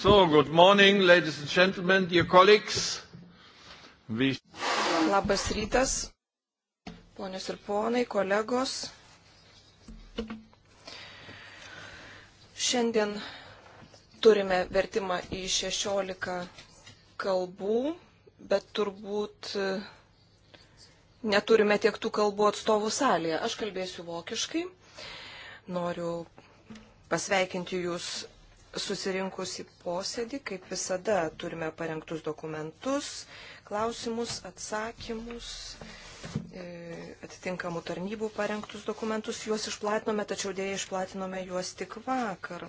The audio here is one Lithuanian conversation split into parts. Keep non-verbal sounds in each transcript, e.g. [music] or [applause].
So, good morning, ladies and gentlemen, dear colleagues. We... Labas rytas, ponios ir ponai, kolegos. Šiandien turime vertimą į 16 kalbų, bet turbūt neturime tiek tų kalbų atstovų salėje. Aš kalbėsiu vokiškai. Noriu pasveikinti Jūs susirinkus į posėdį, kaip visada, turime parengtus dokumentus, klausimus, atsakymus, e, atitinkamų tarnybų parengtus dokumentus. Juos išplatinome, tačiau dėja išplatinome juos tik vakar.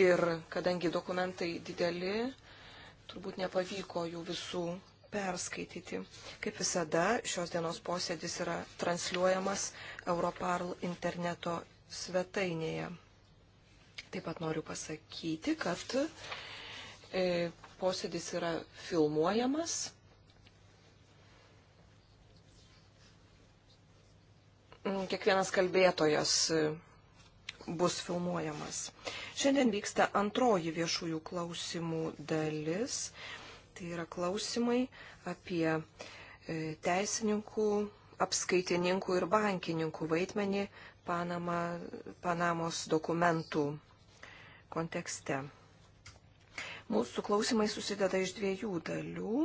Ir kadangi dokumentai dideli, turbūt nepavyko jų visų perskaityti. Kaip visada, šios dienos posėdis yra transliuojamas Europarl interneto svetainėje. Taip pat noriu pasakyti, kad e, posėdis yra filmuojamas. Kiekvienas kalbėtojas e, bus filmuojamas. Šiandien vyksta antroji viešųjų klausimų dalis. Tai yra klausimai apie e, teisininkų, apskaitininkų ir bankininkų vaidmenį Panama, Panamos dokumentų kontekste. Mūsų klausimai susideda iš dviejų dalių.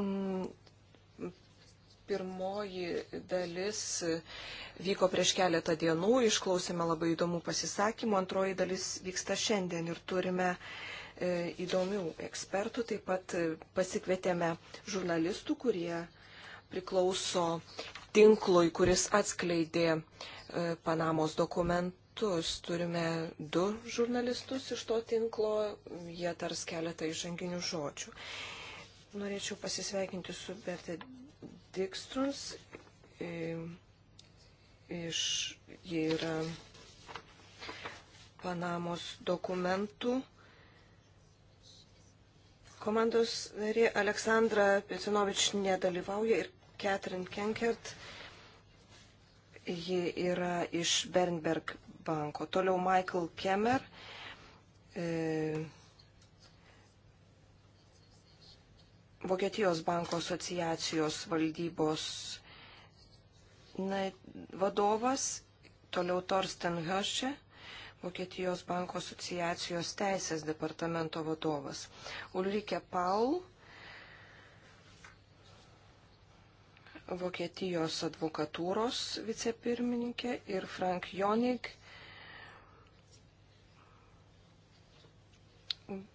Mm, pirmoji dalis vyko prieš keletą dienų, išklausėme labai įdomų pasisakymų, antroji dalis vyksta šiandien ir turime e, įdomių ekspertų, taip pat e, pasikvietėme žurnalistų, kurie priklauso tinklui, kuris atskleidė E, Panamos dokumentus. Turime du žurnalistus iš to tinklo, jie tars keletą įžanginių žodžių. Norėčiau pasisveikinti su Bertė Dikstruns. E, iš, jie yra Panamos dokumentų Komandos narė Aleksandra Piecinovič nedalyvauja ir Ketrin Kenkert Ji yra iš Bernberg banko. Toliau Michael Kemmer. E, Vokietijos banko asociacijos valdybos na, vadovas, toliau Torsten Hösche, Vokietijos banko asociacijos teisės departamento vadovas. Ulrike Paul, Vokietijos advokatūros vicepirmininkė ir Frank Jonig,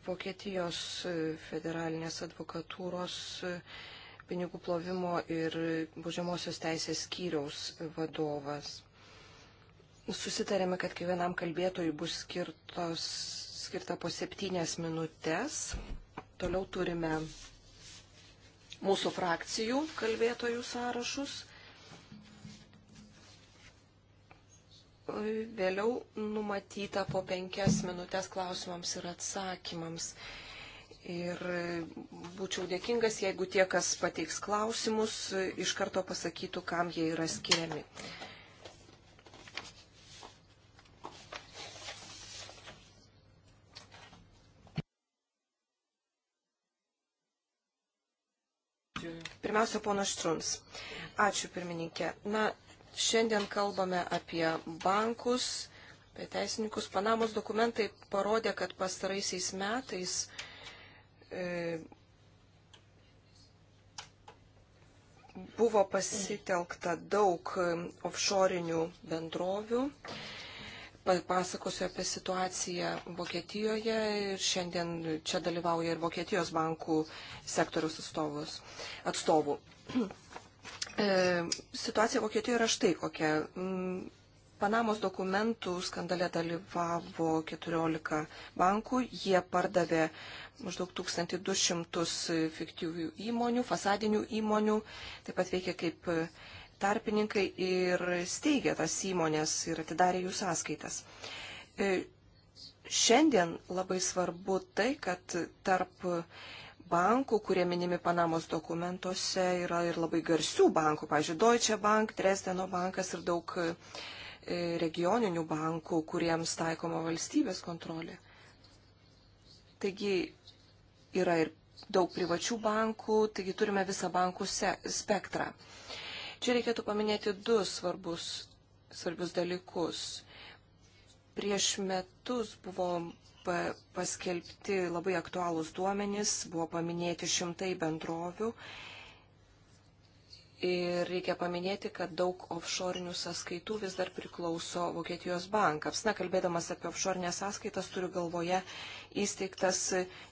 Vokietijos federalinės advokatūros pinigų plovimo ir baudžiamosios teisės skyriaus vadovas. Susitarėme, kad kiekvienam kalbėtojui bus skirtos, skirta po septynias minutės. Toliau turime mūsų frakcijų kalbėtojų sąrašus. Vėliau numatyta po penkias minutės klausimams ir atsakymams. Ir būčiau dėkingas, jeigu tie, kas pateiks klausimus, iš karto pasakytų, kam jie yra skiriami. Pirmiausia, pono Štruns. Ačiū, pirmininkė. Na, šiandien kalbame apie bankus, apie teisininkus. Panamos dokumentai parodė, kad pastaraisiais metais e, buvo pasitelkta daug e, offshorinių bendrovių. E, papasakosiu apie situaciją Vokietijoje ir šiandien čia dalyvauja ir Vokietijos bankų sektoriaus atstovus, atstovų. [clears throat] E, situacija Vokietijoje yra štai kokia. Mm, Panamos dokumentų skandale dalyvavo 14 bankų, jie pardavė maždaug 1200 fiktyvių įmonių, fasadinių įmonių, taip pat veikia kaip tarpininkai ir steigia tas įmonės ir atidarė jų sąskaitas. E, šiandien labai svarbu tai, kad tarp bankų, kurie minimi Panamos dokumentuose, yra ir labai garsių bankų, pavyzdžiui, Deutsche Bank, Dresdeno bankas ir daug e, regioninių bankų, kuriems taikoma valstybės kontrolė. Taigi yra ir daug privačių bankų, taigi turime visą bankų spektrą. Čia reikėtų paminėti du svarbus, svarbius dalykus. Prieš metus buvo paskelbti labai aktualūs duomenys, buvo paminėti šimtai bendrovių Ir reikia paminėti, kad daug offshore'inių sąskaitų vis dar priklauso Vokietijos bankams. Na, kalbėdamas apie offshore'inės sąskaitas, turiu galvoje įsteigtas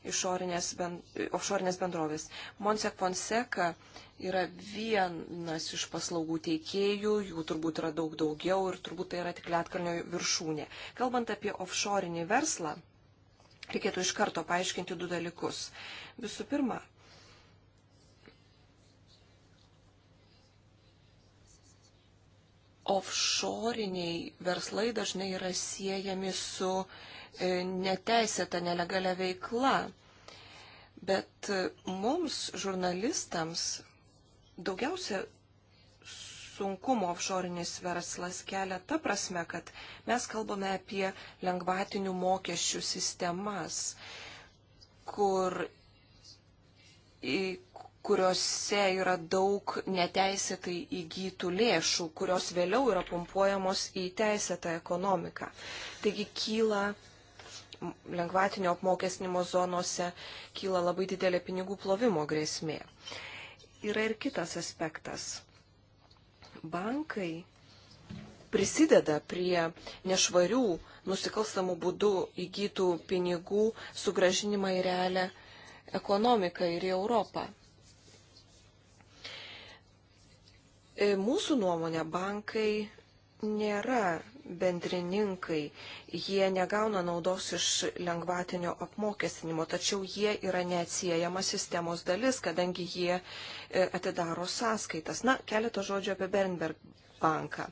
offshore'inės bend... bendrovės. Monsek Fonseca yra vienas iš paslaugų teikėjų, jų turbūt yra daug daugiau ir turbūt tai yra tik lietkalnio viršūnė. Kalbant apie offshore'inį verslą, reikėtų iš karto paaiškinti du dalykus. Visų pirma, offshoriniai verslai dažnai yra siejami su e, neteisėta nelegalia veikla. Bet e, mums, žurnalistams, daugiausia sunkumo offshorinis verslas kelia ta prasme, kad mes kalbame apie lengvatinių mokesčių sistemas, kur kuriuose yra daug neteisėtai įgytų lėšų, kurios vėliau yra pumpuojamos į teisėtą ekonomiką. Taigi kyla lengvatinio apmokestinimo zonose, kyla labai didelė pinigų plovimo grėsmė. Yra ir kitas aspektas. Bankai prisideda prie nešvarių, nusikalstamų būdų įgytų pinigų sugražinimą į realią ekonomiką ir į Europą. E, mūsų nuomonė bankai nėra bendrininkai, jie negauna naudos iš lengvatinio apmokestinimo, tačiau jie yra neatsiejama sistemos dalis, kadangi jie e, atidaro sąskaitas. Na, keletą žodžių apie Bernberg banką.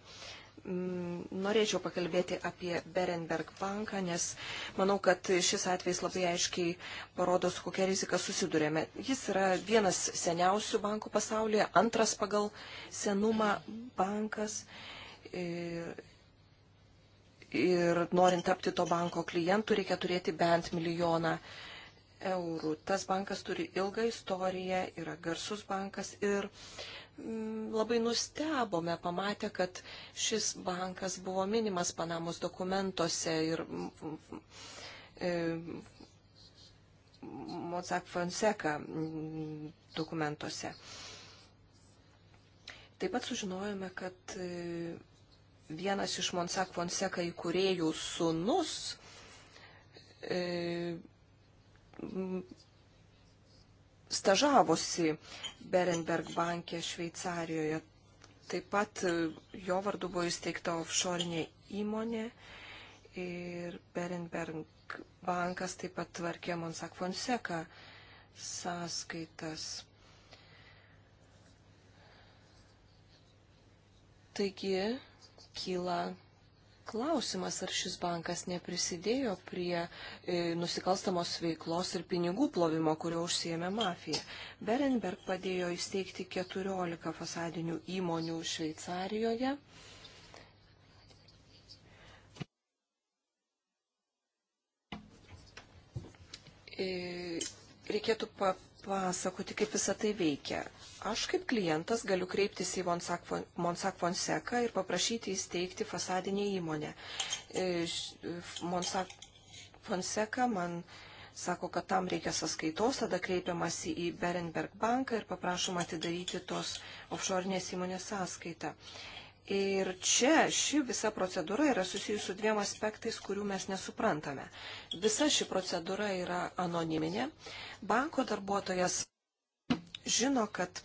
Mm, norėčiau pakalbėti apie Berenberg banką, nes manau, kad šis atvejs labai aiškiai parodo, su kokia rizika susidurėme. Jis yra vienas seniausių bankų pasaulyje, antras pagal senumą bankas. Ir, ir norint tapti to banko klientų, reikia turėti bent milijoną eurų. Tas bankas turi ilgą istoriją, yra garsus bankas ir Mm, labai nustebome pamatę, kad šis bankas buvo minimas Panamos dokumentuose ir e, Mozak Fonseca mm, dokumentuose. Taip pat sužinojome, kad e, vienas iš Monsak Fonseca įkūrėjų sunus e, stažavosi Berenberg bankė Šveicarijoje. Taip pat e, jo vardu buvo įsteigta offshore įmonė ir Berenberg bankas taip pat tvarkė Monsak Fonseca sąskaitas. Taigi kyla Klausimas, ar šis bankas neprisidėjo prie e, nusikalstamos veiklos ir pinigų plovimo, kurio užsiemė mafija. Berenberg padėjo įsteigti 14 fasadinių įmonių Šveicarijoje. E, reikėtų pa, papasakoti, kaip visą tai veikia. Aš kaip klientas galiu kreiptis į Monsak Fonseca ir paprašyti įsteigti fasadinę įmonę. E, Monsak Fonseca man sako, kad tam reikia sąskaitos, tada kreipiamasi į Berenberg banką ir paprašoma atidaryti tos offshore'nės įmonės sąskaitą. Ir čia ši visa procedūra yra susijusi su dviem aspektais, kurių mes nesuprantame. Visa ši procedūra yra anoniminė. Banko darbuotojas žino, kad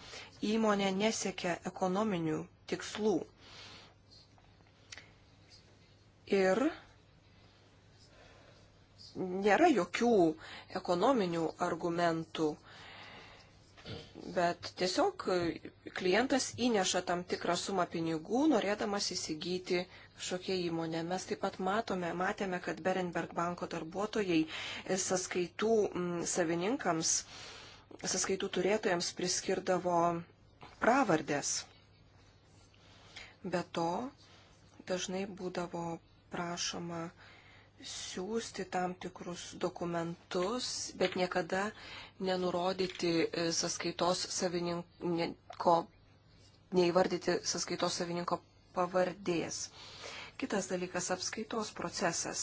įmonė nesiekia ekonominių tikslų. Ir nėra jokių ekonominių argumentų bet tiesiog klientas įneša tam tikrą sumą pinigų, norėdamas įsigyti kažkokią įmonę. Mes taip pat matome, matėme, kad Berenberg banko darbuotojai sąskaitų mm, savininkams, sąskaitų turėtojams priskirdavo pravardės. Be to, dažnai būdavo prašoma siūsti tam tikrus dokumentus, bet niekada nenurodyti e, sąskaitos savininko, neįvardyti sąskaitos savininko pavardės. Kitas dalykas - apskaitos procesas.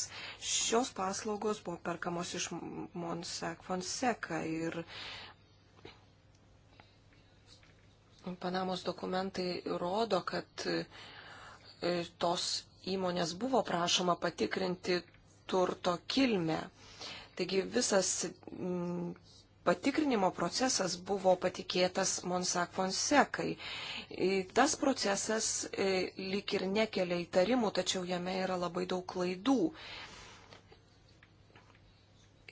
Šios paslaugos buvo perkamos iš Monsek Fonseca ir Panamos dokumentai rodo, kad e, tos įmonės buvo prašoma patikrinti turto kilmę. Taigi visas patikrinimo procesas buvo patikėtas Monsak Fonsekai. Tas procesas e, lik ir nekelia įtarimų, tačiau jame yra labai daug klaidų.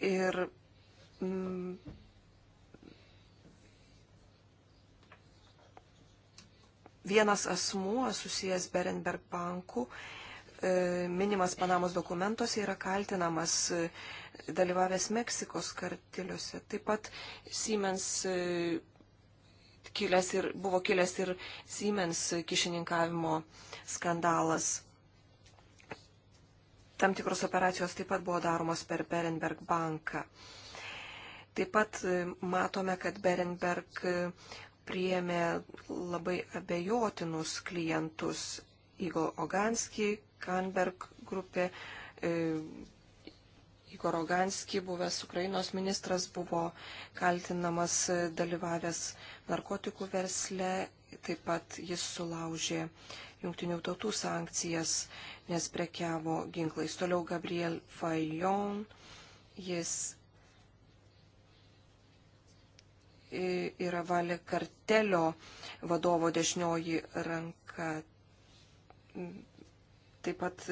Ir mm, vienas asmuo susijęs Berenberg banku, e, minimas Panamos dokumentuose, yra kaltinamas e, dalyvavęs Meksikos kartiliuose. Taip pat Siemens e, kilęs ir, buvo kilęs ir Siemens kišininkavimo skandalas. Tam tikros operacijos taip pat buvo daromos per Berenberg banką. Taip pat e, matome, kad Berenberg e, priėmė labai abejotinus klientus Igor Oganski, Kanberg grupė, Goroganski, buvęs Ukrainos ministras, buvo kaltinamas dalyvavęs narkotikų versle, taip pat jis sulaužė jungtinių tautų sankcijas, nes prekiavo ginklais. Toliau Gabriel Fajon, jis yra valė kartelio vadovo dešinioji ranka taip pat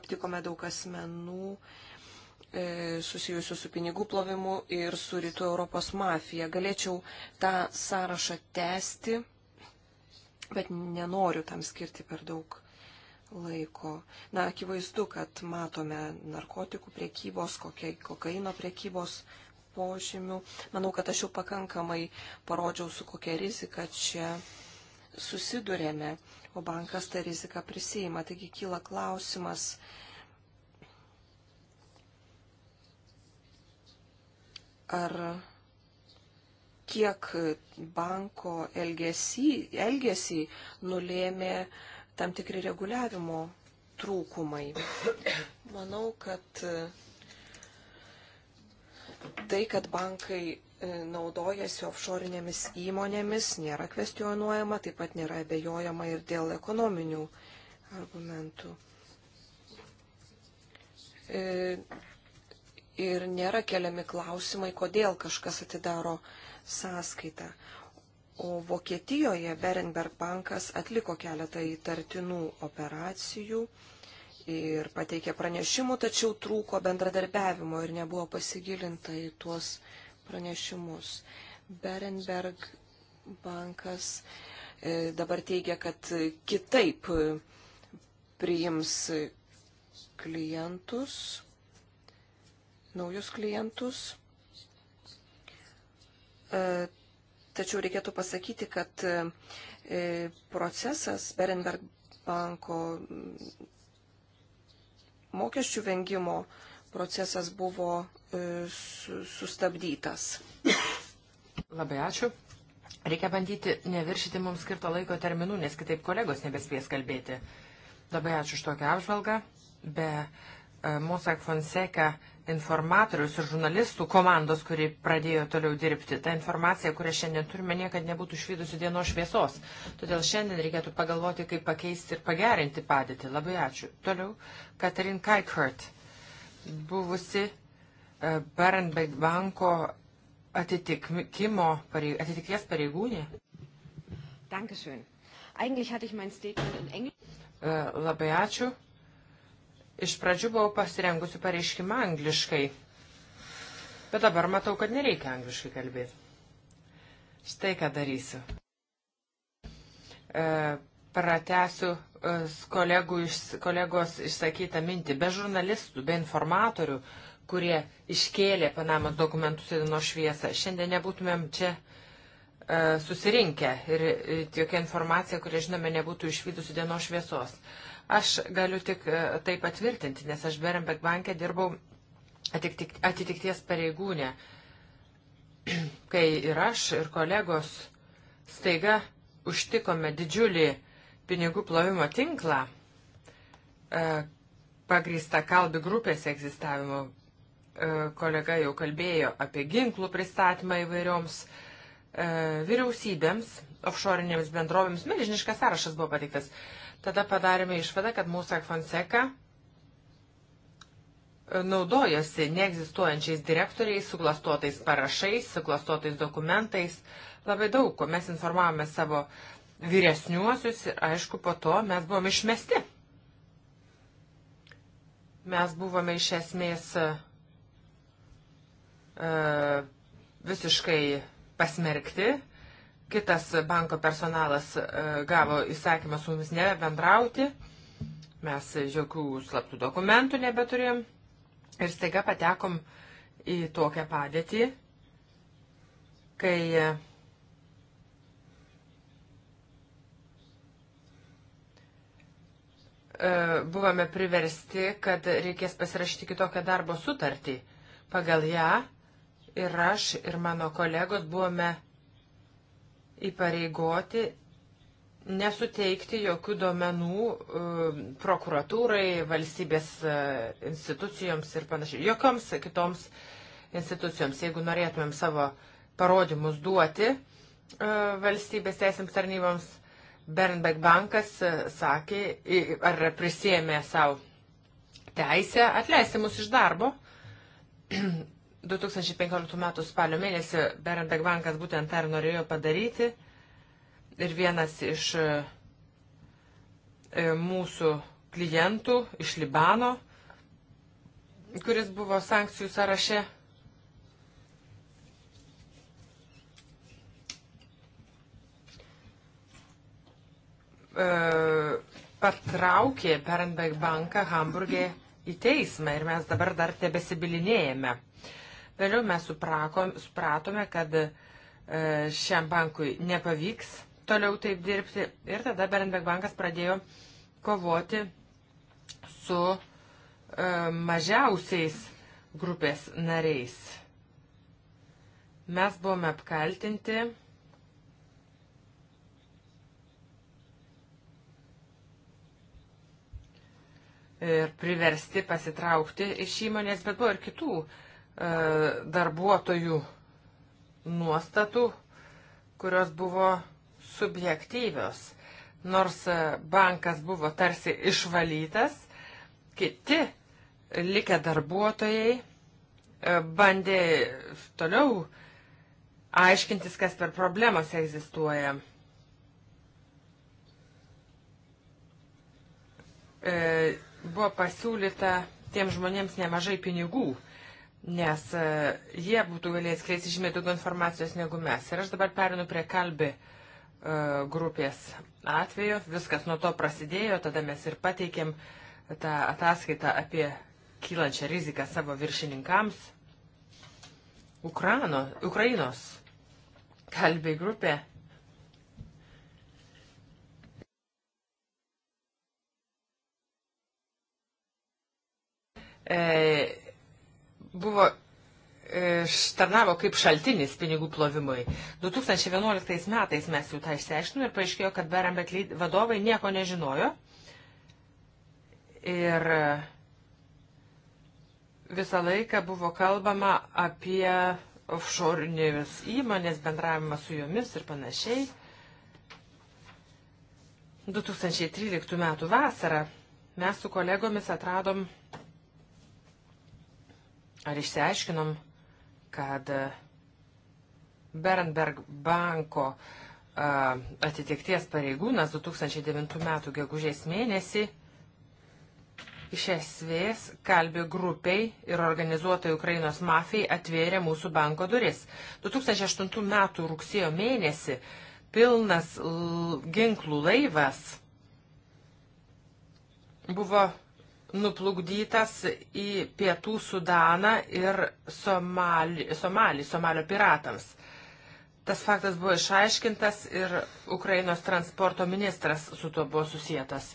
aptikome daug asmenų, E, susijusių su pinigų plovimu ir su rytų Europos mafija. Galėčiau tą sąrašą tęsti, bet nenoriu tam skirti per daug laiko. Na, akivaizdu, kad matome narkotikų priekybos, kokia, kokaino priekybos požymių. Manau, kad aš jau pakankamai parodžiau, su kokia rizika čia susidurėme, o bankas tą riziką prisėima. Taigi kyla klausimas, ar kiek banko elgesį, elgesį nulėmė tam tikri reguliavimo trūkumai. Manau, kad e, tai, kad bankai e, naudojasi offshore'inėmis įmonėmis, nėra kvestionuojama, taip pat nėra abejojama ir dėl ekonominių argumentų e, ir nėra keliami klausimai, kodėl kažkas atidaro sąskaitą. O Vokietijoje Berenberg bankas atliko keletą įtartinų operacijų ir pateikė pranešimų, tačiau trūko bendradarbiavimo ir nebuvo pasigilinta į tuos pranešimus. Berenberg bankas e, dabar teigia, kad kitaip priims klientus naujus klientus. E, tačiau reikėtų pasakyti, kad e, procesas Berenberg banko mm, mokesčių vengimo procesas buvo e, sustabdytas. Labai ačiū. Reikia bandyti neviršyti mums skirto laiko terminų, nes kitaip kolegos nebespės kalbėti. Labai ačiū už tokią apžvalgą. Be Mosak Fonseca informatorius ir žurnalistų komandos, kuri pradėjo toliau dirbti. Ta informacija, kurią šiandien turime, niekad nebūtų švydusi dienos šviesos. Todėl šiandien reikėtų pagalvoti, kaip pakeisti ir pagerinti padėtį. Labai ačiū. Toliau Katarin Kaikhart, buvusi e, Barenbeck banko atitikimo, atitikties pareigūnė. Dankeschön. Eigentlich hatte ich mein Statement in Englisch. E, labai ačiū. Iš pradžių buvau pasirengusi pareiškimą angliškai, bet dabar matau, kad nereikia angliškai kalbėti. Štai ką darysiu. E, pratesiu e, kolegų iš, kolegos išsakytą mintį. Be žurnalistų, be informatorių, kurie iškėlė Panamos dokumentus į dienos šviesą, šiandien nebūtumėm čia e, susirinkę ir e, jokia informacija, kurią žinome, nebūtų išvykusi dienos šviesos. E, Aš galiu tik e, tai patvirtinti, nes aš Berembek bankė dirbau atitikties pareigūnė, [clears throat] kai ir aš, ir kolegos staiga užtikome didžiulį pinigų plovimo tinklą, e, pagrįsta kalbi grupės egzistavimu. E, kolega jau kalbėjo apie ginklų pristatymą įvairioms vyriausybėms, offshore'inėms bendrovėms. Milžiniškas sąrašas buvo patiktas. Tada padarėme išvadą, kad Musak Fonseca e, naudojosi neegzistuojančiais direktoriais, suklastotais parašais, suklastotais dokumentais. Labai daug, ko mes informavome savo vyresniuosius ir aišku, po to mes buvom išmesti. Mes buvome iš esmės e, e, visiškai pasmerkti Kitas banko personalas e, gavo įsakymą su mumis nebendrauti, mes jokių slaptų dokumentų nebeturėjom ir staiga patekom į tokią padėtį, kai e, buvome priversti, kad reikės pasirašyti kitokią darbo sutartį. Pagal ją ir aš, ir mano kolegos buvome įpareigoti nesuteikti jokių duomenų e, prokuratūrai, valstybės e, institucijoms ir panašiai, jokioms kitoms institucijoms. Jeigu norėtumėm savo parodymus duoti e, valstybės teisėms tarnyboms, Bernbeck bankas sakė, ar prisėmė savo teisę atleisti mus iš darbo 2015 m. spalio mėnesį Berendag bankas būtent tą ir norėjo padaryti. Ir vienas iš e, e, mūsų klientų iš Libano, kuris buvo sankcijų sąraše, e, patraukė Berendag banką Hamburgė į teismą ir mes dabar dar tebesibilinėjame. Vėliau mes suprakom, supratome, kad e, šiam bankui nepavyks toliau taip dirbti ir tada Berenberg bankas pradėjo kovoti su e, mažiausiais grupės nariais. Mes buvome apkaltinti ir priversti pasitraukti iš įmonės, bet buvo ir kitų E, darbuotojų nuostatų, kurios buvo subjektyvios. Nors e, bankas buvo tarsi išvalytas, kiti likę darbuotojai e, bandė toliau aiškintis, kas per problemos egzistuoja. Buvo pasiūlyta tiem žmonėms nemažai pinigų nes e, jie būtų galėję skleisti žymiai daugiau informacijos negu mes. Ir aš dabar perinu prie kalbį e, grupės atveju. Viskas nuo to prasidėjo, tada mes ir pateikėm tą ataskaitą apie kylančią riziką savo viršininkams. Ukrano, Ukrainos kalbį grupė. E, buvo e, tarnavo kaip šaltinis pinigų plovimui. 2011 metais mes jau tą išsiaiškinome ir paaiškėjo, kad Berambet vadovai nieko nežinojo. Ir visą laiką buvo kalbama apie offshore'inės įmonės, bendravimą su jomis ir panašiai. 2013 metų vasarą mes su kolegomis atradom Ar išsiaiškinom, kad e, Berenberg banko e, atitikties pareigūnas 2009 m. gegužės mėnesį iš esvės kalbė grupiai ir organizuotai Ukrainos mafijai atvėrė mūsų banko duris. 2008 m. rugsėjo mėnesį pilnas ginklų laivas buvo nuplukdytas į pietų Sudaną ir Somalį, Somalį Somalio piratams. Tas faktas buvo išaiškintas ir Ukrainos transporto ministras su tuo buvo susijęs.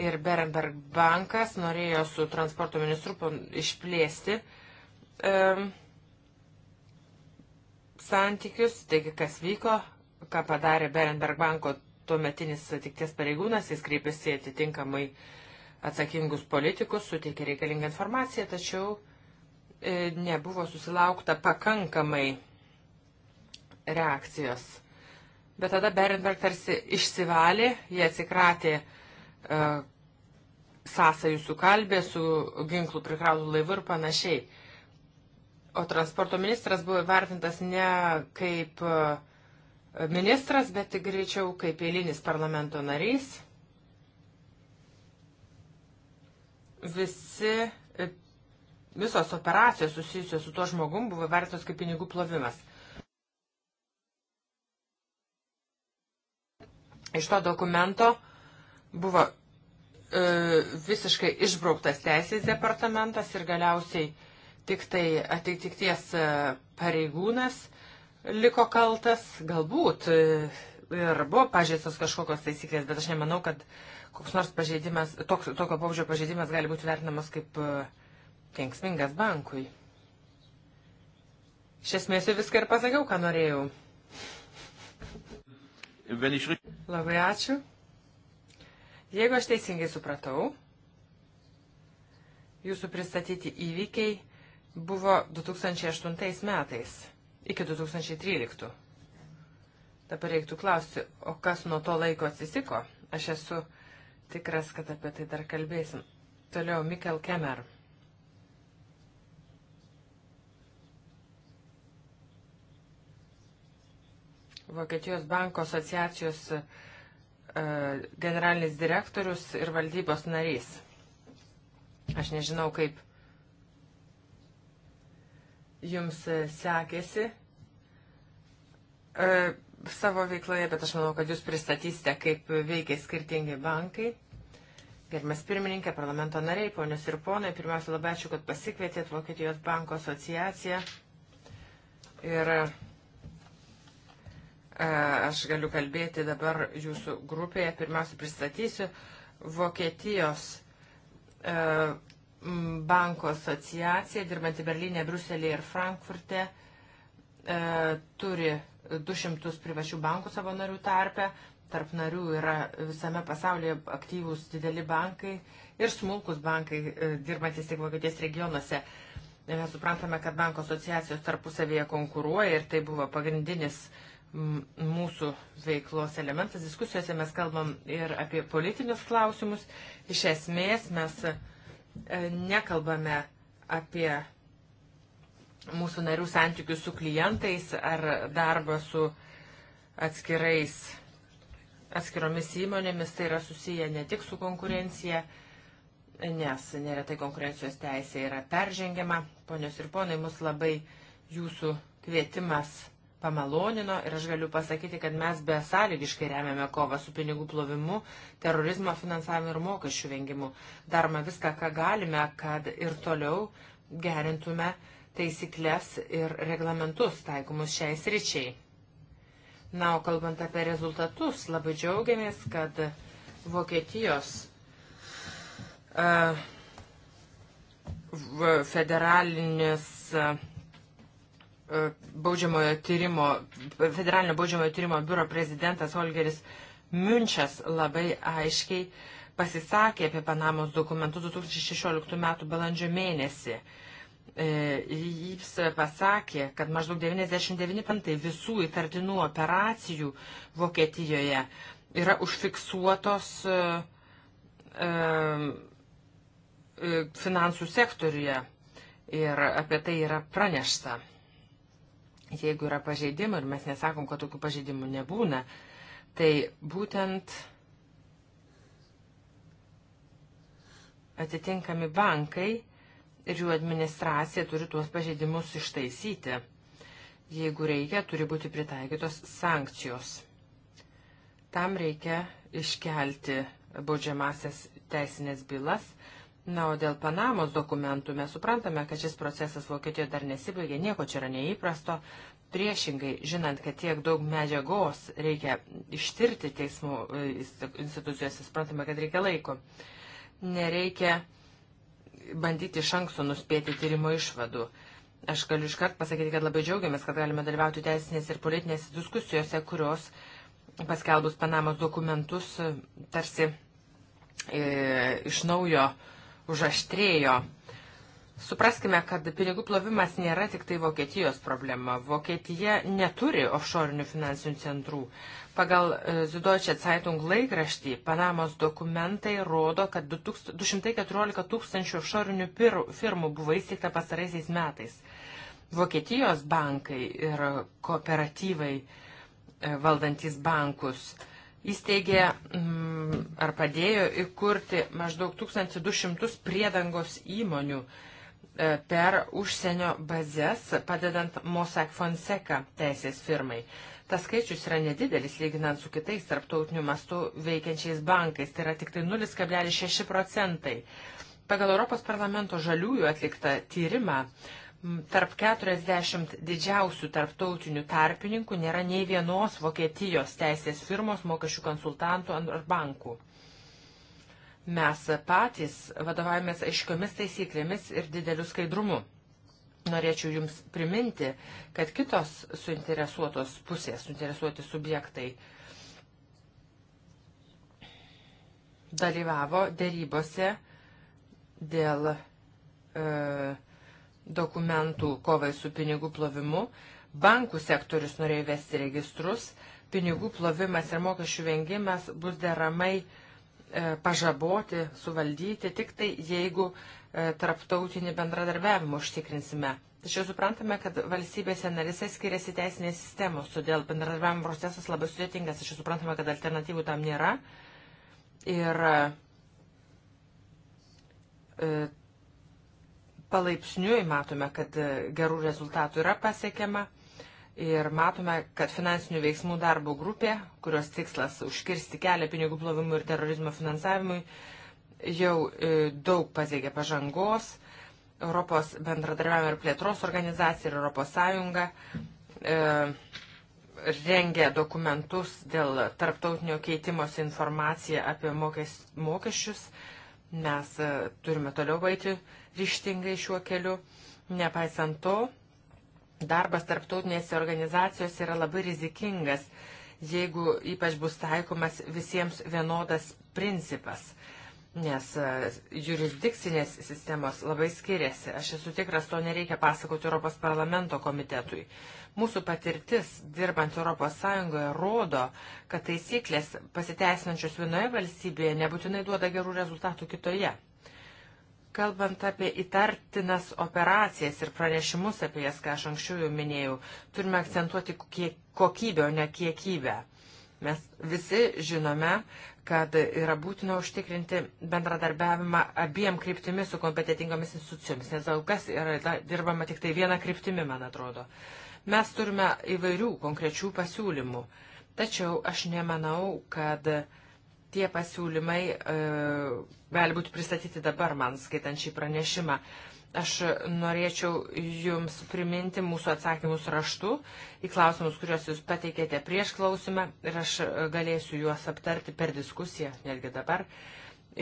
Ir Berenberg bankas norėjo su transporto ministru išplėsti um, santykius, taigi kas vyko, ką padarė Berenberg banko tuometinis atikties pareigūnas, jis kreipėsi atitinkamai uh, atsakingus politikus, suteikė reikalingą informaciją, tačiau e, nebuvo susilaukta pakankamai reakcijos. Bet tada Berenberg tarsi išsivalė, jie atsikratė e, sąsajų su kalbė, su ginklų prikrautų laivu ir panašiai. O transporto ministras buvo vertintas ne kaip e, ministras, bet greičiau kaip eilinis parlamento narys. visi, e, visos operacijos susijusios su tuo žmogum buvo vertos kaip pinigų plovimas. Iš to dokumento buvo e, visiškai išbrauktas teisės departamentas ir galiausiai tik tai atitikties e, pareigūnas liko kaltas, galbūt e, ir buvo pažeistos kažkokios taisyklės, bet aš nemanau, kad e, koks nors pažeidimas, toks, tokio pobūdžio pažeidimas gali būti vertinamas kaip e, kenksmingas bankui. Iš esmės jau viską ir pasakiau, ką norėjau. Labai ačiū. Jeigu aš teisingai supratau, jūsų pristatyti įvykiai buvo 2008 metais iki 2013. Dabar reiktų klausti, o kas nuo to laiko atsisiko? Aš esu tikras, kad apie tai dar kalbėsim. Toliau Mikel Kemer. Vokietijos banko asociacijos uh, generalinis direktorius ir valdybos narys. Aš nežinau, kaip jums e, sekėsi uh, savo veikloje, bet aš manau, kad jūs pristatysite, kaip veikia skirtingi bankai. Gerbiamas pirmininkė, parlamento nariai, ponios ir ponai, pirmiausia labai ačiū, kad pasikvietėt Vokietijos banko asociaciją. Ir e, aš galiu kalbėti dabar jūsų grupėje. Pirmiausia, pristatysiu Vokietijos e, banko asociacija, dirbanti Berlyne, Bruselėje ir Frankfurte, e, turi 200 privačių bankų savo narių tarpę tarp narių yra visame pasaulyje aktyvūs dideli bankai ir smulkus bankai e, dirbantis tik Vokietijos regionuose. Mes suprantame, kad banko asociacijos tarpusavėje konkuruoja ir tai buvo pagrindinis mūsų veiklos elementas. Diskusijose mes kalbam ir apie politinius klausimus. Iš esmės mes e, nekalbame apie mūsų narių santykius su klientais ar darbą su atskirais atskiromis įmonėmis, tai yra susiję ne tik su konkurencija, nes neretai konkurencijos teisė yra peržengiama. Ponios ir ponai, mus labai jūsų kvietimas pamalonino ir aš galiu pasakyti, kad mes besąlygiškai remiame kovą su pinigų plovimu, terorizmo finansavimu ir mokesčių vengimu. Darome viską, ką galime, kad ir toliau gerintume taisyklės ir reglamentus taikomus šiais ryčiai. Na, o kalbant apie rezultatus, labai džiaugiamės, kad Vokietijos uh, federalinis uh, baudžiamojo tyrimo, federalinio baudžiamojo tyrimo biuro prezidentas Olgeris Münčas labai aiškiai pasisakė apie Panamos dokumentus 2016 m. balandžio mėnesį. Uh, E, jis pasakė, kad maždaug 99 pantai visų įtartinų operacijų Vokietijoje yra užfiksuotos e, e, finansų sektoriuje ir apie tai yra pranešta. Jeigu yra pažeidimų ir mes nesakom, kad tokių pažeidimų nebūna, tai būtent atitinkami bankai ir jų administracija turi tuos pažeidimus ištaisyti. Jeigu reikia, turi būti pritaikytos sankcijos. Tam reikia iškelti baudžiamasias teisinės bylas. Na, o dėl Panamos dokumentų mes suprantame, kad šis procesas Vokietijoje dar nesibaigė, nieko čia yra neįprasto. Priešingai, žinant, kad tiek daug medžiagos reikia ištirti teismų e, institucijose, suprantame, kad reikia laiko. Nereikia uh, bandyti iš anksto nuspėti tyrimo išvadų. Aš galiu iškart pasakyti, kad labai džiaugiamės, kad galime dalyvauti teisinės ir politinės diskusijose, kurios paskelbus Panamos dokumentus e, tarsi e, iš naujo užaštrėjo. Supraskime, kad pinigų plovimas nėra tik tai Vokietijos problema. Vokietija neturi offshore finansinių centrų. Pagal Zidočia e, Zeitung laikraštį Panamos dokumentai rodo, kad 214 tūkstančių išorinių firmų buvo įsteigta pasaraisiais metais. Vokietijos bankai ir kooperatyvai e, valdantis bankus įsteigė mm, ar padėjo įkurti maždaug 1200 priedangos įmonių e, per užsienio bazės, padedant Mossack Fonseca teisės firmai. Tas skaičius yra nedidelis, lyginant su kitais tarptautiniu mastu veikiančiais bankais, tai yra tik tai 0,6 procentai. Pagal Europos parlamento žaliųjų atliktą tyrimą, tarp 40 didžiausių tarptautinių tarpininkų nėra nei vienos Vokietijos teisės firmos mokesčių konsultantų ar bankų. Mes patys vadovavomės aiškiomis taisyklėmis ir dideliu skaidrumu norėčiau Jums priminti, kad kitos suinteresuotos pusės, suinteresuoti subjektai dalyvavo dėrybose dėl e, dokumentų kovai su pinigų plovimu. Bankų sektorius norėjo vesti registrus, pinigų plovimas ir mokesčių vengimas bus deramai e, pažaboti, suvaldyti, tik tai jeigu E, tarptautinį bendradarbiavimą užtikrinsime. Tačiau suprantame, kad valstybėse narise skiriasi teisinės sistemos, todėl bendradarbiavimo procesas labai sudėtingas. Tačiau suprantame, kad alternatyvų tam nėra. Ir e, palaipsniui matome, kad e, gerų rezultatų yra pasiekiama. Ir matome, kad finansinių veiksmų darbo grupė, kurios tikslas užkirsti kelią pinigų plovimui ir terorizmo finansavimui, uh, jau e, daug pasiekė pažangos. Europos bendradarbiavimo ir plėtros organizacija ir Europos Sąjunga e, rengia dokumentus dėl tarptautinio keitimos informaciją apie mokes, mokesčius. Mes e, turime toliau eiti ryštingai šiuo keliu. Nepaisant to, darbas tarptautinėse organizacijose yra labai rizikingas, jeigu ypač bus taikomas visiems vienodas principas – nes e, jurisdikcinės sistemos labai skiriasi. Aš esu tikras, to nereikia pasakoti Europos parlamento komitetui. Mūsų patirtis dirbant ES rodo, kad taisyklės pasiteisinančios vienoje valstybėje nebūtinai duoda gerų rezultatų kitoje. Kalbant apie įtartinas operacijas ir pranešimus apie jas, ką aš anksčiau jau minėjau, turime akcentuoti kokybę, o ne kiekybę. Mes visi žinome, kad yra būtina užtikrinti bendradarbiavimą abiem kryptimis su kompetitingomis institucijomis, nes daug kas yra da, dirbama tik tai viena kryptimi, man atrodo. Mes turime įvairių konkrečių pasiūlymų, tačiau aš nemanau, kad tie pasiūlymai e, gali būti pristatyti dabar man skaitant šį pranešimą. E, Aš norėčiau Jums priminti mūsų atsakymus raštu į klausimus, kuriuos Jūs pateikėte prieš klausimą ir aš galėsiu juos aptarti per diskusiją, netgi dabar.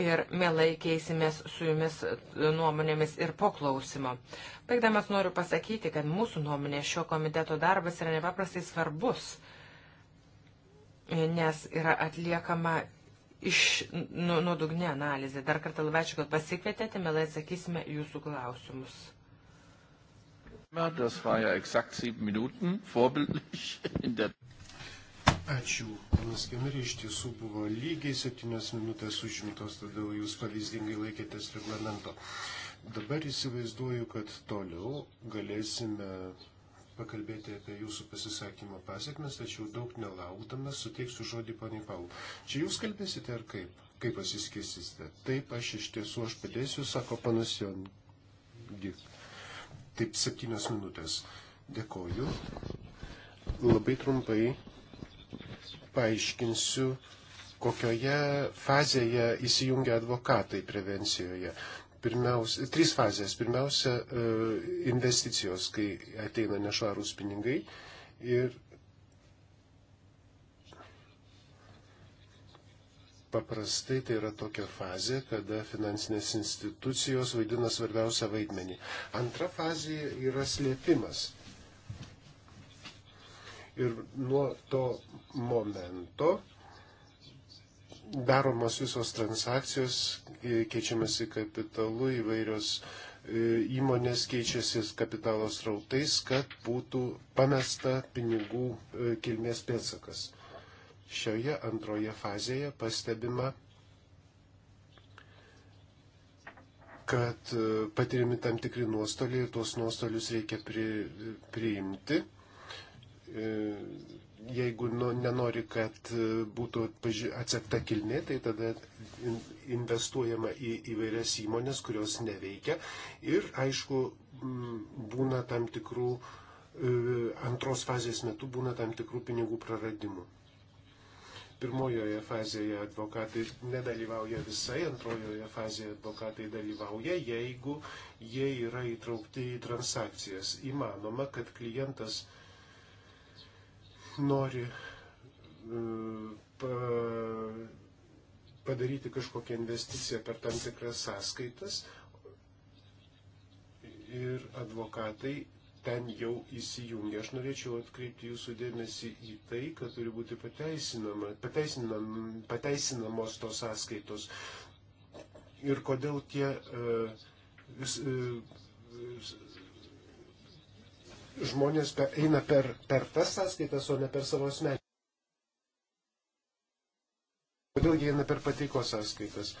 Ir mielai keisimės su Jumis nuomonėmis ir po klausimo. Baigdamas noriu pasakyti, kad mūsų nuomonė šio komiteto darbas yra nepaprastai svarbus, nes yra atliekama iš nuodugnę nu analizę. Dar kartą labai ačiū, kad pasikvietėte, mielai atsakysime jūsų klausimus. Das war ja exakt sieben Minuten, vorbildlich in der Ačiū. Panas Kemerė iš tiesų buvo lygiai septynios minutės užimtos, todėl jūs pavyzdingai laikėtės reglamento. Dabar įsivaizduoju, kad toliau galėsime pakalbėti apie jūsų pasisakymo pasiekmes, tačiau daug nelaukdamas suteiksiu žodį poniai Pau. Čia jūs kalbėsite ar kaip? Kaip pasiskėsite? Taip, aš iš tiesų aš padėsiu, sako panas Jongi. Taip, septynios minutės. Dėkoju. Labai trumpai paaiškinsiu, kokioje fazėje įsijungia advokatai prevencijoje. Pirmiausia, trys fazės. Pirmiausia, e, investicijos, kai ateina nešvarūs pinigai. Ir paprastai tai yra tokia fazė, kada finansinės institucijos vaidina svarbiausią vaidmenį. Antra fazė yra slėpimas. Ir nuo to momento daromos visos transakcijos, e, keičiamasi kapitalu, įvairios e, įmonės keičiasi kapitalo srautais, kad būtų pamesta pinigų e, kilmės pėtsakas. Šioje antroje fazėje pastebima, kad patiriami tam tikri nuostoliai ir tuos nuostolius reikia pri, priimti jeigu nu, nenori, kad e, būtų atsekta kilnė, tai tada investuojama į įvairias įmonės, kurios neveikia. Ir aišku, būna tam tikrų, e, antros fazės metu būna tam tikrų pinigų praradimų. Pirmojoje fazėje advokatai nedalyvauja visai, antrojoje fazėje advokatai dalyvauja, jeigu jie yra įtraukti į transakcijas. Įmanoma, kad klientas uh, nori mm, pa, padaryti kažkokią investiciją per tam tikras sąskaitas ir advokatai ten jau įsijungia. Aš norėčiau atkreipti jūsų dėmesį į tai, kad turi būti pateisinama, pateisinam, pateisinamos tos sąskaitos. Ir kodėl tie uh, vis, uh, žmonės eina per, per tas sąskaitas, o ne per savo asmenį. Kodėl jie eina per pateiko sąskaitas?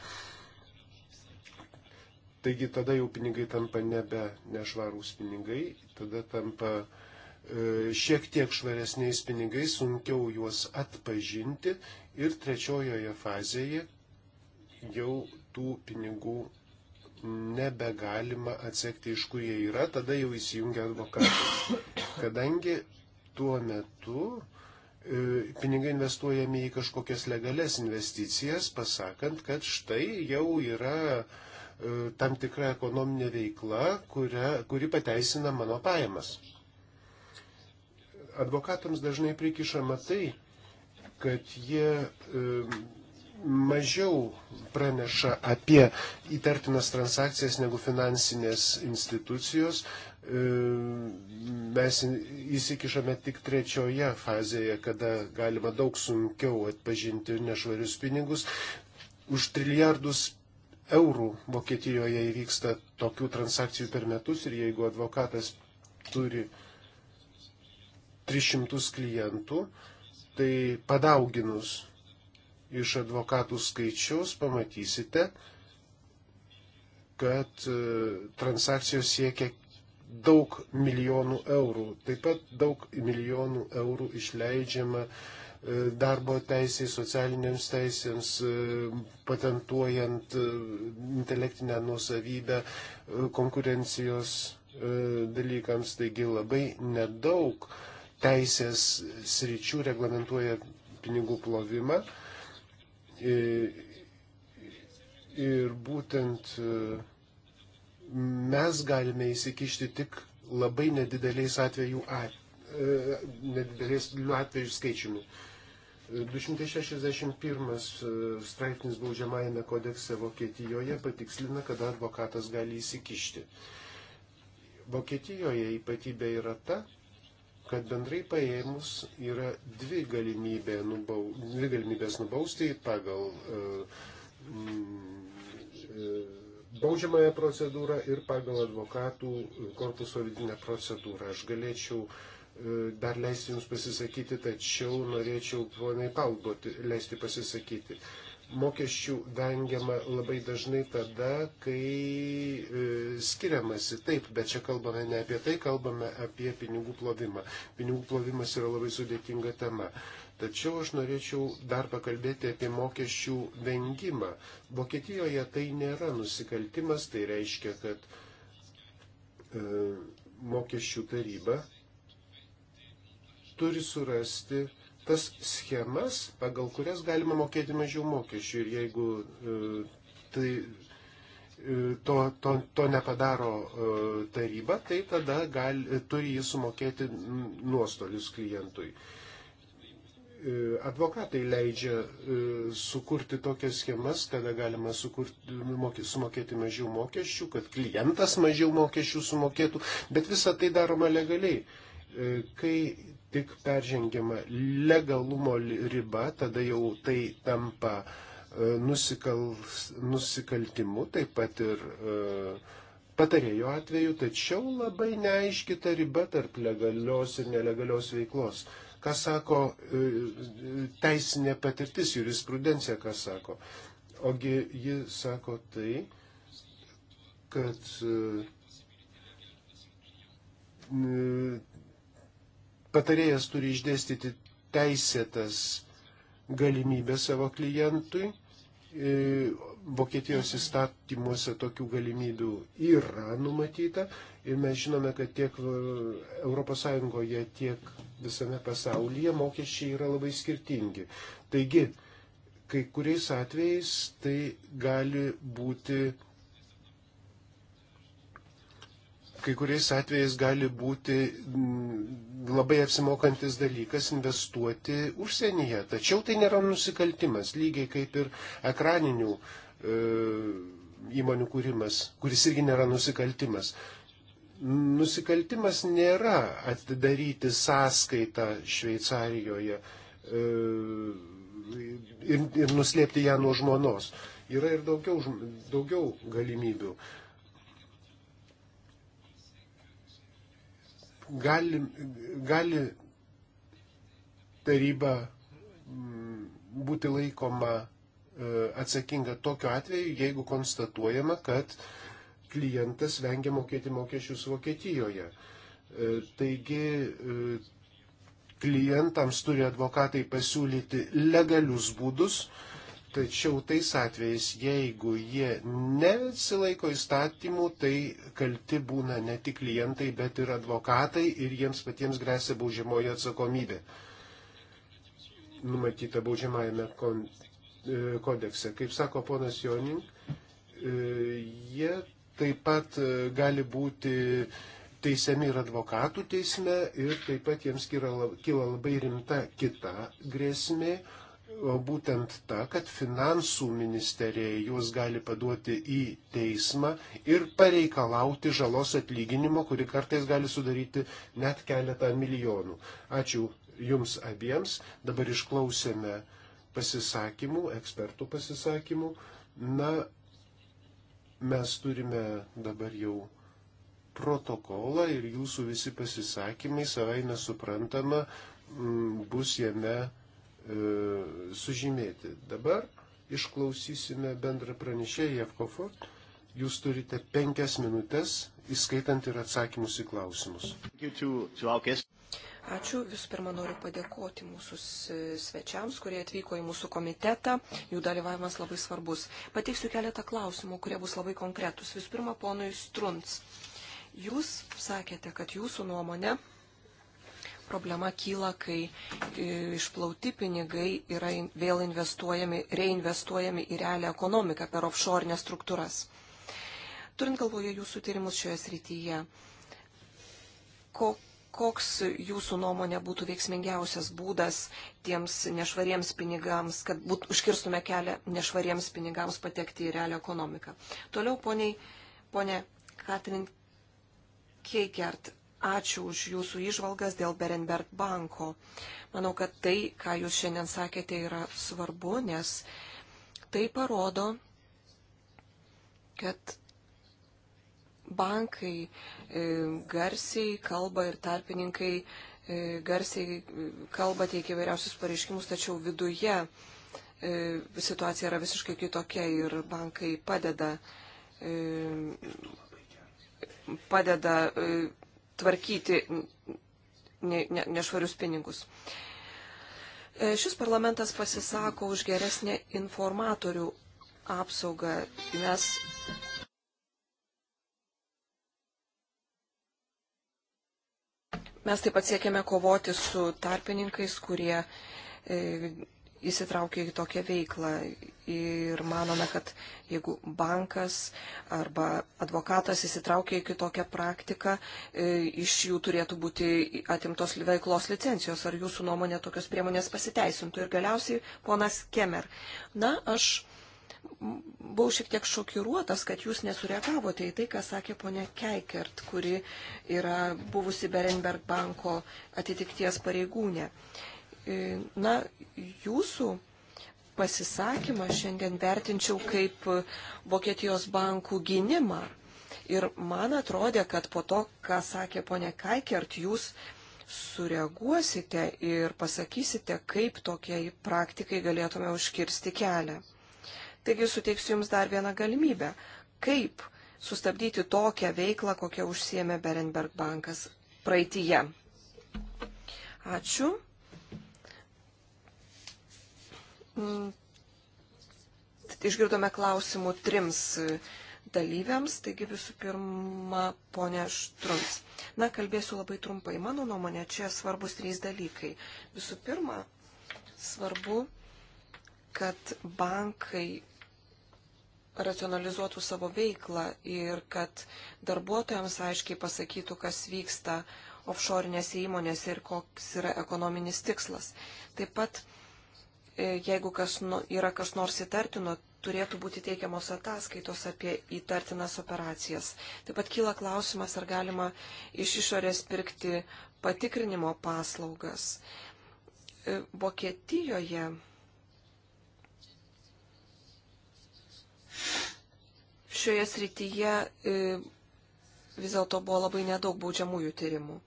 Taigi tada jau pinigai tampa nebe nešvarūs pinigai, tada tampa e, šiek tiek švaresniais pinigais, sunkiau juos atpažinti ir trečiojoje fazėje jau tų pinigų nebegalima atsekti, iš kur jie yra, tada jau įsijungia advokatas. Kadangi tuo metu e, pinigai investuojami į kažkokias legales investicijas, pasakant, kad štai jau yra e, tam tikra ekonominė veikla, kuria, kuri pateisina mano pajamas. Advokatams dažnai prikišama tai, kad jie e, mažiau praneša apie įtartinas transakcijas negu finansinės institucijos. E, mes įsikišame tik trečioje fazėje, kada galima daug sunkiau atpažinti nešvarius pinigus. Už trilijardus eurų Vokietijoje įvyksta tokių transakcijų per metus ir jeigu advokatas turi 300 klientų, tai padauginus iš advokatų skaičiaus pamatysite, kad e, transakcijos siekia daug milijonų eurų. Taip pat daug milijonų eurų išleidžiama e, darbo teisėjai, socialiniams teisėms, e, patentuojant intelektinę nusavybę, konkurencijos dalykams. Taigi labai nedaug teisės sričių reglamentuoja pinigų plovimą Ir būtent e, mes galime įsikišti tik labai nedideliais atvejų, at, e, nedideliais atvejų skaičiumi. 261 e, straipsnis baudžiamajame kodekse Vokietijoje patikslina, kada advokatas gali įsikišti. Vokietijoje ypatybė yra ta, kad bendrai paėmus yra dvi, galimybė nubau, dvi galimybės nubausti pagal e, mm, e, baudžiamąją procedūrą ir pagal advokatų korpuso vidinę procedūrą. Aš galėčiau e, dar leisti Jums pasisakyti, tačiau norėčiau poniai Palbot leisti pasisakyti. Mokesčių vengiama labai dažnai tada, kai e, skiriamasi. Taip, bet čia kalbame ne apie tai, kalbame apie pinigų plovimą. Pinigų plovimas yra labai sudėtinga tema. Tačiau aš norėčiau dar pakalbėti apie mokesčių vengimą. Vokietijoje tai nėra nusikaltimas, tai reiškia, kad e, mokesčių taryba turi surasti tas schemas, pagal kurias galima mokėti mažiau mokesčių. Ir jeigu e, tai, e, to, to, to nepadaro e, taryba, tai tada gali, turi jis sumokėti nuostolius klientui advokatai leidžia sukurti tokias schemas, kada galima sukurti, mokė, sumokėti mažiau mokesčių, kad klientas mažiau mokesčių sumokėtų, bet visa tai daroma legaliai. Kai tik peržengiama legalumo riba, tada jau tai tampa e, nusikal, nusikaltimu, taip pat ir e, patarėjo atveju, tačiau labai neaiški ta riba tarp legalios ir nelegalios veiklos. Ką sako e, teisinė patirtis, jurisprudencija, ką sako. Ogi ji sako tai, kad patarėjas turi išdėstyti teisėtas galimybės savo klientui. E, Vokietijos įstatymuose tokių galimybių yra numatyta ir mes žinome, kad tiek ES, tiek visame pasaulyje mokesčiai yra labai skirtingi. Taigi, kai kuriais atvejais tai gali būti kai kuriais atvejais gali būti mm, labai apsimokantis dalykas investuoti užsienyje. Tačiau tai nėra nusikaltimas, lygiai kaip ir ekraninių e, įmonių kūrimas, kuris irgi nėra nusikaltimas. Nusikaltimas nėra atidaryti sąskaitą Šveicarijoje e, ir, ir nuslėpti ją nuo žmonos. Yra ir daugiau, daugiau galimybių. E, gali, gali taryba mm, būti laikoma e, atsakinga tokiu atveju, jeigu konstatuojama, kad klientas vengia mokėti mokesčius Vokietijoje. E, taigi e, klientams turi advokatai pasiūlyti legalius būdus, Tačiau tais atvejais, jeigu jie nesilaiko įstatymų, tai kalti būna ne tik klientai, bet ir advokatai ir jiems patiems grėsia baudžiamoji atsakomybė. Numatyta baudžiamajame e, kodekse. Kaip sako ponas Joning, e, jie taip pat e, gali būti teisiami ir advokatų teisme ir taip pat jiems kyla labai rimta kita grėsmė o būtent ta, kad finansų ministerija juos gali paduoti į teismą ir pareikalauti žalos atlyginimo, kuri kartais gali sudaryti net keletą milijonų. Ačiū Jums abiems. Dabar išklausėme pasisakymų, ekspertų pasisakymų. Na, mes turime dabar jau protokolą ir jūsų visi pasisakymai savai nesuprantama bus jame E, sužymėti. Dabar išklausysime bendrą pranešėją Jevkofo. Jūs turite penkias minutės, įskaitant ir atsakymus į klausimus. Ačiū. Visų pirma, noriu padėkoti mūsų svečiams, kurie atvyko į mūsų komitetą. Jų dalyvavimas labai svarbus. Pateiksiu keletą klausimų, kurie bus labai konkretus. Visų pirma, ponui Strunts. Jūs sakėte, kad jūsų nuomonė problema kyla, kai e, išplauti pinigai yra vėl investuojami, reinvestuojami į realią ekonomiką per offshore struktūras. Turint galvoje jūsų tyrimus šioje srityje, ko, koks jūsų nuomonė būtų veiksmingiausias būdas tiems nešvariems pinigams, kad būt, užkirstume kelią nešvariems pinigams patekti į realią ekonomiką. Toliau, poniai, ponė Katrin Keikert, Ačiū už jūsų išvalgas dėl Berenberg banko. Manau, kad tai, ką jūs šiandien sakėte, yra svarbu, nes tai parodo, kad bankai e, garsiai kalba ir tarpininkai e, garsiai e, kalba teikia įvairiausius pareiškimus, tačiau viduje situacija yra visiškai kitokia ir bankai padeda, padeda tvarkyti ne, ne, nešvarius pinigus. E, šis parlamentas pasisako už geresnę informatorių apsaugą. Mes Mes taip pat siekiame kovoti su tarpininkais, kurie e, įsitraukia į tokią veiklą ir manome, kad jeigu bankas arba advokatas įsitraukia į kitokią praktiką, e, iš jų turėtų būti atimtos veiklos licencijos. Ar jūsų nuomonė tokios priemonės pasiteisintų? Ir galiausiai ponas Kemer. Na, aš buvau šiek tiek šokiruotas, kad jūs nesureagavote į tai, ką sakė ponia Keikert, kuri yra buvusi Berenberg banko atitikties pareigūnė. Uh, E, na, jūsų pasisakymą šiandien vertinčiau kaip e, Vokietijos bankų gynimą. Ir man atrodė, kad po to, ką sakė ponė Kaikert, jūs sureaguosite ir pasakysite, kaip tokiai praktikai galėtume užkirsti kelią. Taigi suteiksiu Jums dar vieną galimybę. Kaip sustabdyti tokią veiklą, kokią užsiemė Berenberg bankas praeitįje? Ačiū. Mm. Išgirdome klausimų trims dalyviams, taigi visų pirma, ponė Štrums. Na, kalbėsiu labai trumpai. Mano nuomonė, čia svarbus trys dalykai. Visų pirma, svarbu, kad bankai racionalizuotų savo veiklą ir kad darbuotojams aiškiai pasakytų, kas vyksta offshore'nėse įmonėse ir koks yra ekonominis tikslas. Taip pat E, jeigu kas, nu, yra kas nors įtartino, turėtų būti teikiamos ataskaitos apie įtartinas operacijas. Taip pat kyla klausimas, ar galima iš išorės pirkti patikrinimo paslaugas. E, Vokietijoje šioje srityje e, vis dėlto buvo labai nedaug baudžiamųjų tyrimų.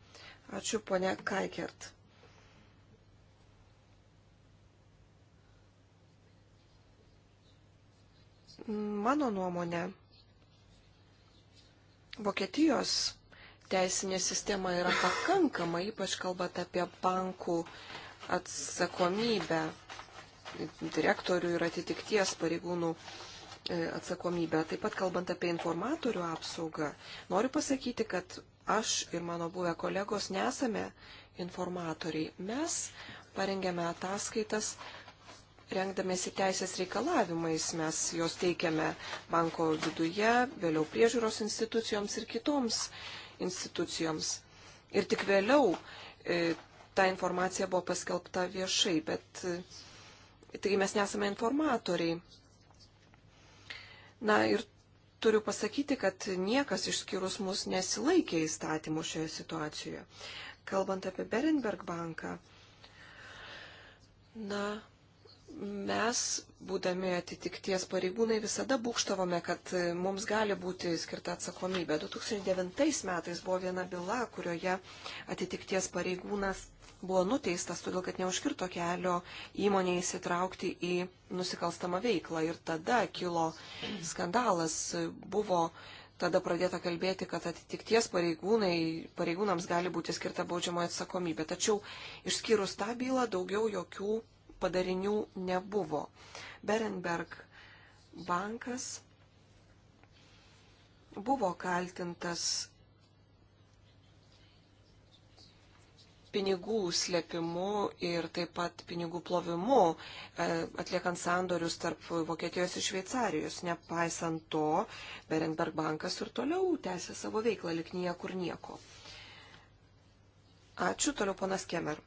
Ačiū, ponia Kaikert. Mano nuomonė, Vokietijos teisinė sistema yra pakankama, ypač kalbant apie bankų atsakomybę, direktorių ir atitikties pareigūnų e, atsakomybę. Taip pat kalbant apie informatorių apsaugą, noriu pasakyti, kad aš ir mano buvę kolegos nesame informatoriai. Mes parengėme ataskaitas Rengdamėsi teisės reikalavimais mes juos teikiame banko viduje, vėliau priežiūros institucijoms ir kitoms institucijoms. Ir tik vėliau e, ta informacija buvo paskelbta viešai, bet e, taigi mes nesame informatoriai. Na ir turiu pasakyti, kad niekas išskyrus mus nesilaikė įstatymų šioje situacijoje. Kalbant apie Berenberg banką, na, mes, būdami atitikties pareigūnai, visada būkštavome, kad mums gali būti skirta atsakomybė. 2009 metais buvo viena byla, kurioje atitikties pareigūnas buvo nuteistas, todėl kad neužkirto kelio įmonėje įsitraukti į nusikalstamą veiklą. Ir tada kilo skandalas, buvo tada pradėta kalbėti, kad atitikties pareigūnai, pareigūnams gali būti skirta baudžiamoji atsakomybė. Tačiau išskyrus tą bylą daugiau jokių padarinių nebuvo. Berenberg bankas buvo kaltintas pinigų slėpimu ir taip pat pinigų plovimu, e, atliekant sandorius tarp Vokietijos ir Šveicarijos. Nepaisant to, Berenberg bankas ir toliau tęsė savo veiklą liknyje kur nieko. Ačiū, toliau ponas Kemer.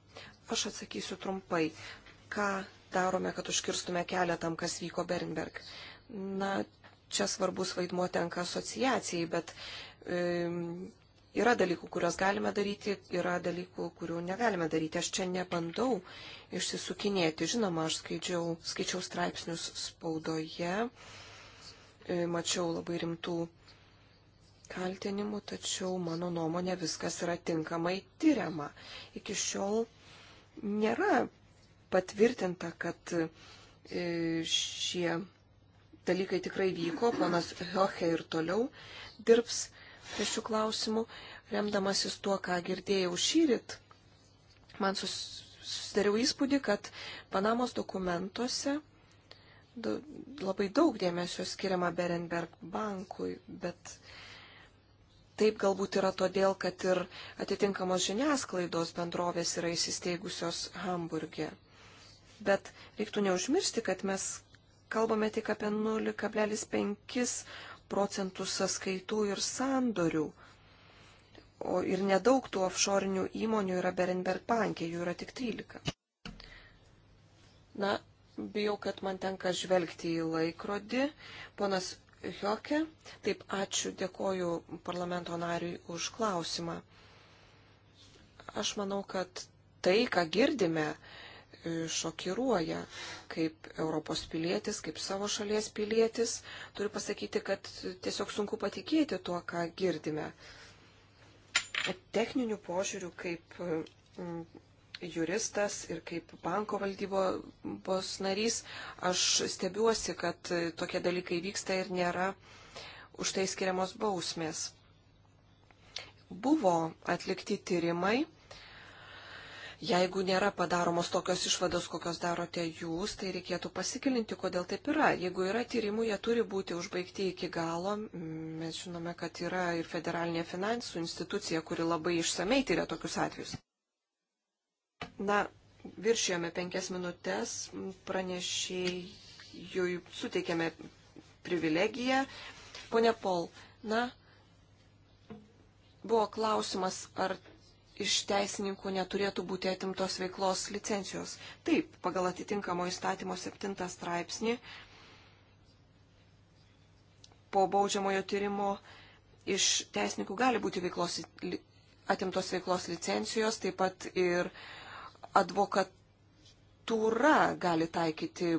Aš atsakysiu trumpai ką darome, kad užkirstume kelią tam, kas vyko Bernberg. Na, čia svarbus vaidmuo tenka asociacijai, bet e, yra dalykų, kuriuos galime daryti, yra dalykų, kurių negalime daryti. Aš čia nebandau išsisukinėti. Žinoma, aš skaičiau, skaičiau straipsnius spaudoje, e, mačiau labai rimtų kaltinimų, tačiau mano nuomonė viskas yra tinkamai tyriama. Iki šiol nėra patvirtinta, kad e, šie dalykai tikrai vyko. Ponas Hioche ir toliau dirbs prie šių klausimų, remdamasis tuo, ką girdėjau šyrit. Man susidariau įspūdį, kad Panamos dokumentuose labai daug dėmesio skiriama Berenberg bankui, bet taip galbūt yra todėl, kad ir atitinkamos žiniasklaidos bendrovės yra įsisteigusios Hamburgė. E bet reiktų neužmiršti, kad mes kalbame tik apie 0,5 procentus sąskaitų ir sandorių. O ir nedaug tų offshore įmonių yra Berenberg bankė, jų yra tik 13. Na, bijau, kad man tenka žvelgti į laikrodį. Ponas Hiokė, taip ačiū, dėkoju parlamento nariui už klausimą. Aš manau, kad tai, ką girdime, šokiruoja, kaip Europos pilietis, kaip savo šalies pilietis. Turiu pasakyti, kad tiesiog sunku patikėti tuo, ką girdime. Techninių požiūrių, kaip mm, juristas ir kaip banko valdybos narys, aš stebiuosi, kad tokie dalykai vyksta ir nėra už tai skiriamos bausmės. Buvo atlikti tyrimai Jeigu nėra padaromos tokios išvados, kokios darote jūs, tai reikėtų pasikilinti, kodėl taip yra. Jeigu yra tyrimų, jie turi būti užbaigti iki galo. Mes žinome, kad yra ir federalinė finansų institucija, kuri labai išsamei tyria tokius atvejus. Na, viršijome penkias minutės, pranešėjui suteikėme privilegiją. Pone Pol, na, buvo klausimas, ar iš teisininkų neturėtų būti atimtos veiklos licencijos. Taip, pagal atitinkamo įstatymo 7 straipsnį po baudžiamojo tyrimo iš teisininkų gali būti veiklos, atimtos veiklos licencijos, taip pat ir advokatūra gali taikyti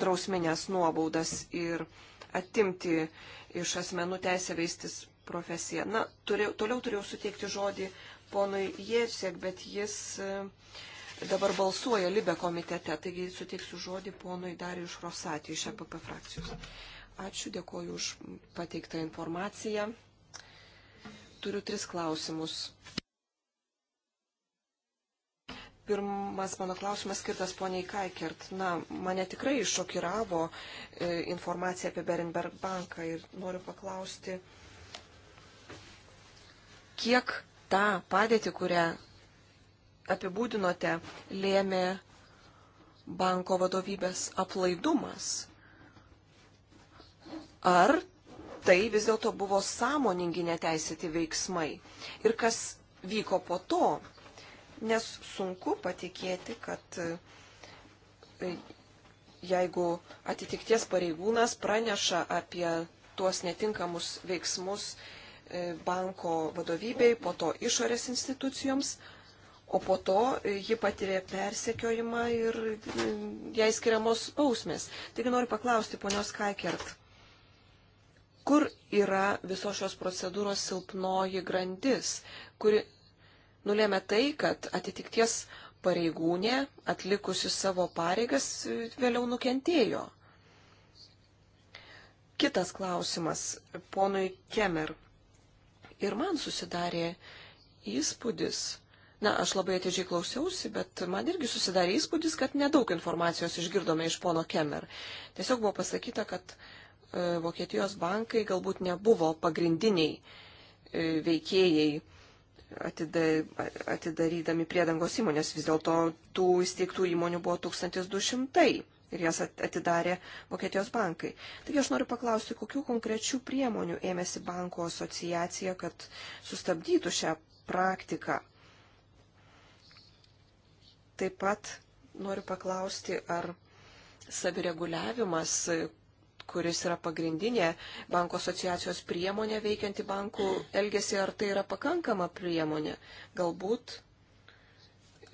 drausminės nuobaudas ir atimti iš asmenų teisę veistis profesiją. Na, turėjau, toliau turėjau suteikti žodį ponui Jėsiek, bet jis e, dabar balsuoja Libe komitete, taigi suteiksiu žodį ponui Darijuš Rosatį iš EPP frakcijos. Ačiū, dėkoju už pateiktą informaciją. Turiu tris klausimus. Pirmas mano klausimas skirtas poniai Kaikert. Na, mane tikrai šokiravo e, informacija apie Berenberg banką ir noriu paklausti, kiek tą padėtį, kurią apibūdinote, lėmė banko vadovybės aplaidumas. Ar tai vis dėlto buvo sąmoningi neteisėti veiksmai? Ir kas vyko po to? Nes sunku patikėti, kad e, jeigu atitikties pareigūnas praneša apie tuos netinkamus veiksmus E, banko vadovybei, po to išorės institucijoms, o po to e, ji patiria persekiojimą ir e, jai skiriamos bausmės. Taigi noriu paklausti ponios Kaikert, kur yra visos šios procedūros silpnoji grandis, kuri nulėmė tai, kad atitikties pareigūnė, atlikusi savo pareigas, vėliau nukentėjo. Kitas klausimas ponui Kemer ir man susidarė įspūdis, na, aš labai atidžiai klausiausi, bet man irgi susidarė įspūdis, kad nedaug informacijos išgirdome iš pono Kemer. Tiesiog buvo pasakyta, kad e, Vokietijos bankai galbūt nebuvo pagrindiniai e, veikėjai atidarydami priedangos įmonės, vis dėlto tų įsteigtų įmonių buvo 1200 ir jas atidarė Vokietijos bankai. Taigi aš noriu paklausti, kokių konkrečių priemonių ėmėsi banko asociacija, kad sustabdytų šią praktiką. Taip pat noriu paklausti, ar savireguliavimas, kuris yra pagrindinė banko asociacijos priemonė veikianti bankų elgesį, ar tai yra pakankama priemonė. Galbūt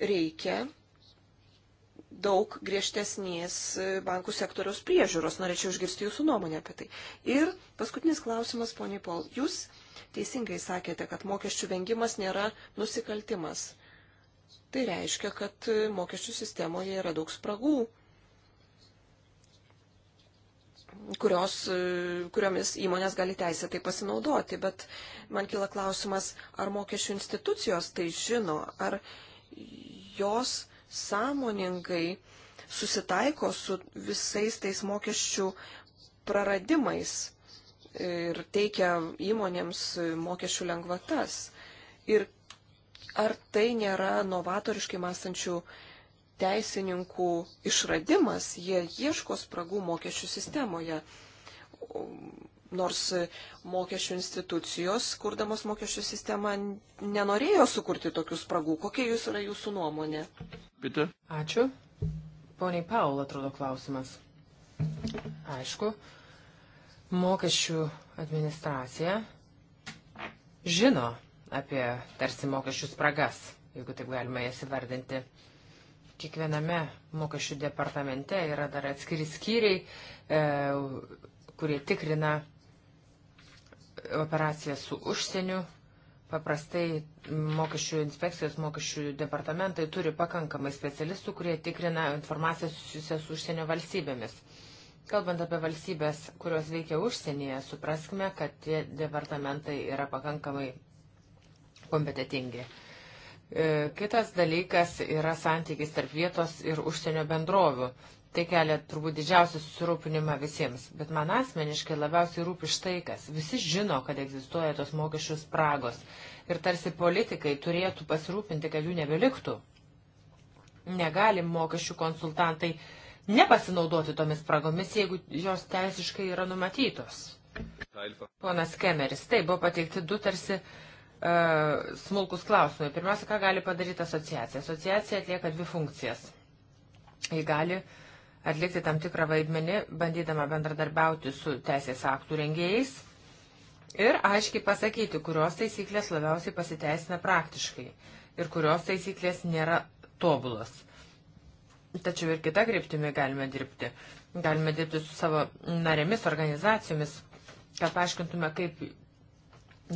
reikia daug griežtesnės e, bankų sektoriaus priežiūros. Norėčiau išgirsti jūsų nuomonę apie tai. Ir paskutinis klausimas, poniai Pol. Jūs teisingai sakėte, kad mokesčių vengimas nėra nusikaltimas. Tai reiškia, kad e, mokesčių sistemoje yra daug spragų, kurios, e, kuriomis įmonės gali teisę tai pasinaudoti. Bet man kila klausimas, ar mokesčių institucijos tai žino, ar jos sąmoningai susitaiko su visais tais mokesčių praradimais ir teikia įmonėms mokesčių lengvatas. Ir ar tai nėra novatoriškai mąstančių teisininkų išradimas, jie ieško spragų mokesčių sistemoje. Nors mokesčių institucijos, kurdamos mokesčių sistemą, nenorėjo sukurti tokių spragų. Kokia jūs yra jūsų nuomonė? Bitte. Ačiū. Poniai Paul atrodo klausimas. Aišku, mokesčių administracija žino apie tarsi mokesčių spragas, jeigu taip galima jas įvardinti. Kiekviename mokesčių departamente yra dar atskiri skyriai, e, kurie tikrina operacijas su užsieniu Paprastai mokesčių inspekcijos, mokesčių departamentai turi pakankamai specialistų, kurie tikrina informaciją susijusią su užsienio valstybėmis. Kalbant apie valstybės, kurios veikia užsienyje, supraskime, kad tie departamentai yra pakankamai kompetitingi. E, kitas dalykas yra santykis tarp vietos ir užsienio bendrovių. Tai kelia turbūt didžiausią susirūpinimą visiems, bet man asmeniškai labiausiai rūpi štai kas. Visi žino, kad egzistuoja tos mokesčių spragos ir tarsi politikai turėtų pasirūpinti, kad jų nebeliktų. Negali mokesčių konsultantai nepasinaudoti tomis spragomis, jeigu jos teisiškai yra numatytos. Ponas Kemeris, tai buvo pateikti du tarsi uh, smulkus klausimai. Pirmiausia, ką gali padaryti asociacija. Asociacija atlieka dvi funkcijas. Ji gali uh, atlikti tam tikrą vaidmenį, bandydama bendradarbiauti su teisės aktų rengėjais ir aiškiai pasakyti, kurios taisyklės labiausiai pasiteisina praktiškai ir kurios taisyklės nėra tobulos. Tačiau ir kitą kryptimį galime dirbti. Galime dirbti su savo narėmis organizacijomis, kad paaiškintume, kaip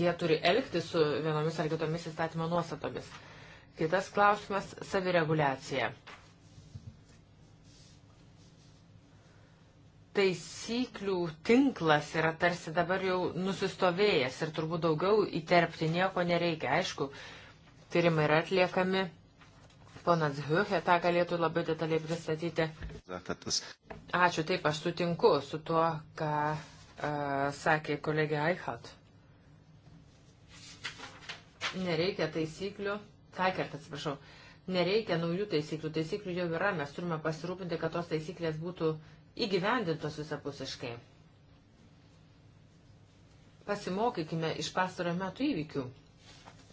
jie turi elgti su vienomis ar kitomis įstatymo nuostatomis. Kitas klausimas - savireguliacija. taisyklių tinklas yra tarsi dabar jau nusistovėjęs ir turbūt daugiau įterpti nieko nereikia. Aišku, tyrimai yra atliekami. Ponas Hiuche tą galėtų labai detaliai pristatyti. Ačiū, taip, aš sutinku su tuo, ką uh, sakė kolegė Aihat. Nereikia taisyklių, taikert atsiprašau, nereikia naujų taisyklių, taisyklių jau yra, mes turime pasirūpinti, kad tos taisyklės būtų uh, įgyvendintos visapusiškai. Pasimokykime iš pastarojo metų įvykių.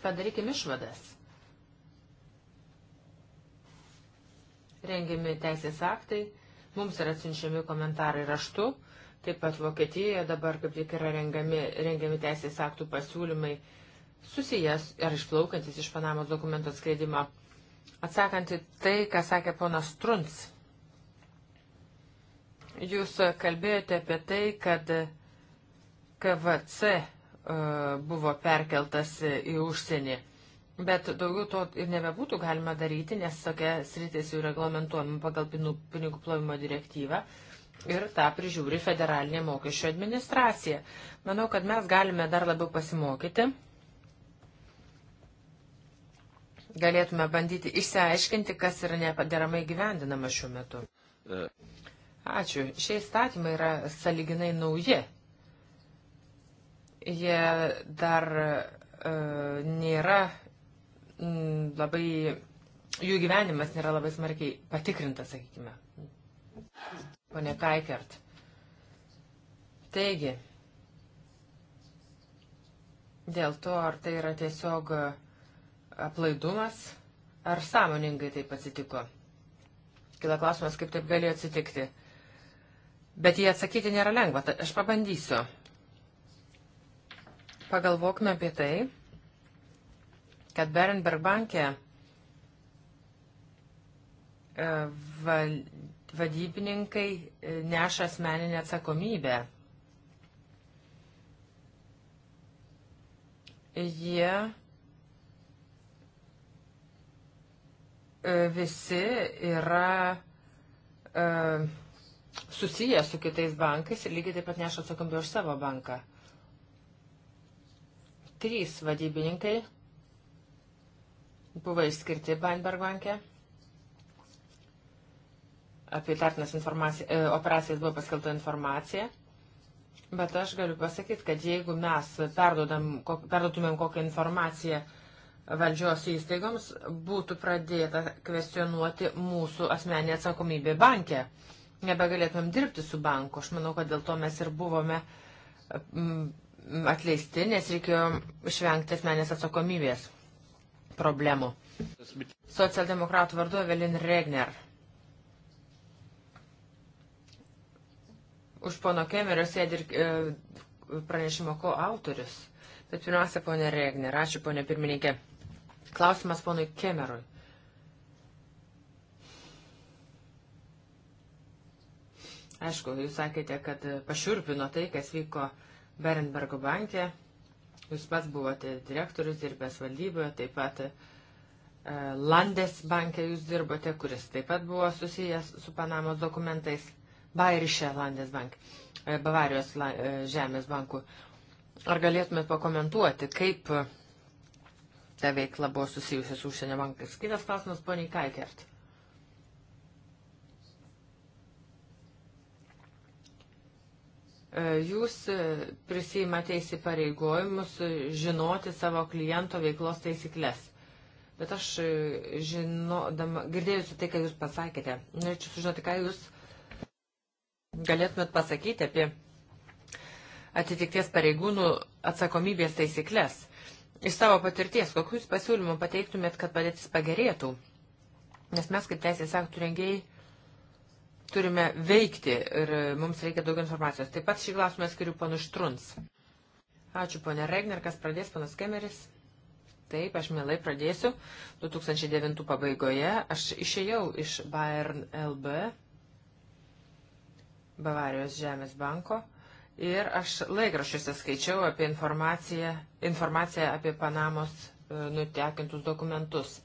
Padarykime išvadas. Rengiami teisės aktai, mums yra atsiunčiami komentarai raštu, taip pat Vokietijoje dabar kaip tik yra rengiami, rengiami teisės aktų pasiūlymai susijęs ar išplaukantis iš Panamos dokumento atskleidimo. Atsakant į tai, ką sakė ponas Truns Jūs kalbėjote apie tai, kad KVC e, buvo perkeltas į užsienį, bet daugiau to ir nebebūtų galima daryti, nes tokia sritis jau reglamentuojama pagal pinigų plovimo direktyvą ir tą prižiūri federalinė mokesčio administracija. Manau, kad mes galime dar labiau pasimokyti. Galėtume bandyti išsiaiškinti, kas yra nepaderamai gyvendinama šiuo metu. Uh. Ačiū. Šie įstatymai yra saliginai nauji. Jie dar e, nėra m, labai, jų gyvenimas nėra labai smarkiai patikrintas, sakykime. Pone Kaikert. Taigi, dėl to, ar tai yra tiesiog aplaidumas, ar sąmoningai taip atsitiko. Kila klausimas, kaip taip galėjo atsitikti. Bet jie atsakyti nėra lengva, tad aš pabandysiu. Pagalvokime apie tai, kad Berenberg bankė e, vadybininkai e, neša asmeninę atsakomybę. jie e, visi yra uh, susiję su kitais bankais ir lygiai taip pat neša atsakomybę už savo banką. Trys vadybininkai buvo išskirti Bainberg banke. Apie tartinas e, operacijas buvo paskelta informacija. Bet aš galiu pasakyti, kad jeigu mes perduotumėm kokią informaciją valdžios įstaigoms, būtų pradėta kvestionuoti mūsų asmenį atsakomybę bankė nebegalėtumėm dirbti su banku. Aš manau, kad dėl to mes ir buvome mm, atleisti, nes reikėjo išvengti asmenės atsakomybės problemų. Socialdemokratų vardu Evelin Regner. Už pono Kemerio sėdi ir e, pranešimo ko autorius. Bet pirmiausia, ponė Regner, ačiū ponė pirmininkė. Klausimas ponui Kemerui. Aišku, jūs sakėte, kad pašiurpino tai, kas vyko Berenbergo banke. Jūs pats buvote direktorius, dirbęs valdyboje, taip pat e, Landes banke jūs dirbote, kuris taip pat buvo susijęs su Panamos dokumentais. Bairišė Landes bank, e, Bavarijos la, e, žemės bankų. Ar galėtumėt pakomentuoti, kaip ta veikla buvo susijusi su užsienio bankais? Kitas klausimas, poniai Kaikert. E, jūs e, prisimate įsipareigojimus žinoti savo kliento veiklos taisyklės. Bet aš e, žinodama, girdėjusi tai, ką jūs pasakėte. Norėčiau sužinoti, ką jūs galėtumėt pasakyti apie atitikties pareigūnų atsakomybės taisyklės. Iš savo patirties, kokius pasiūlymų pateiktumėt, kad padėtis pagerėtų? Nes mes kaip teisės aktų rengėjai turime veikti ir mums reikia daugiau informacijos. Taip pat šį klausimą skiriu panu Štruns. Ačiū, ponė Regner, kas pradės, panas Kemeris. Taip, aš mielai pradėsiu. 2009 pabaigoje aš išėjau iš Bayern LB, Bavarijos žemės banko, ir aš laikrašiuose skaičiau apie informaciją, informaciją apie Panamos e, nutekintus dokumentus.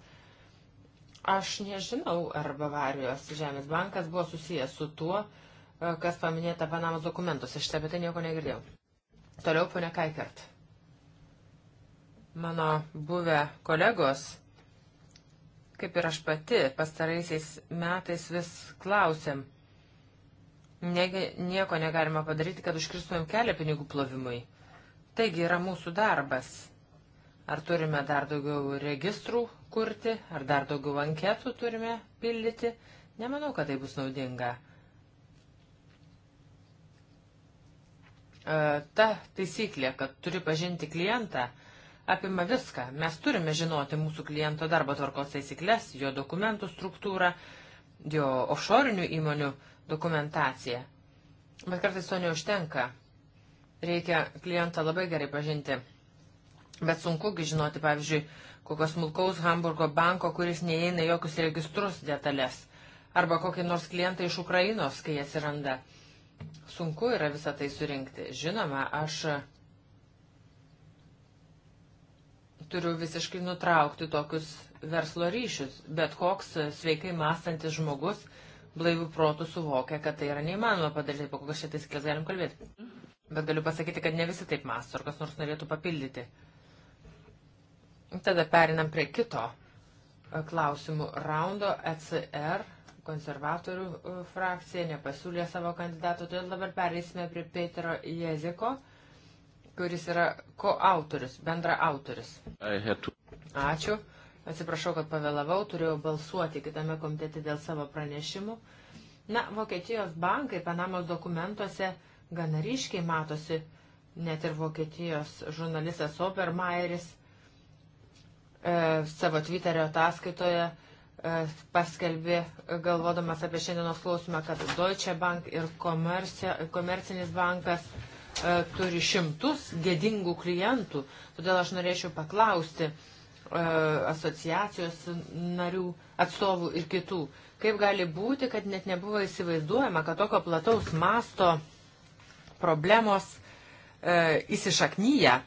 Aš nežinau, ar Bavarijos žemės bankas buvo susijęs su tuo, e, kas paminėta Panamos dokumentuose. Aš apie tai nieko negirdėjau. Toliau, ponia Kaikert. Mano buvę kolegos, kaip ir aš pati, pastaraisiais metais vis klausėm, negi, nieko negalima padaryti, kad užkirstumėm kelią pinigų plovimui. Taigi yra mūsų darbas Ar turime dar daugiau registrų kurti, ar dar daugiau anketų turime pildyti? Nemanau, kad tai bus naudinga. E, ta taisyklė, kad turi pažinti klientą, apima viską. Mes turime žinoti mūsų kliento darbo tvarkos taisyklės, jo dokumentų struktūrą, jo offshorinių įmonių dokumentaciją. Bet kartais to neužtenka. Reikia klientą labai gerai pažinti. Bet sunkugi žinoti, pavyzdžiui, kokios smulkaus Hamburgo banko, kuris neįeina jokius registrus detalės. Arba kokie nors klientai iš Ukrainos, kai jie atsiranda. Sunku yra visą tai surinkti. Žinoma, aš turiu visiškai nutraukti tokius verslo ryšius. Bet koks sveikai mąstantis žmogus blaivių protų suvokia, kad tai yra neįmanoma padaryti, po kokias šitais kelias galim kalbėti. Bet galiu pasakyti, kad ne visi taip mąsto, ar kas nors norėtų papildyti. Tada perinam prie kito e, klausimų raundo. ECR konservatorių e, frakcija nepasiūlė savo kandidato, todėl dabar pereisime prie Petro Jeziko, kuris yra koautorius, bendra autoris. Ačiū. Atsiprašau, kad pavėlavau, turėjau balsuoti kitame komitete dėl savo pranešimų. Na, Vokietijos bankai Panamos dokumentuose gana ryškiai matosi, net ir Vokietijos žurnalistas Obermeieris E, savo Twitterio ataskaitoje e, paskelbė, e, galvodamas apie šiandienos klausimą, kad Deutsche Bank ir komercinis bankas turi šimtus gedingų klientų. Todėl aš norėčiau paklausti asociacijos narių, atstovų ir kitų, kaip gali būti, kad net nebuvo įsivaizduojama, kad tokio plataus masto problemos e, įsišaknyja.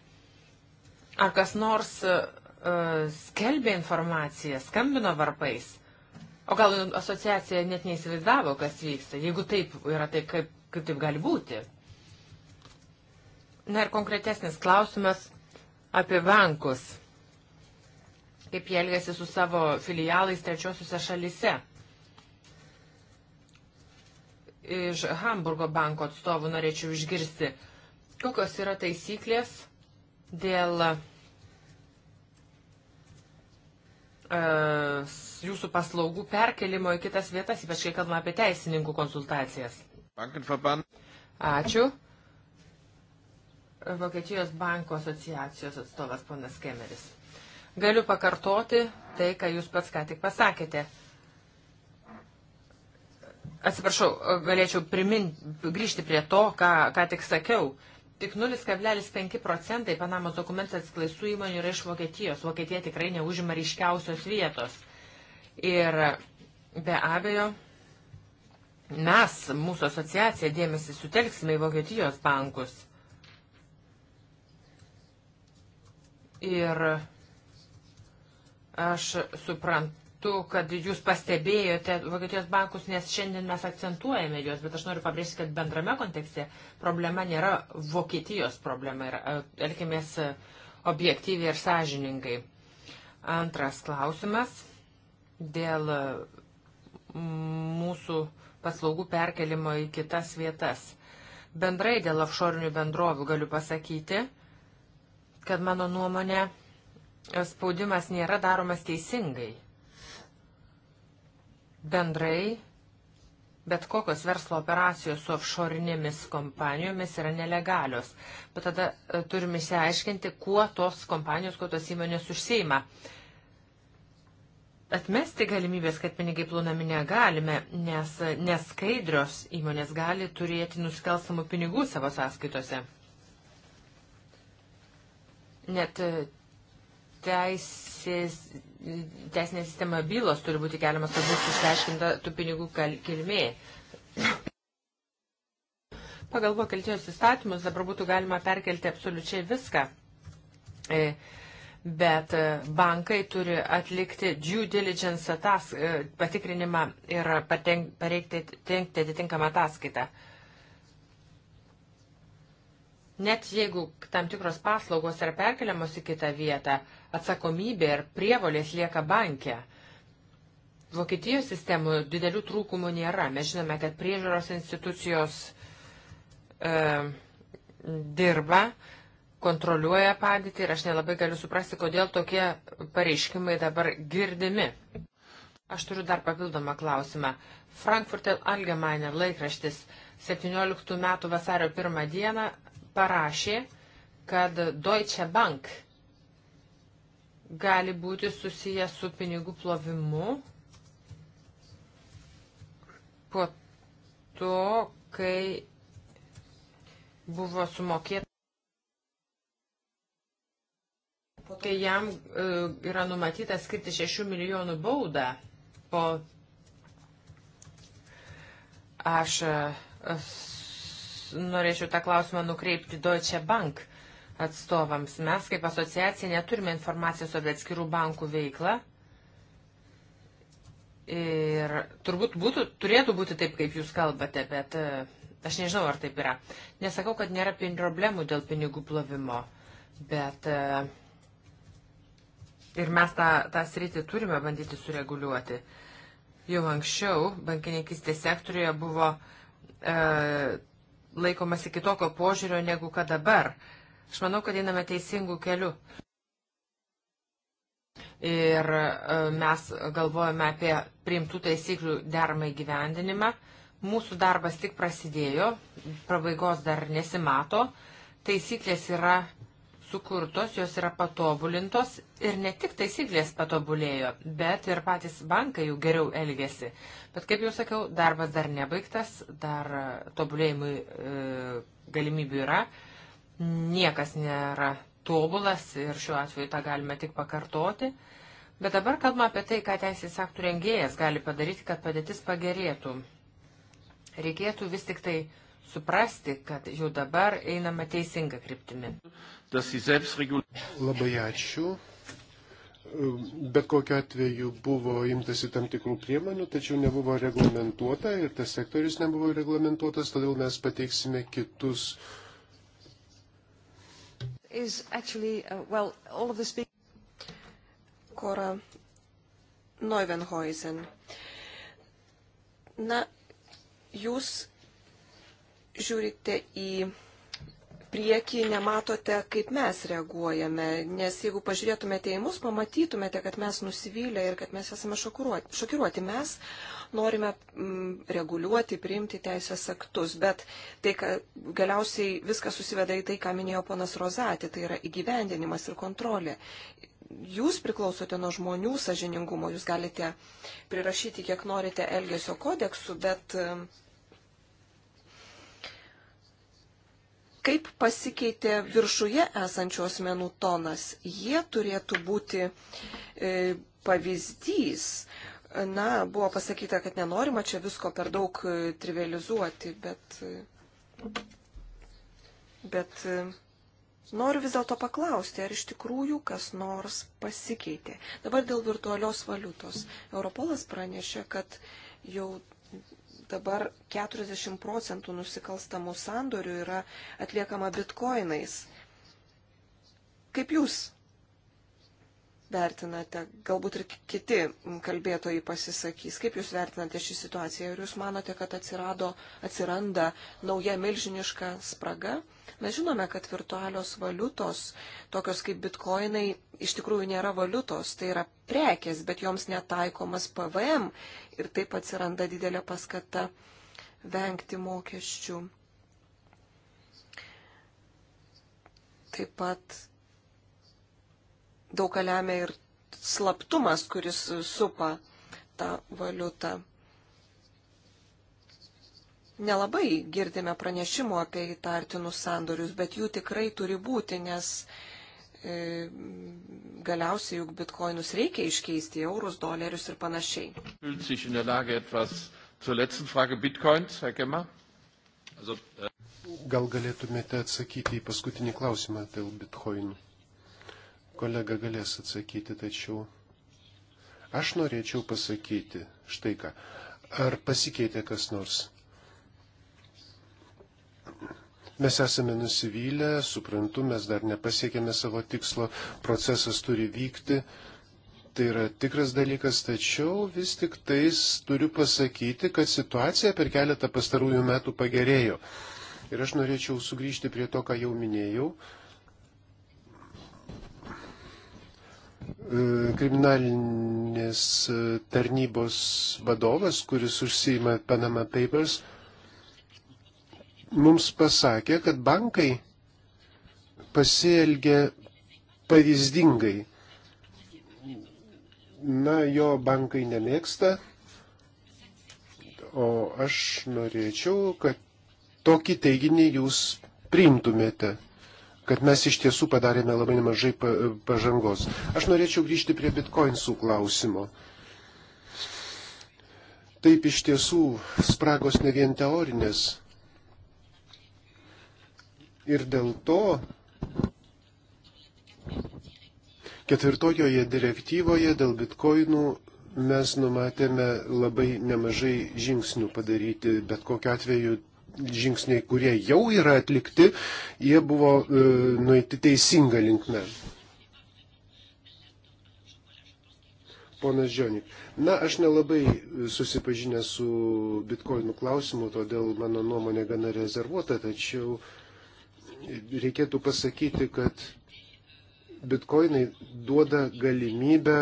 Ar kas nors E, skelbė informaciją, skambino varpais. O gal asociacija net neįsivaizdavo, kas vyksta, jeigu taip yra, tai kaip, kaip taip gali būti. Na ir konkretesnis klausimas apie bankus. Kaip jie elgėsi su savo filialais trečiosiuose šalise. Iš Hamburgo banko atstovų norėčiau išgirsti, kokios yra taisyklės dėl E, jūsų paslaugų perkelimo į kitas vietas, ypač kai kalbame apie teisininkų konsultacijas. Ačiū. Vokietijos banko asociacijos atstovas ponas Kemeris. Galiu pakartoti tai, ką jūs pats ką tik pasakėte. Atsiprašau, galėčiau primin, grįžti prie to, ką, ką tik sakiau. Uh, Tik 0,5 procentai Panamos dokumentų atskleistų įmonių yra iš Vokietijos. Vokietija tikrai neužima ryškiausios vietos. Ir be abejo, mes, mūsų asociacija, dėmesį sutelksime į Vokietijos bankus. Ir aš suprantu suprantu, kad jūs pastebėjote Vokietijos bankus, nes šiandien mes akcentuojame juos, bet aš noriu pabrėžti, kad bendrame kontekste problema nėra Vokietijos problema ir e, elkimės e, objektyviai ir sąžiningai. Antras klausimas dėl e, mūsų paslaugų perkelimo į kitas vietas. Bendrai dėl offshore bendrovių galiu pasakyti, kad mano nuomonė spaudimas nėra daromas teisingai. Bendrai, bet kokios verslo operacijos su offshore'inėmis kompanijomis yra nelegalios. Bet tada e, turime išsiaiškinti, kuo tos kompanijos, kuo tos įmonės užseima. Atmesti galimybės, kad pinigai plūnami negalime, nes e, neskaidrios įmonės gali turėti nusikalstamų pinigų savo sąskaitose. Net e, teisės teisinė sistema bylos turi būti keliamas, kad bus išaiškinta tų pinigų kilmė. Pagal Vokietijos įstatymus dabar būtų galima perkelti absoliučiai viską. E, bet e, bankai turi atlikti due diligence atas, e, patikrinimą ir patenkti atitinkamą ataskaitą. Net jeigu tam tikros paslaugos yra perkeliamos į kitą vietą, atsakomybė ir prievolės lieka bankė. Vokietijos sistemų didelių trūkumų nėra. Mes žinome, kad priežaros institucijos e, dirba, kontroliuoja padėtį ir aš nelabai galiu suprasti, kodėl tokie pareiškimai dabar girdimi. Aš turiu dar papildomą klausimą. Frankfurter Allgemeine laikraštis 17 metų vasario 1 dieną parašė, kad Deutsche Bank gali būti susijęs su pinigų plovimu po to, kai buvo sumokėta, kai jam e, yra numatyta skirti 6 milijonų baudą po aš e, norėčiau tą klausimą nukreipti Deutsche Bank atstovams. Mes kaip asociacija neturime informacijos apie atskirų bankų veiklą. Ir turbūt būtų, turėtų būti taip, kaip jūs kalbate, bet e, aš nežinau, ar taip yra. Nesakau, kad nėra problemų dėl pinigų plovimo, bet e, ir mes tą, tą sritį turime bandyti sureguliuoti. Jau anksčiau bankininkistės sektoriuje buvo e, laikomasi kitokio požiūrio negu kad dabar. Aš manau, kad einame teisingų kelių. Ir e, mes galvojame apie priimtų taisyklių deramą įgyvendinimą. Mūsų darbas tik prasidėjo, pabaigos dar nesimato. Taisyklės yra sukurtos, jos yra patobulintos ir ne tik taisyklės patobulėjo, bet ir patys bankai jau geriau elgėsi. Bet kaip jau sakiau, darbas dar nebaigtas, dar tobulėjimui e, galimybių yra, niekas nėra tobulas ir šiuo atveju tą galime tik pakartoti. Bet dabar kalbame apie tai, ką teisės aktų rengėjas gali padaryti, kad padėtis pagerėtų. Reikėtų vis tik tai suprasti, kad jau dabar einama teisinga kryptimi. Mhm dass die Selbstregulierung. Labai ačiū. Bet kokiu atveju buvo imtasi tam tikrų priemonių, tačiau nebuvo reglamentuota ir tas sektorius nebuvo reglamentuotas, todėl mes pateiksime kitus. Actually, uh, well, speak... Kora Neuvenhuizen. Na, jūs žiūrite į priekį nematote, kaip mes reaguojame, nes jeigu pažiūrėtumėte į mus, pamatytumėte, kad mes nusivylę ir kad mes esame šokiruoti. šokiruoti. Mes norime mm, reguliuoti, priimti teisės aktus, bet tai, kad galiausiai viskas susiveda į tai, ką minėjo ponas Rozatė, tai yra įgyvendinimas ir kontrolė. Jūs priklausote nuo žmonių sažiningumo, jūs galite prirašyti, kiek norite, elgesio kodeksų, bet mm, kaip pasikeitė viršuje esančių asmenų tonas. Jie turėtų būti e, pavyzdys. Na, buvo pasakyta, kad nenorima čia visko per daug e, trivializuoti, bet, e, bet e, noriu vis dėlto paklausti, ar iš tikrųjų kas nors pasikeitė. Dabar dėl virtualios valiutos. Europolas pranešė, kad jau dabar 40 procentų nusikalstamų sandorių yra atliekama bitkoinais. Kaip jūs vertinate? Galbūt ir kiti kalbėtojai pasisakys. Kaip Jūs vertinate šį situaciją? Ar Jūs manote, kad atsirado, atsiranda nauja milžiniška spraga? Mes žinome, kad virtualios valiutos, tokios kaip bitkoinai, iš tikrųjų nėra valiutos, tai yra prekės, bet joms netaikomas PVM ir taip atsiranda didelė paskata vengti mokesčių. Taip pat daug ką lemia ir slaptumas, kuris supa tą valiutą. Nelabai girdime pranešimų apie įtartinus sandorius, bet jų tikrai turi būti, nes e, galiausiai juk bitkoinus reikia iškeisti į eurus, dolerius ir panašiai. Äh, Gal galėtumėte atsakyti į paskutinį klausimą dėl bitkoinų? kolega galės atsakyti, tačiau aš norėčiau pasakyti štai ką. Ar pasikeitė kas nors? Mes esame nusivylę, suprantu, mes dar nepasiekėme savo tikslo, procesas turi vykti, tai yra tikras dalykas, tačiau vis tik tais turiu pasakyti, kad situacija per keletą pastarųjų metų pagerėjo. Ir aš norėčiau sugrįžti prie to, ką jau minėjau, E, kriminalinės e, tarnybos vadovas, kuris užsima Panama Papers, mums pasakė, kad bankai pasielgia pavyzdingai. Na, jo bankai nemėgsta, o aš norėčiau, kad tokį teiginį jūs priimtumėte kad mes iš tiesų padarėme labai nemažai pažangos. Aš norėčiau grįžti prie bitkoinsų klausimo. Taip iš tiesų spragos ne vien teorinės. Ir dėl to ketvirtojoje direktyvoje dėl bitkoinų mes numatėme labai nemažai žingsnių padaryti, bet kokiu atveju žingsniai, kurie jau yra atlikti, jie buvo e, nueiti teisinga linkme. Ponas Žionik. Na, aš nelabai susipažinęs su bitkoinų klausimu, todėl mano nuomonė gana rezervuota, tačiau reikėtų pasakyti, kad bitkoinai duoda galimybę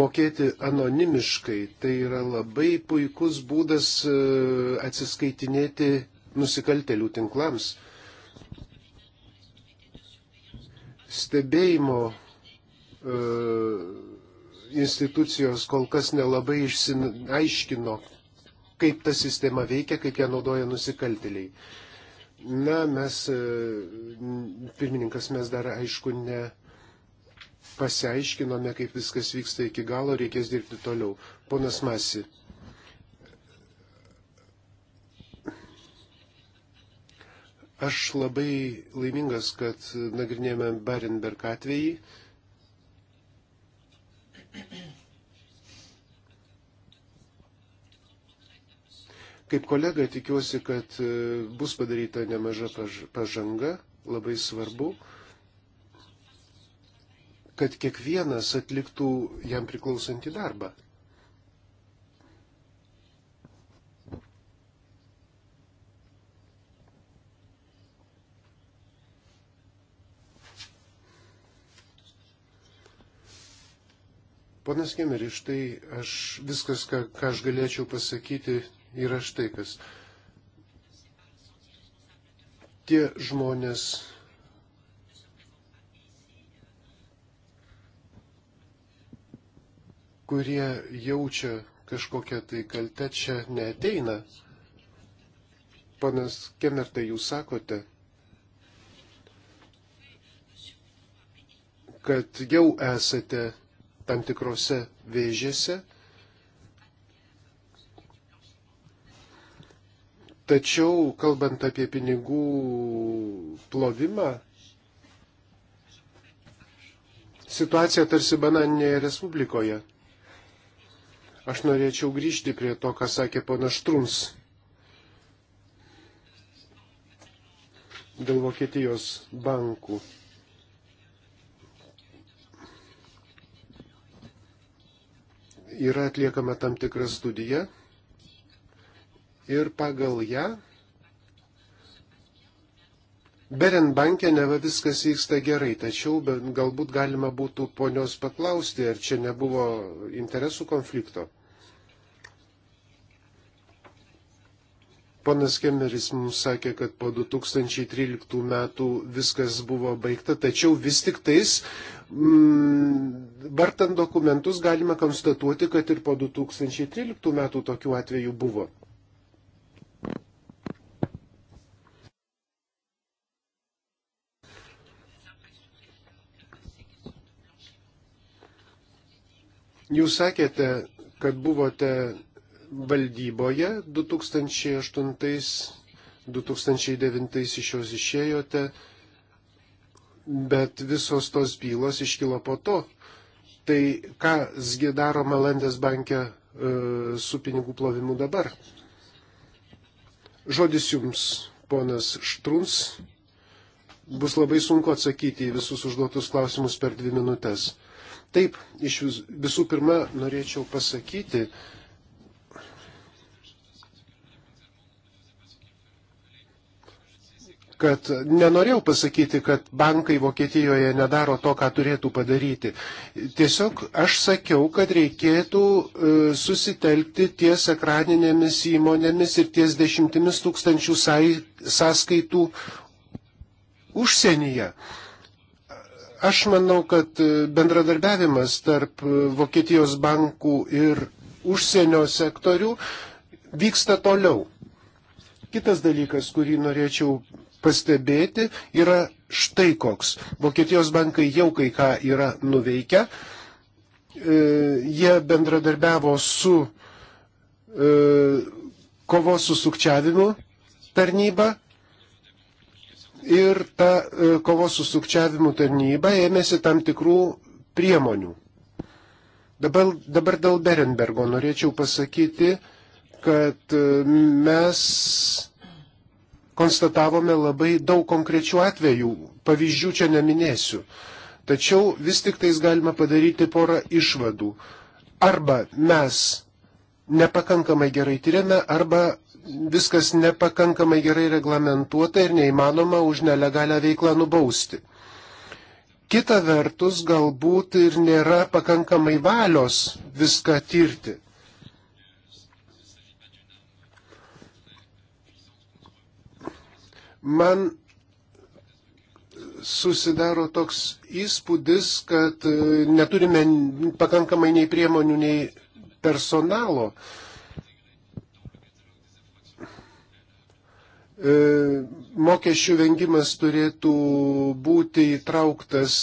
mokėti anonimiškai. Tai yra labai puikus būdas e, atsiskaitinėti nusikaltelių tinklams. Stebėjimo e, institucijos kol kas nelabai išsiaiškino, kaip ta sistema veikia, kaip ją naudoja nusikalteliai. Na, mes, e, pirmininkas, mes dar aišku ne pasiaiškinome, kaip viskas vyksta iki galo, reikės dirbti toliau. Ponas Masi. Aš labai laimingas, kad nagrinėjame Barenberg atvejį. Kaip kolega tikiuosi, kad e, bus padaryta nemaža pažanga, labai svarbu, kad kiekvienas atliktų jam priklausantį darbą. Ponas Kemeris, štai aš viskas, ką, ką aš galėčiau pasakyti, yra štai kas. Tie žmonės kurie jaučia kažkokią tai kaltę, čia neteina. Panas Kemertai, jūs sakote, kad jau esate tam tikrose vėžėse. Tačiau, kalbant apie pinigų plovimą, situacija tarsi bananinėje respublikoje. Aš norėčiau grįžti prie to, ką sakė pana Štrums dėl Vokietijos bankų. yra atliekama tam tikra studija ir pagal ją Berenbankė neva viskas vyksta gerai, tačiau galbūt galima būtų ponios paklausti, ar čia nebuvo interesų konflikto. Ponas Kemeris mums sakė, kad po 2013 metų viskas buvo baigta, tačiau vis tik tais, mm, bartant dokumentus, galime konstatuoti, kad ir po 2013 metų tokių atvejų buvo. Jūs sakėte, kad buvote valdyboje 2008-2009 iš jos išėjote, bet visos tos bylos iškilo po to. Tai kasgi daroma Landės banke e, su pinigų plovimu dabar? Žodis jums, ponas Štruns. Bus labai sunku atsakyti į visus užduotus klausimus per dvi minutės. Taip, iš vis, visų pirma norėčiau pasakyti, kad nenorėjau pasakyti, kad bankai Vokietijoje nedaro to, ką turėtų padaryti. Tiesiog aš sakiau, kad reikėtų e, susitelkti ties ekraninėmis įmonėmis ir ties dešimtimis tūkstančių sąskaitų užsienyje. Aš manau, kad e, bendradarbiavimas tarp e, Vokietijos bankų ir užsienio sektorių vyksta toliau. Kitas dalykas, kurį norėčiau pastebėti yra štai koks. Vokietijos bankai jau kai ką yra nuveikę. E, jie bendradarbiavo su e, kovos su sukčiavimu tarnyba ir ta e, kovos su sukčiavimu tarnyba ėmėsi tam tikrų priemonių. Dabar, dabar dėl Berenbergo norėčiau pasakyti, kad mes konstatavome labai daug konkrečių atvejų, pavyzdžių čia neminėsiu. Tačiau vis tik tais galima padaryti porą išvadų. Arba mes nepakankamai gerai tyriame, arba viskas nepakankamai gerai reglamentuota ir neįmanoma už nelegalią veiklą nubausti. Kita vertus, galbūt ir nėra pakankamai valios viską tirti. Man susidaro toks įspūdis, kad e, neturime pakankamai nei priemonių, nei personalo. E, mokesčių vengimas turėtų būti įtrauktas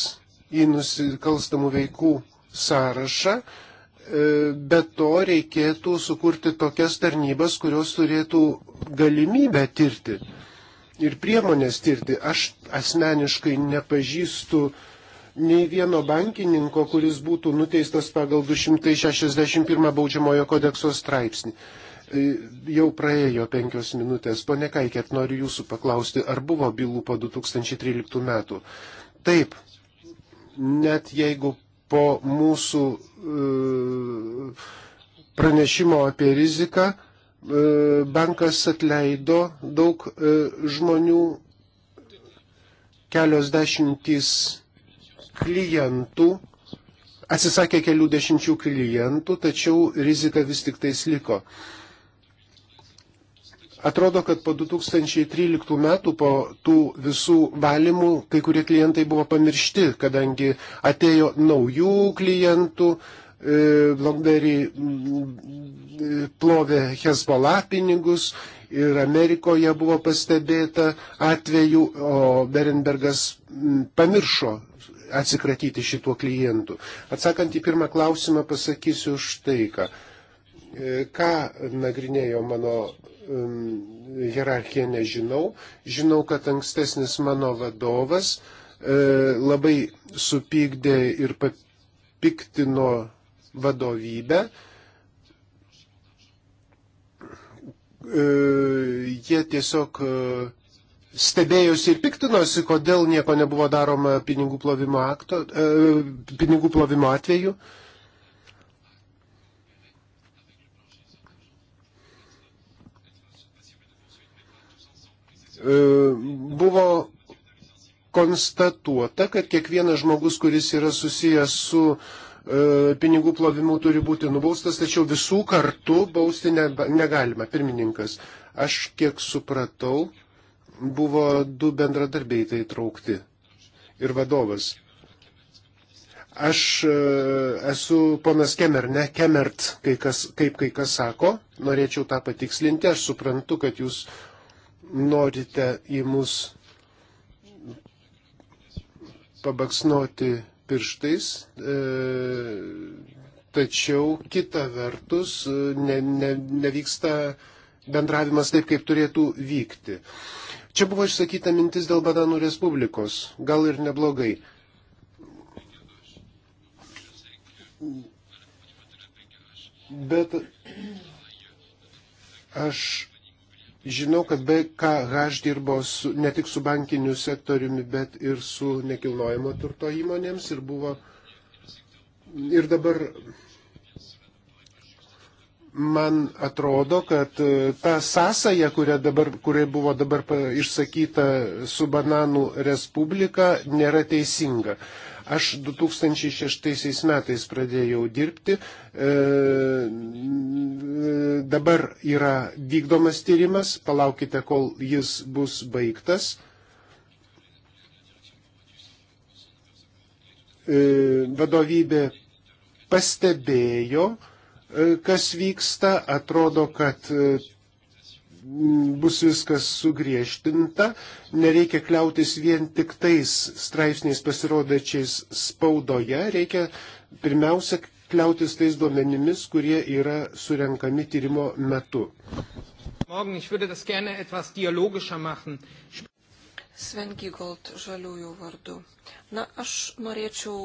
į nusikalstamų veikų sąrašą, e, bet to reikėtų sukurti tokias tarnybas, kurios turėtų galimybę tirti ir priemonės tirti. Aš asmeniškai nepažįstu nei vieno bankininko, kuris būtų nuteistas pagal 261 baudžiamojo kodekso straipsnį. E, jau praėjo penkios minutės. Pone Kaikėt, noriu jūsų paklausti, ar buvo bylų po 2013 metų? Taip, net jeigu po mūsų e, pranešimo apie riziką E, bankas atleido daug e, žmonių, kelios dešimtys klientų, atsisakė kelių dešimčių klientų, tačiau rizika vis tik tais liko. Atrodo, kad po 2013 metų, po tų visų valymų, kai kurie klientai buvo pamiršti, kadangi atėjo naujų klientų, uh, Blomberį e, e, plovė Hezbollah pinigus ir Amerikoje buvo pastebėta atvejų, o Berenbergas pamiršo atsikratyti šituo klientu. Atsakant į pirmą klausimą pasakysiu štai ką. E, ką nagrinėjo mano hierarchija, nežinau. Žinau, kad ankstesnis mano vadovas labai supykdė ir papiktino vadovybę. E, jie tiesiog e, stebėjosi ir piktinosi, kodėl nieko nebuvo daroma pinigų plovimo, akto, e, pinigų plovimo atveju. Buvo konstatuota, kad kiekvienas žmogus, kuris yra susijęs su uh, E, pinigų plovimų turi būti nubaustas, tačiau visų kartu bausti ne, negalima. Pirmininkas, aš kiek supratau, buvo du bendradarbiai tai traukti ir vadovas. Aš e, esu ponas Kemer, ne Kemert, kai kas, kaip kai kas sako, norėčiau tą patikslinti, aš suprantu, kad jūs norite į mus pabaksnoti pirštais, e, tačiau kita vertus e, ne, ne, nevyksta bendravimas taip, kaip turėtų vykti. Čia buvo išsakyta mintis dėl Bananų Respublikos, gal ir neblogai. Bet aš Žinau, kad BKH dirbo su, ne tik su bankiniu sektoriumi, bet ir su nekilnojamo turto įmonėms ir buvo. Ir dabar man atrodo, kad e, ta sąsaja, kuri, dabar, kuri buvo dabar išsakyta su Bananų Respublika, nėra teisinga. Aš 2006 metais pradėjau dirbti, e, dabar yra vykdomas tyrimas, palaukite, kol jis bus baigtas. E, vadovybė pastebėjo, e, kas vyksta, atrodo, kad e, bus viskas sugriežtinta, nereikia kliautis vien tik tais straipsniais pasirodačiais spaudoje, reikia pirmiausia kliautis tais duomenimis, kurie yra surenkami tyrimo metu. Sven Gigold, žaliųjų vardu. Na, aš norėčiau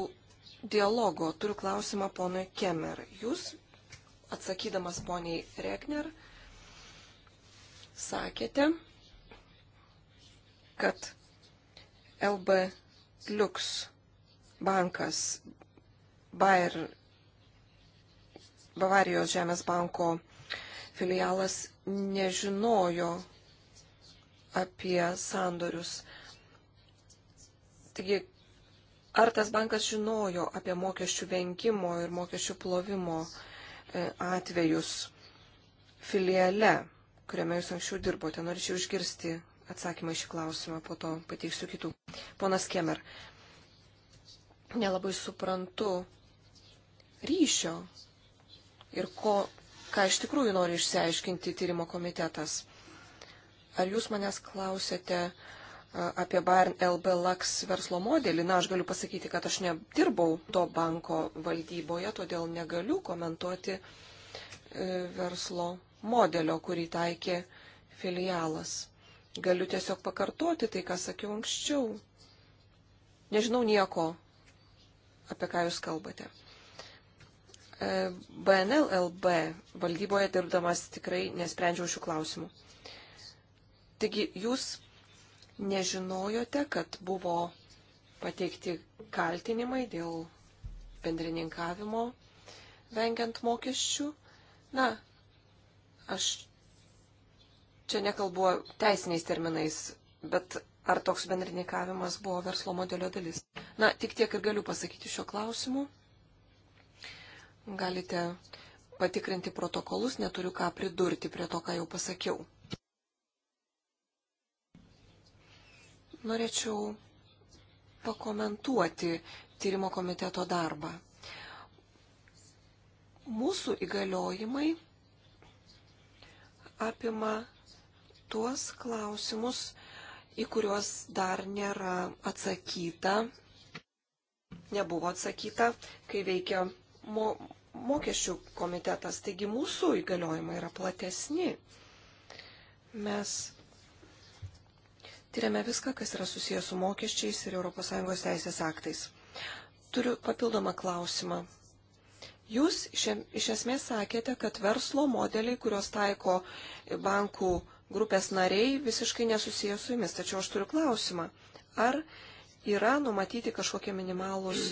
dialogo. Turiu klausimą ponui Kemer. Jūs, atsakydamas poniai Regner, sakėte, kad LB Lux bankas Bayer Bavarijos žemės banko filialas nežinojo apie sandorius. Taigi, ar tas bankas žinojo apie mokesčių vengimo ir mokesčių plovimo e, atvejus filiale? kuriame jūs anksčiau dirbote. Norėčiau išgirsti atsakymą šį klausimą, po to pateiksiu kitų. Ponas Kemer, nelabai suprantu ryšio ir ko, ką iš tikrųjų nori išsiaiškinti tyrimo komitetas. Ar jūs manęs klausėte apie Bayern LB Lux verslo modelį? Na, aš galiu pasakyti, kad aš nedirbau to banko valdyboje, todėl negaliu komentuoti uh, E, verslo modelio, kurį taikė filialas. Galiu tiesiog pakartoti tai, ką sakiau anksčiau. Nežinau nieko, apie ką jūs kalbate. BNLLB e, valdyboje dirbdamas tikrai nesprendžiau šių klausimų. Taigi jūs nežinojote, kad buvo pateikti kaltinimai dėl bendrininkavimo vengiant mokesčių Na, aš čia nekalbu teisiniais terminais, bet ar toks bendrininkavimas buvo verslo modelio dalis? Na, tik tiek ir galiu pasakyti šiuo klausimu. Galite patikrinti protokolus, neturiu ką pridurti prie to, ką jau pasakiau. Norėčiau pakomentuoti tyrimo komiteto darbą. Mūsų įgaliojimai apima tuos klausimus, į kuriuos dar nėra atsakyta, nebuvo atsakyta, kai veikia mo mokesčių komitetas. Taigi mūsų įgaliojimai yra platesni. Mes tyriame viską, kas yra susijęs su mokesčiais ir ES teisės aktais. Turiu papildomą klausimą Jūs iš esmės sakėte, kad verslo modeliai, kurios taiko bankų grupės nariai, visiškai nesusiję su jumis. Tačiau aš turiu klausimą. Ar yra numatyti kažkokie minimalūs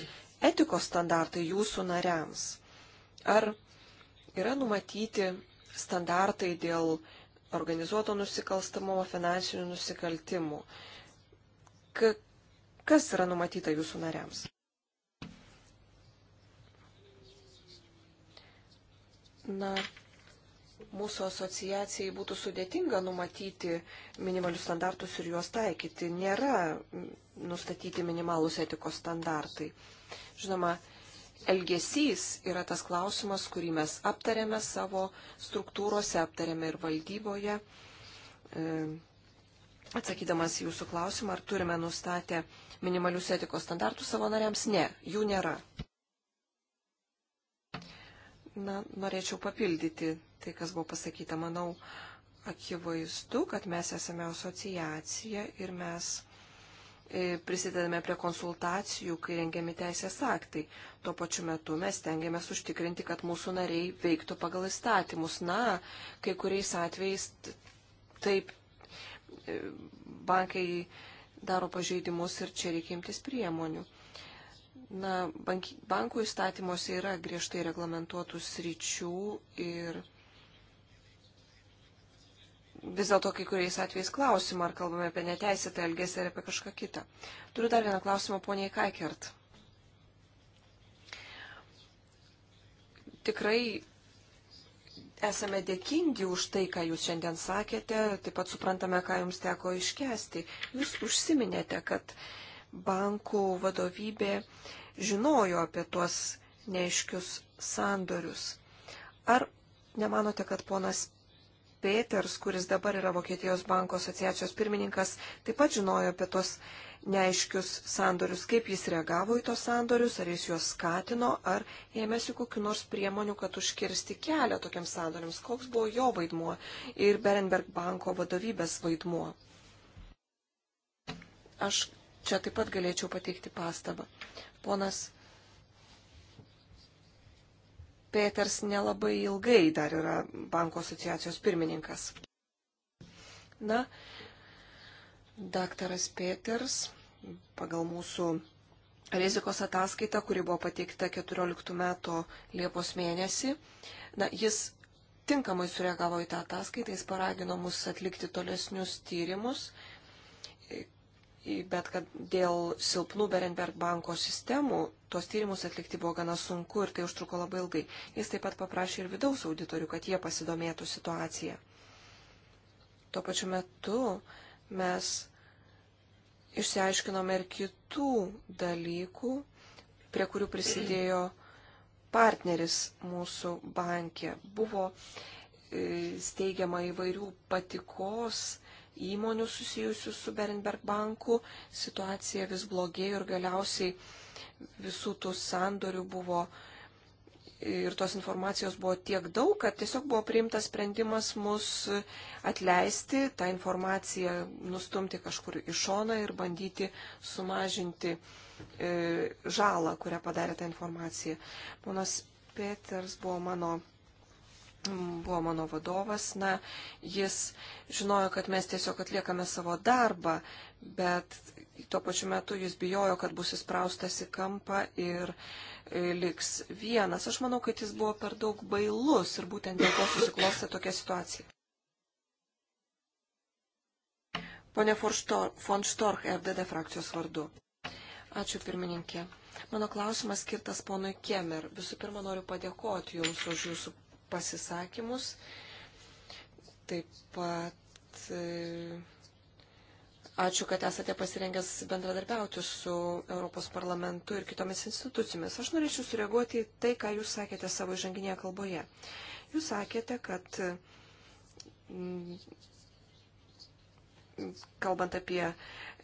etikos standartai jūsų nariams? Ar yra numatyti standartai dėl organizuoto nusikalstamumo, finansinių nusikaltimų? K kas yra numatyta jūsų nariams? Na, mūsų asociacijai būtų sudėtinga numatyti minimalius standartus ir juos taikyti. Nėra nustatyti minimalus etikos standartai. Žinoma, elgesys yra tas klausimas, kurį mes aptarėme savo struktūrose, aptarėme ir valdyboje. E, atsakydamas jūsų klausimą, ar turime nustatę minimalius etikos standartus savo nariams, ne, jų nėra. Na, norėčiau papildyti tai, kas buvo pasakyta. Manau, akivaizdu, kad mes esame asociacija ir mes e, prisidedame prie konsultacijų, kai rengiami teisės aktai. Tuo pačiu metu mes tengiamės užtikrinti, kad mūsų nariai veiktų pagal įstatymus. Na, kai kuriais atvejais taip e, bankai daro pažeidimus ir čia reikia imtis priemonių. Na, bank, bankų įstatymuose yra griežtai reglamentuotų sričių ir vis dėlto kai kuriais atvejais klausimą, ar kalbame apie neteisėtą elgesį ar apie kažką kitą. Turiu dar vieną klausimą poniai Kaikert. Tikrai esame dėkingi už tai, ką jūs šiandien sakėte, taip pat suprantame, ką jums teko iškesti. Jūs užsiminėte, kad bankų vadovybė žinojo apie tuos neaiškius sandorius. Ar nemanote, kad ponas Peters, kuris dabar yra Vokietijos banko asociacijos pirmininkas, taip pat žinojo apie tos neaiškius sandorius, kaip jis reagavo į tos sandorius, ar jis juos skatino, ar ėmėsi kokiu nors priemonių, kad užkirsti kelią tokiems sandoriams, koks buvo jo vaidmuo ir Berenberg banko vadovybės vaidmuo. Aš čia taip pat galėčiau pateikti pastabą. Ponas Peters nelabai ilgai dar yra banko asociacijos pirmininkas. Na, daktaras Peters, pagal mūsų rizikos ataskaitą, kuri buvo pateikta 14 metų Liepos mėnesį, na, jis tinkamai sureagavo į tą ataskaitą, jis paragino mus atlikti tolesnius tyrimus bet kad dėl silpnų Berenberg banko sistemų tuos tyrimus atlikti buvo gana sunku ir tai užtruko labai ilgai. Jis taip pat paprašė ir vidaus auditorių, kad jie pasidomėtų situaciją. Tuo pačiu metu mes išsiaiškinome ir kitų dalykų, prie kurių prisidėjo partneris mūsų bankė. Buvo e, steigiama įvairių patikos įmonių susijusių su Berenberg banku. Situacija vis blogėjo ir galiausiai visų tų sandorių buvo ir tos informacijos buvo tiek daug, kad tiesiog buvo priimtas sprendimas mus atleisti, tą informaciją nustumti kažkur į šoną ir bandyti sumažinti e, žalą, kurią padarė ta informacija. Ponas Peters buvo mano buvo mano vadovas, na, jis žinojo, kad mes tiesiog atliekame savo darbą, bet tuo pačiu metu jis bijojo, kad bus įspraustas į kampą ir e, liks vienas. Aš manau, kad jis buvo per daug bailus ir būtent dėl to susiklostė tokia situacija. Pone von Storch, FDD frakcijos vardu. Ačiū pirmininkė. Mano klausimas skirtas ponui Kemer. Visų pirma, noriu padėkoti Jums už Jūsų pasisakymus. Taip pat e, ačiū, kad esate pasirengęs bendradarbiauti su Europos parlamentu ir kitomis institucijomis. Aš norėčiau sureaguoti į tai, ką jūs sakėte savo įžanginėje kalboje. Jūs sakėte, kad kalbant apie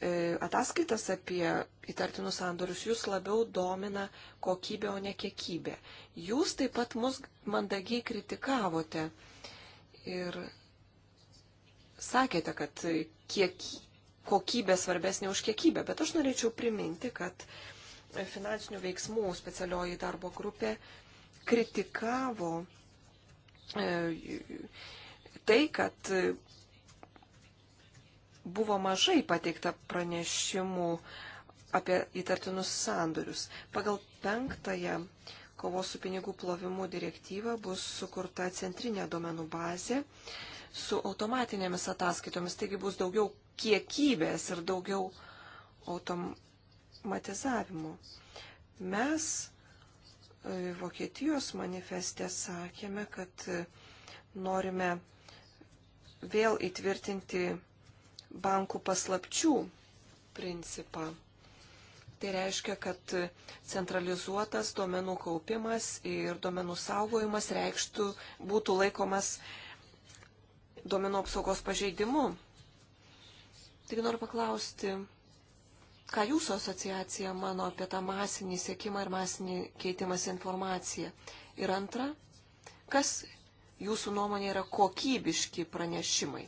E, ataskaitas apie įtartinus sandorius jūs labiau domina kokybė, o ne kiekybė. Jūs taip pat mus mandagiai kritikavote ir sakėte, kad kiek, kokybė svarbesnė už kiekybę, bet aš norėčiau priminti, kad finansinių veiksmų specialioji darbo grupė kritikavo e, tai, kad buvo mažai pateikta pranešimų apie įtartinus sandorius. Pagal penktąją kovos su pinigų plovimu direktyvą bus sukurta centrinė duomenų bazė su automatinėmis ataskaitomis, taigi bus daugiau kiekybės ir daugiau automatizavimo. Mes e, Vokietijos manifestė sakėme, kad norime vėl įtvirtinti bankų paslapčių principą. Tai reiškia, kad centralizuotas duomenų kaupimas ir duomenų saugojimas reikštų, būtų laikomas duomenų apsaugos pažeidimu. Tik noriu paklausti, ką jūsų asociacija mano apie tą masinį sėkimą ir masinį keitimas informaciją. Ir antra, kas jūsų nuomonė yra kokybiški pranešimai.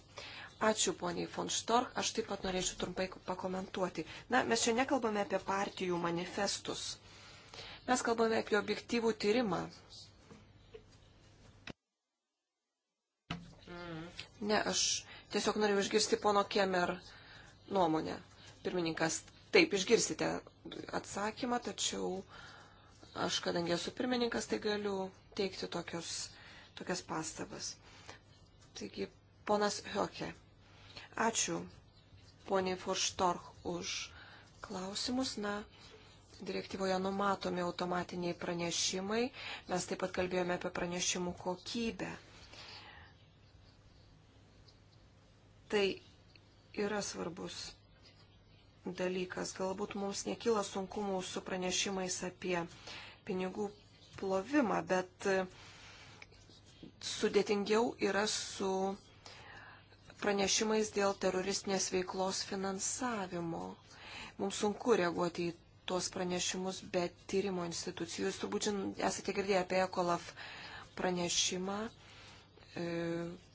Ačiū poniai von Storch, aš taip pat norėčiau trumpai pakomentuoti. Na, mes čia nekalbame apie partijų manifestus. Mes kalbame apie objektyvų tyrimą. Ne, aš tiesiog norėjau išgirsti pono Kemer nuomonę. Pirmininkas, taip, išgirsite atsakymą, tačiau aš, kadangi esu pirmininkas, tai galiu teikti tokios, tokias pastabas. Taigi, ponas Hiokė. Ačiū poniai Forštorch už klausimus. Na, direktyvoje numatomi automatiniai pranešimai. Mes taip pat kalbėjome apie pranešimų kokybę. Tai yra svarbus dalykas. Galbūt mums nekyla sunkumų su pranešimais apie pinigų plovimą, bet sudėtingiau yra su pranešimais dėl teroristinės veiklos finansavimo. Mums sunku reaguoti į tuos pranešimus be tyrimo institucijų. Jūs turbūt esate girdėję apie Ekolaf pranešimą, e,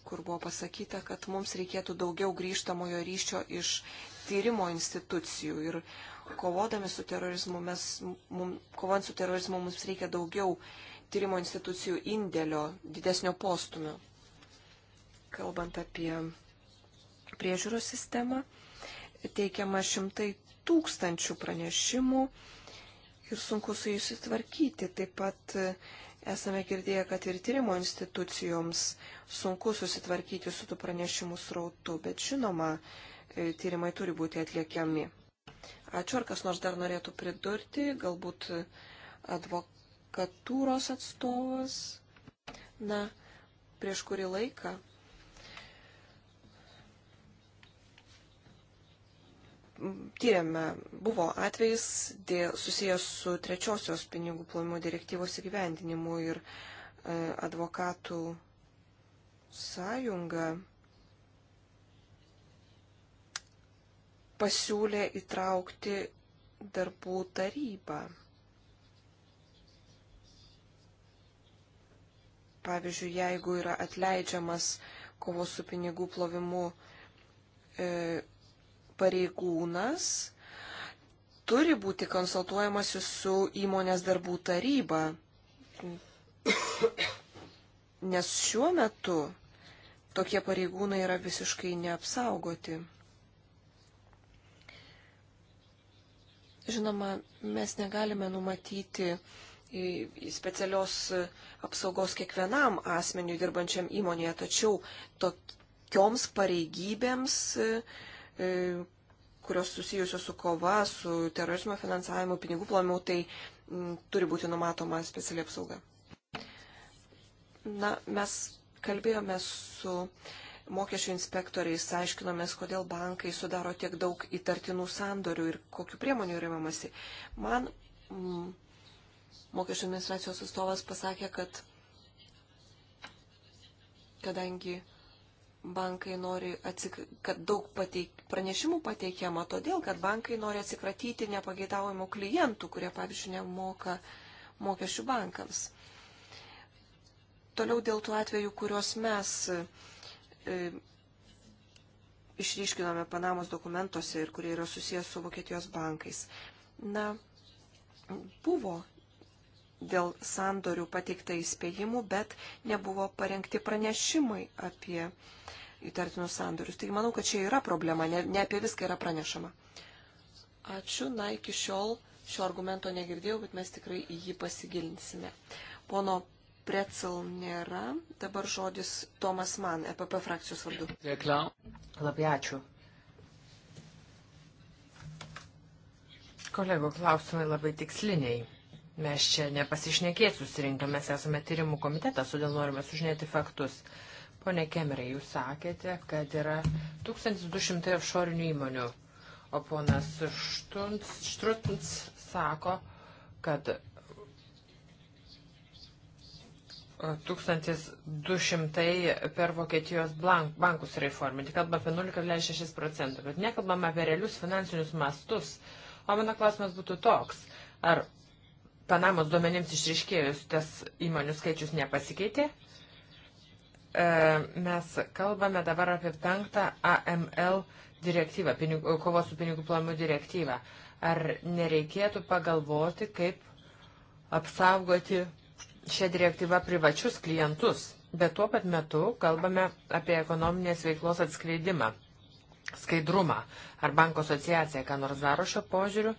kur buvo pasakyta, kad mums reikėtų daugiau grįžtamojo ryšio iš tyrimo institucijų. Ir kovodami su terorizmu, mes, mum, kovant su terorizmu, mums reikia daugiau tyrimo institucijų indėlio, didesnio postumio. Kalbant apie priežiūros sistemą. Teikiama šimtai tūkstančių pranešimų ir sunku su jais sutvarkyti. Taip pat e, esame girdėję, kad ir tyrimo institucijoms sunku susitvarkyti su tų pranešimų srautu, bet žinoma, e, tyrimai turi būti atliekiami. Ačiū, ar kas nors dar norėtų pridurti, galbūt advokatūros atstovas. Na, prieš kurį laiką tyrėme, buvo atvejs dėl, susijęs su trečiosios pinigų plovimo direktyvos įgyvendinimu ir e, advokatų sąjunga pasiūlė įtraukti darbų tarybą. Pavyzdžiui, jeigu yra atleidžiamas kovos su pinigų plovimu e, pareigūnas turi būti konsultuojamasi su įmonės darbų taryba. Nes šiuo metu tokie pareigūnai yra visiškai neapsaugoti. Žinoma, mes negalime numatyti specialios apsaugos kiekvienam asmeniui dirbančiam įmonėje, tačiau tokioms pareigybėms uh, E, kurios susijusios su kova, su terorizmo finansavimu, pinigų plovimu, tai m, turi būti numatoma speciali apsauga. Na, mes kalbėjome su mokesčių inspektoriais, aiškinomės, kodėl bankai sudaro tiek daug įtartinų sandorių ir kokiu priemonių remiamasi. Man mm, mokesčių administracijos atstovas pasakė, kad kadangi bankai nori, atsik... kad daug pateik... pranešimų pateikiama, todėl, kad bankai nori atsikratyti nepageidaujamų klientų, kurie, pavyzdžiui, nemoka mokesčių bankams. Toliau dėl tų atvejų, kuriuos mes e, išryškinome Panamos dokumentuose ir kurie yra susijęs su Vokietijos bankais. Na, buvo dėl sandorių pateikta įspėjimų, bet nebuvo parengti pranešimai apie įtartinus sandorius. Taigi manau, kad čia yra problema, ne, ne apie viską yra pranešama. Ačiū, na iki šiol šio argumento negirdėjau, bet mes tikrai į jį pasigilinsime. Pono Pretzel nėra, dabar žodis Tomas Mann, EPP frakcijos vardu. Dėklau. Labai ačiū. Kolegų klausimai labai tiksliniai. Mes čia nepasišnekėt susirinkam, mes esame tyrimų komitetas, todėl norime sužinėti faktus. Pone Kemerai, jūs sakėte, kad yra 1200 offshore įmonių, o ponas Štrutins sako, kad 1200 e, per Vokietijos blank, bankus yra įforminti. Kalbame apie 0,6 procentų, bet nekalbame apie realius finansinius mastus. O mano klausimas būtų toks. Ar Panamos duomenims išriškėjus tas įmonių skaičius nepasikeitė. E, mes kalbame dabar apie penktą AML direktyvą, pinigų, kovos su pinigų plovimu direktyvą. Ar nereikėtų pagalvoti, kaip apsaugoti šią direktyvą privačius klientus, bet tuo pat metu kalbame apie ekonominės veiklos atskleidimą skaidrumą. Ar banko asociacija, ką nors daro šio požiūriu,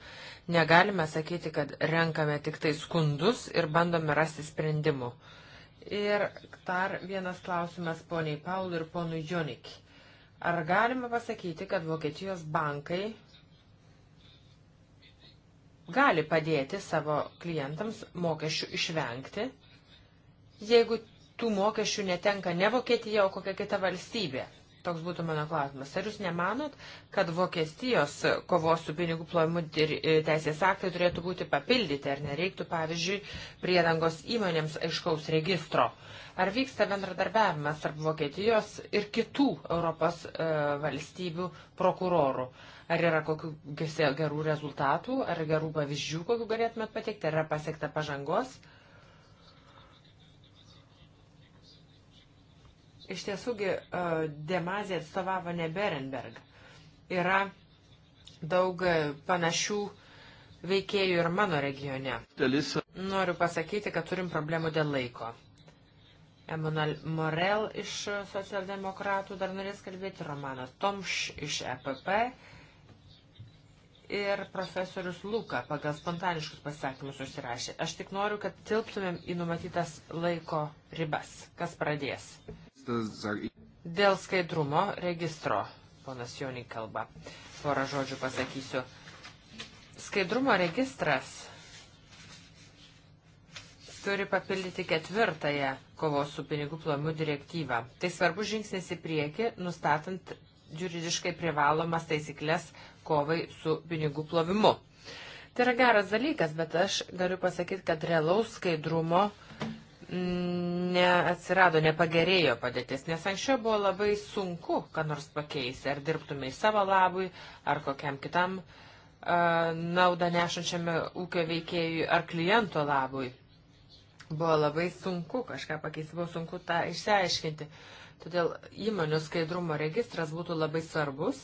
negalime sakyti, kad renkame tik tai skundus ir bandome rasti sprendimų. Ir dar vienas klausimas poniai Paul ir ponui Jonik. Ar galima pasakyti, kad Vokietijos bankai gali padėti savo klientams mokesčių išvengti, jeigu tų mokesčių netenka ne Vokietija, o kokia kita valstybė? Toks būtų mano klausimas. Ar jūs nemanot, kad Vokietijos kovos su pinigų plovimu e, teisės aktai turėtų būti papildyti, ar nereiktų, pavyzdžiui, priedangos įmonėms aiškaus registro? Ar vyksta bendradarbiavimas tarp Vokietijos ir kitų Europos e, valstybių prokurorų? Ar yra kokių gerų rezultatų, ar gerų pavyzdžių, kokių galėtumėt pateikti, ar yra pasiekta pažangos? Iš tiesųgi e, Demazė atstovavo ne Berenberg. Yra daug e, panašių veikėjų ir mano regione. Noriu pasakyti, kad turim problemų dėl laiko. Emanuel Morel iš socialdemokratų dar norės kalbėti, Romano Tomš iš EPP ir profesorius Luka pagal spontaniškus pasakymus užsirašė. Aš tik noriu, kad tilptumėm į numatytas laiko ribas. Kas pradės? Dėl skaidrumo registro, ponas Jonį kalba, porą žodžių pasakysiu. Skaidrumo registras turi papildyti ketvirtąją kovos su pinigų plovimu direktyvą. Tai svarbus žingsnis į priekį, nustatant juridiškai privalomas taisyklės kovai su pinigų plovimu. Tai yra geras dalykas, bet aš galiu pasakyti, kad realaus skaidrumo uh, neatsirado, nepagerėjo padėtis, nes anksčiau buvo labai sunku, ką nors pakeisti, ar dirbtumėjai savo labui, ar kokiam kitam uh, naudą nešančiam ūkio veikėjui, ar kliento labui. Buvo labai sunku kažką pakeisti, buvo sunku tą išsiaiškinti. Todėl įmonių skaidrumo registras būtų labai svarbus,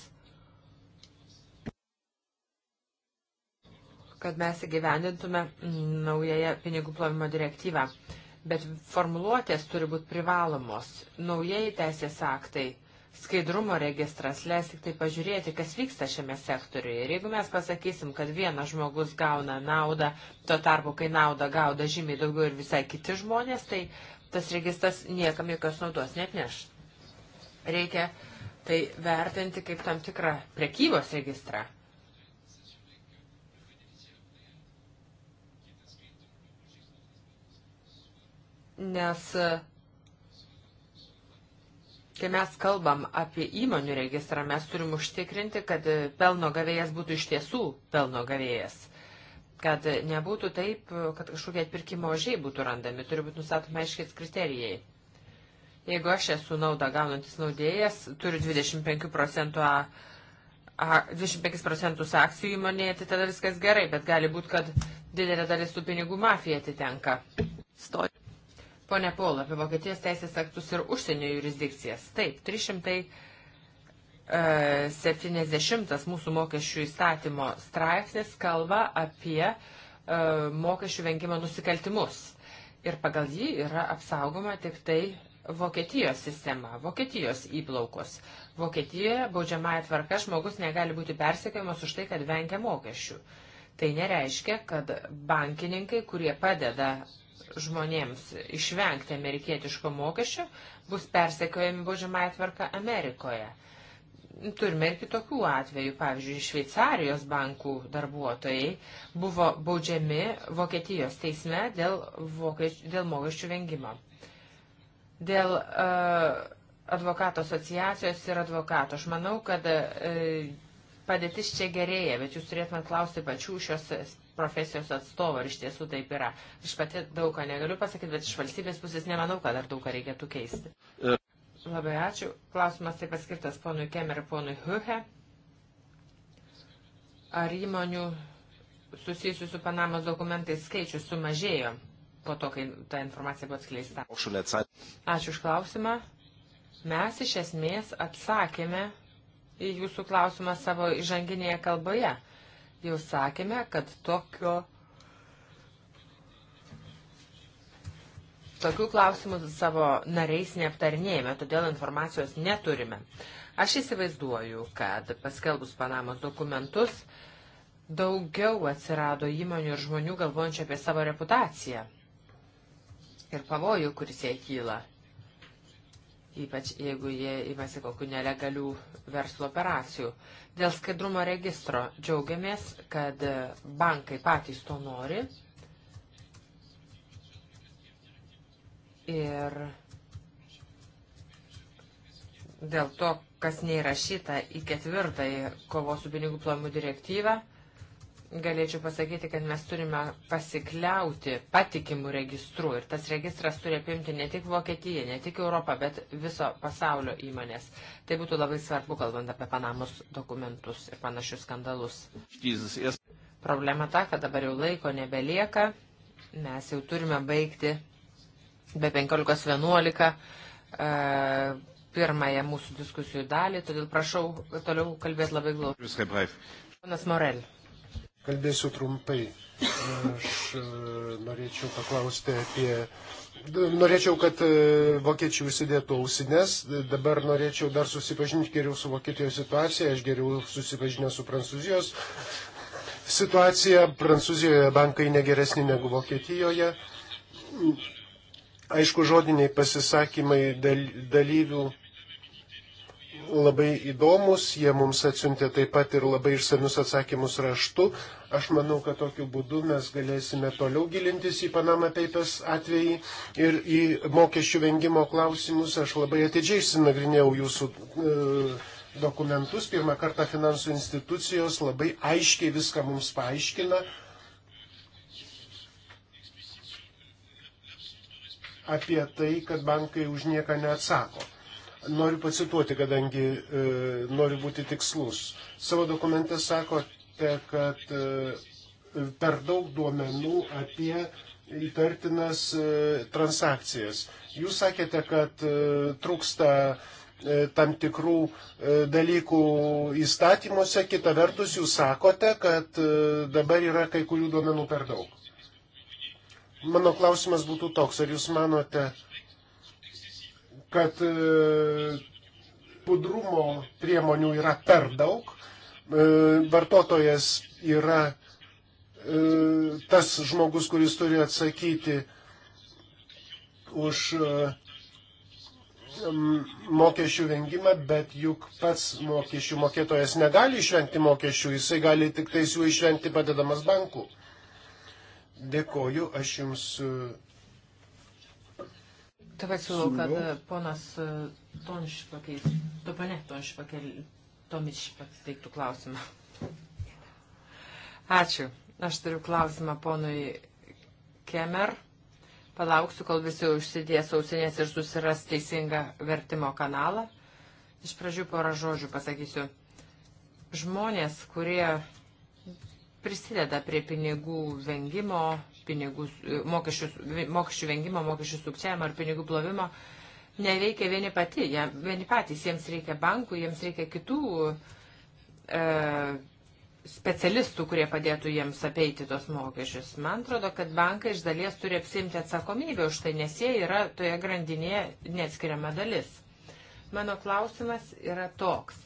kad mes įgyvendintume naująją pinigų plovimo direktyvą. Uh, bet formuluotės turi būti privalomos. Naujieji teisės aktai, skaidrumo registras leis tik tai pažiūrėti, kas vyksta šiame sektoriuje. Ir jeigu mes pasakysim, kad vienas žmogus gauna naudą, tuo tarpu, kai naudą gauda žymiai daugiau ir visai kiti žmonės, tai tas registras niekam jokios naudos net neš. Reikia tai vertinti kaip tam tikrą prekybos registrą. nes e, kai mes kalbam apie įmonių registrą, mes turim užtikrinti, kad e, pelno gavėjas būtų iš tiesų pelno gavėjas. Kad nebūtų taip, kad kažkokie atpirkimo ožiai būtų randami, turi būti nustatoma aiškiais kriterijai. Jeigu aš esu naudą gaunantis naudėjas, turiu 25 procentų, 25 procentus akcijų įmonėje, tai tada viskas gerai, bet gali būti, kad didelė dalis tų pinigų mafija atitenka. Stoj. Pone Paul, apie Vokietijos teisės aktus ir užsienio jurisdikcijas. Taip, 370 e, mūsų mokesčių įstatymo straipsnis kalba apie e, mokesčių vengimo nusikaltimus. Ir pagal jį yra apsaugoma tik tai Vokietijos sistema, Vokietijos įplaukos. Vokietijoje baudžiamąją tvarką žmogus negali būti persekiojamas už tai, kad vengia mokesčių. Tai nereiškia, kad bankininkai, kurie padeda žmonėms išvengti amerikietiško mokesčio, bus persekiojami baudžiamąją tvarką Amerikoje. Turime ir kitokių atvejų, pavyzdžiui, Šveicarijos bankų darbuotojai buvo baudžiami Vokietijos teisme dėl, vokieč, dėl mokesčių vengimo. Dėl uh, advokato asociacijos ir advokato, aš manau, kad uh, padėtis čia gerėja, bet jūs turėtumėt klausti pačių šios profesijos atstovų, ar iš tiesų taip yra. Aš pati daug ką negaliu pasakyti, bet iš valstybės pusės nemanau, kad dar daug ką reikėtų keisti. E. Labai ačiū. Klausimas taip paskirtas ponui Kemer ir ponui Huhe. Ar įmonių susijusių su Panamos dokumentais skaičius sumažėjo po to, kai ta informacija buvo atskleista? Ačiū už klausimą. Mes iš esmės atsakėme į jūsų klausimą savo įžanginėje kalboje jau sakėme, kad tokio, tokių klausimų savo nariais neaptarnėjame, todėl informacijos neturime. Aš įsivaizduoju, kad paskelbus Panamos dokumentus daugiau atsirado įmonių ir žmonių galvojančių apie savo reputaciją ir pavojų, kuris jai kyla ypač jeigu jie imasi kokių nelegalių verslo operacijų. Dėl skaidrumo registro džiaugiamės, kad bankai patys to nori. Ir dėl to, kas neįrašyta į ketvirtąjį kovos su pinigų plovimu direktyvą, galėčiau pasakyti, kad mes turime pasikliauti patikimų registrų ir tas registras turi apimti ne tik Vokietiją, ne tik Europą, bet viso pasaulio įmonės. Tai būtų labai svarbu, kalbant apie Panamos dokumentus ir panašius skandalus. Problema ta, kad dabar jau laiko nebelieka, mes jau turime baigti be 15.11. Uh, e, pirmąją mūsų diskusijų dalį, todėl prašau toliau kalbėti labai glaudžiai. Ponas Morel. Kalbėsiu trumpai. Aš e, norėčiau paklausti apie. Norėčiau, kad e, vokiečiai užsidėtų ausines. Dabar norėčiau dar susipažinti geriau su Vokietijos situacija. Aš geriau susipažinę su Prancūzijos situacija. Prancūzijoje bankai negeresni negu Vokietijoje. Aišku, žodiniai pasisakymai dalyvių labai įdomus, jie mums atsiuntė taip pat ir labai išsamius atsakymus raštu. Aš manau, kad tokiu būdu mes galėsime toliau gilintis į Panama Papers atvejį ir į mokesčių vengimo klausimus. Aš labai atidžiai išsinagrinėjau jūsų. E, dokumentus, pirmą kartą finansų institucijos labai aiškiai viską mums paaiškina, apie tai, kad bankai už nieką neatsako. Noriu pacituoti, kadangi e, noriu būti tikslus. Savo dokumente sakote, kad e, per daug duomenų apie įtartinas e, transakcijas. Jūs sakėte, kad e, trūksta e, tam tikrų e, dalykų įstatymuose, kita vertus jūs sakote, kad e, dabar yra kai kurių duomenų per daug. Mano klausimas būtų toks, ar jūs manote, e, kad budrumo e, priemonių yra per daug, e, vartotojas yra e, tas žmogus, kuris turi atsakyti už mokesčių vengimą, bet juk pats mokesčių mokėtojas negali išvengti mokesčių, jisai gali tik tais jų išvengti padedamas bankų. Dėkoju, aš Jums Taip pat siūlau, kad e, ponas e, Tonš pakeis, to pane Tonš pakeis, Tomiš pateiktų klausimą. Ačiū. Aš turiu klausimą ponui Kemer. Palauksiu, kol visi užsidės ausinės ir susiras teisingą vertimo kanalą. Iš pradžių porą žodžių pasakysiu. Žmonės, kurie prisideda prie pinigų vengimo, pinigų, e, mokesčių, mokesčių vengimo, mokesčių sukčiavimo ar pinigų plovimo neveikia vieni, pati, jie, vieni patys. Jiems reikia bankų, jiems reikia kitų e, specialistų, kurie padėtų jiems apeiti tos mokesčius. Man atrodo, kad bankai iš dalies turi apsimti atsakomybę už tai, nes jie yra toje grandinėje neatskiriama dalis. Mano klausimas yra toks,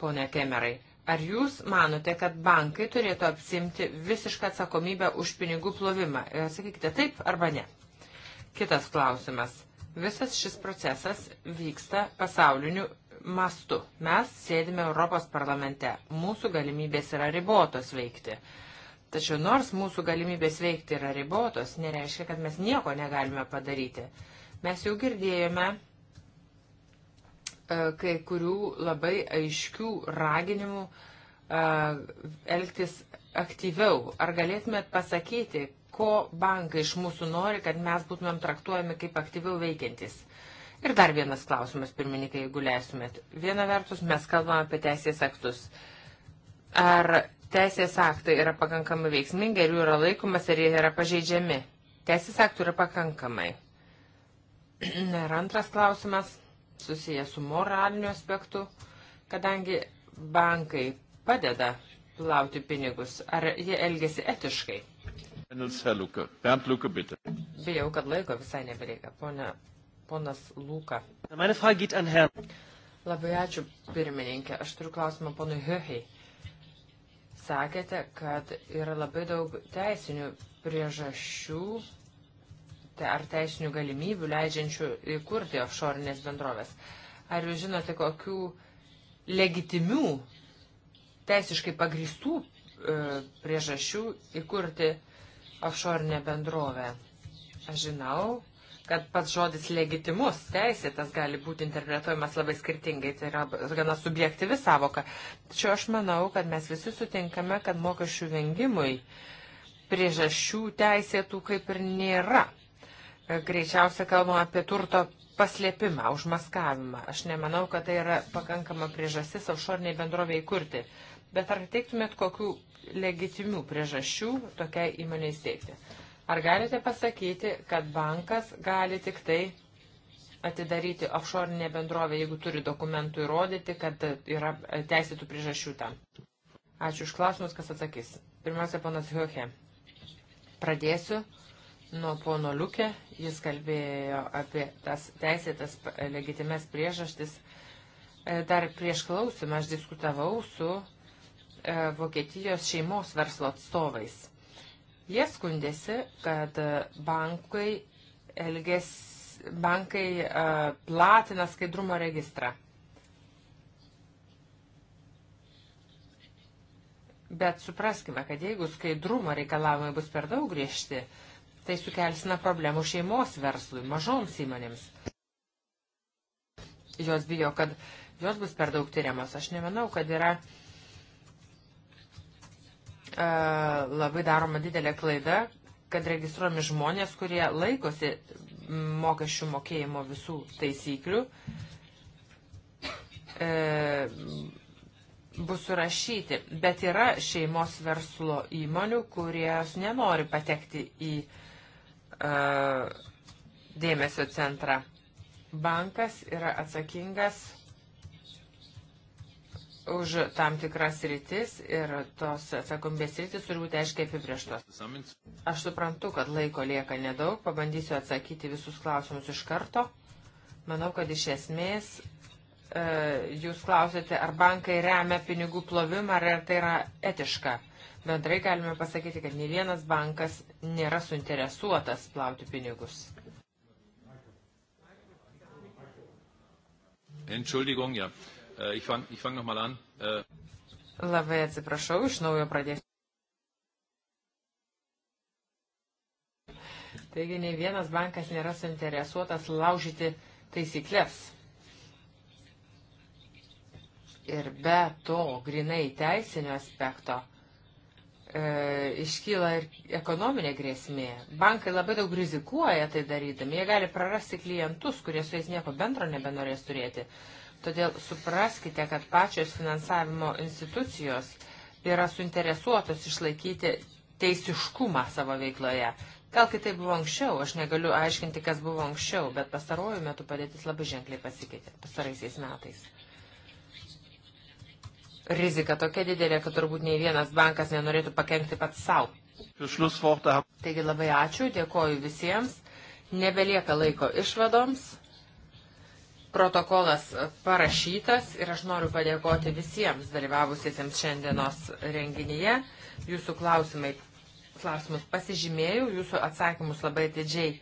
ponia Kemerai Ar jūs manote, kad bankai turėtų apsimti visišką atsakomybę už pinigų plovimą? E, sakykite taip arba ne. Kitas klausimas. Visas šis procesas vyksta pasauliniu mastu. Mes sėdime Europos parlamente. Mūsų galimybės yra ribotos veikti. Tačiau nors mūsų galimybės veikti yra ribotos, nereiškia, kad mes nieko negalime padaryti. Mes jau girdėjome E, kai kurių labai aiškių raginimų e, elgtis aktyviau. Ar galėtumėt pasakyti, ko bankai iš mūsų nori, kad mes būtumėm traktuojami kaip aktyviau veikiantis? Ir dar vienas klausimas, pirmininkai, jeigu leisumėt. Viena vertus, mes kalbame apie teisės aktus. Ar teisės aktai yra pakankamai veiksmingi, ar jų yra laikomas, ar jie yra pažeidžiami? Teisės aktų yra pakankamai. [clears throat] Ir antras klausimas susiję su moraliniu aspektu, kadangi bankai padeda plauti pinigus, ar jie elgesi etiškai? Bijau, kad laiko visai nebereikia. Pone, ponas Lūka. Labai ačiū, pirmininkė. Aš turiu klausimą ponui Höhei. Sakėte, kad yra labai daug teisinių priežasčių ar teisinių galimybių leidžiančių įkurti offshore'inės bendrovės. Ar jūs žinote, kokių legitimių, teisiškai pagristų e, priežasčių įkurti offshore'inę bendrovę? Aš žinau, kad pats žodis legitimus, teisėtas gali būti interpretuojamas labai skirtingai, tai yra gana subjektyvi savoka. Tačiau aš manau, kad mes visi sutinkame, kad mokesčių vengimui priežasčių teisėtų kaip ir nėra greičiausia kalbama apie turto paslėpimą, užmaskavimą. Aš nemanau, kad tai yra pakankama priežastis offshoriniai bendroviai įkurti. Bet ar teiktumėt kokių legitimių priežasčių tokiai įmonei steigti? Ar galite pasakyti, kad bankas gali tik tai atidaryti offshore bendrovę, jeigu turi dokumentų įrodyti, kad yra teisėtų priežasčių tam? Ačiū už klausimus, kas atsakys. Pirmiausia, ponas Hiuche. Pradėsiu nuo pono Liukė. Jis kalbėjo apie tas teisėtas legitimes priežastis. E, dar prieš klausimą aš diskutavau su e, Vokietijos šeimos verslo atstovais. Jie skundėsi, kad e, bankai, elges, bankai platina skaidrumo registrą. Bet supraskime, kad jeigu skaidrumo reikalavimai bus per daug griežti, Tai sukelsina problemų šeimos verslui, mažoms įmonėms. Jos bijo, kad jos bus per daug tyriamos. Aš nemanau, kad yra uh, labai daroma didelė klaida, kad registruomi žmonės, kurie laikosi mokesčių mokėjimo visų taisyklių, e, bus surašyti. Bet yra šeimos verslo įmonių, kurie nenori patekti į dėmesio centrą. Bankas yra atsakingas už tam tikras rytis ir tos atsakomybės rytis turi būti aiškiai apibrieštos. Aš suprantu, kad laiko lieka nedaug, pabandysiu atsakyti visus klausimus iš karto. Manau, kad iš esmės e, jūs klausėte, ar bankai remia pinigų plovimą, ar tai yra etiška. Bendrai galime pasakyti, kad nei vienas bankas nėra suinteresuotas plauti pinigus. Entschuldigung, ja. Äh, ich fang, ich fang nochmal an. Äh, Labai atsiprašau, iš naujo pradėsiu. Taigi, nei vienas bankas nėra suinteresuotas laužyti taisyklės. Ir be to, grinai teisinio aspekto, E, iškyla ir ekonominė grėsmė. Bankai labai daug rizikuoja tai darydami. Jie gali prarasti klientus, kurie su jais nieko bendro nebenorės turėti. Todėl supraskite, kad pačios finansavimo institucijos yra suinteresuotos išlaikyti teisiškumą savo veikloje. Gal kitai buvo anksčiau, aš negaliu aiškinti, kas buvo anksčiau, bet pastaruoju metu padėtis labai ženkliai pasikeitė, pastaraisiais metais rizika tokia didelė, kad turbūt nei vienas bankas nenorėtų pakengti pats savo. Taigi labai ačiū, dėkoju visiems. Nebelieka laiko išvadoms. Protokolas parašytas ir aš noriu padėkoti visiems dalyvavusiesiems šiandienos renginyje. Jūsų klausimai, klausimus pasižymėjau, jūsų atsakymus labai didžiai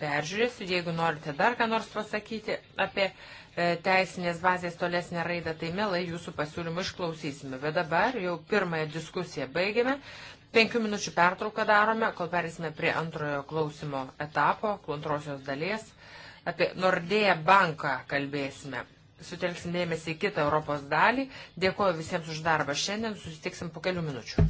peržiūrėsiu. Jeigu norite dar ką nors pasakyti apie E, teisinės bazės tolesnę raidą, tai mielai jūsų pasiūlymų išklausysime. Bet dabar jau pirmąją diskusiją baigėme. Penkių minučių pertrauką darome, kol perėsime prie antrojo klausimo etapo, antrosios dalies. Apie Nordėją banką kalbėsime. Sutelksim dėmesį į kitą Europos dalį. Dėkuoju visiems už darbą šiandien. Susitiksim po kelių minučių.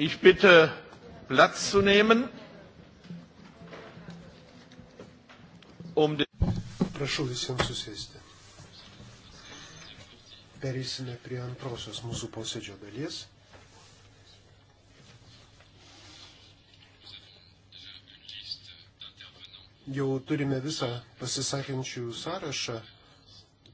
Ich bitte, Platz zu nehmen. Um Prašau visiems susėsti. Pereisime prie antrosios mūsų posėdžio dalies. Jau turime visą pasisakančių sąrašą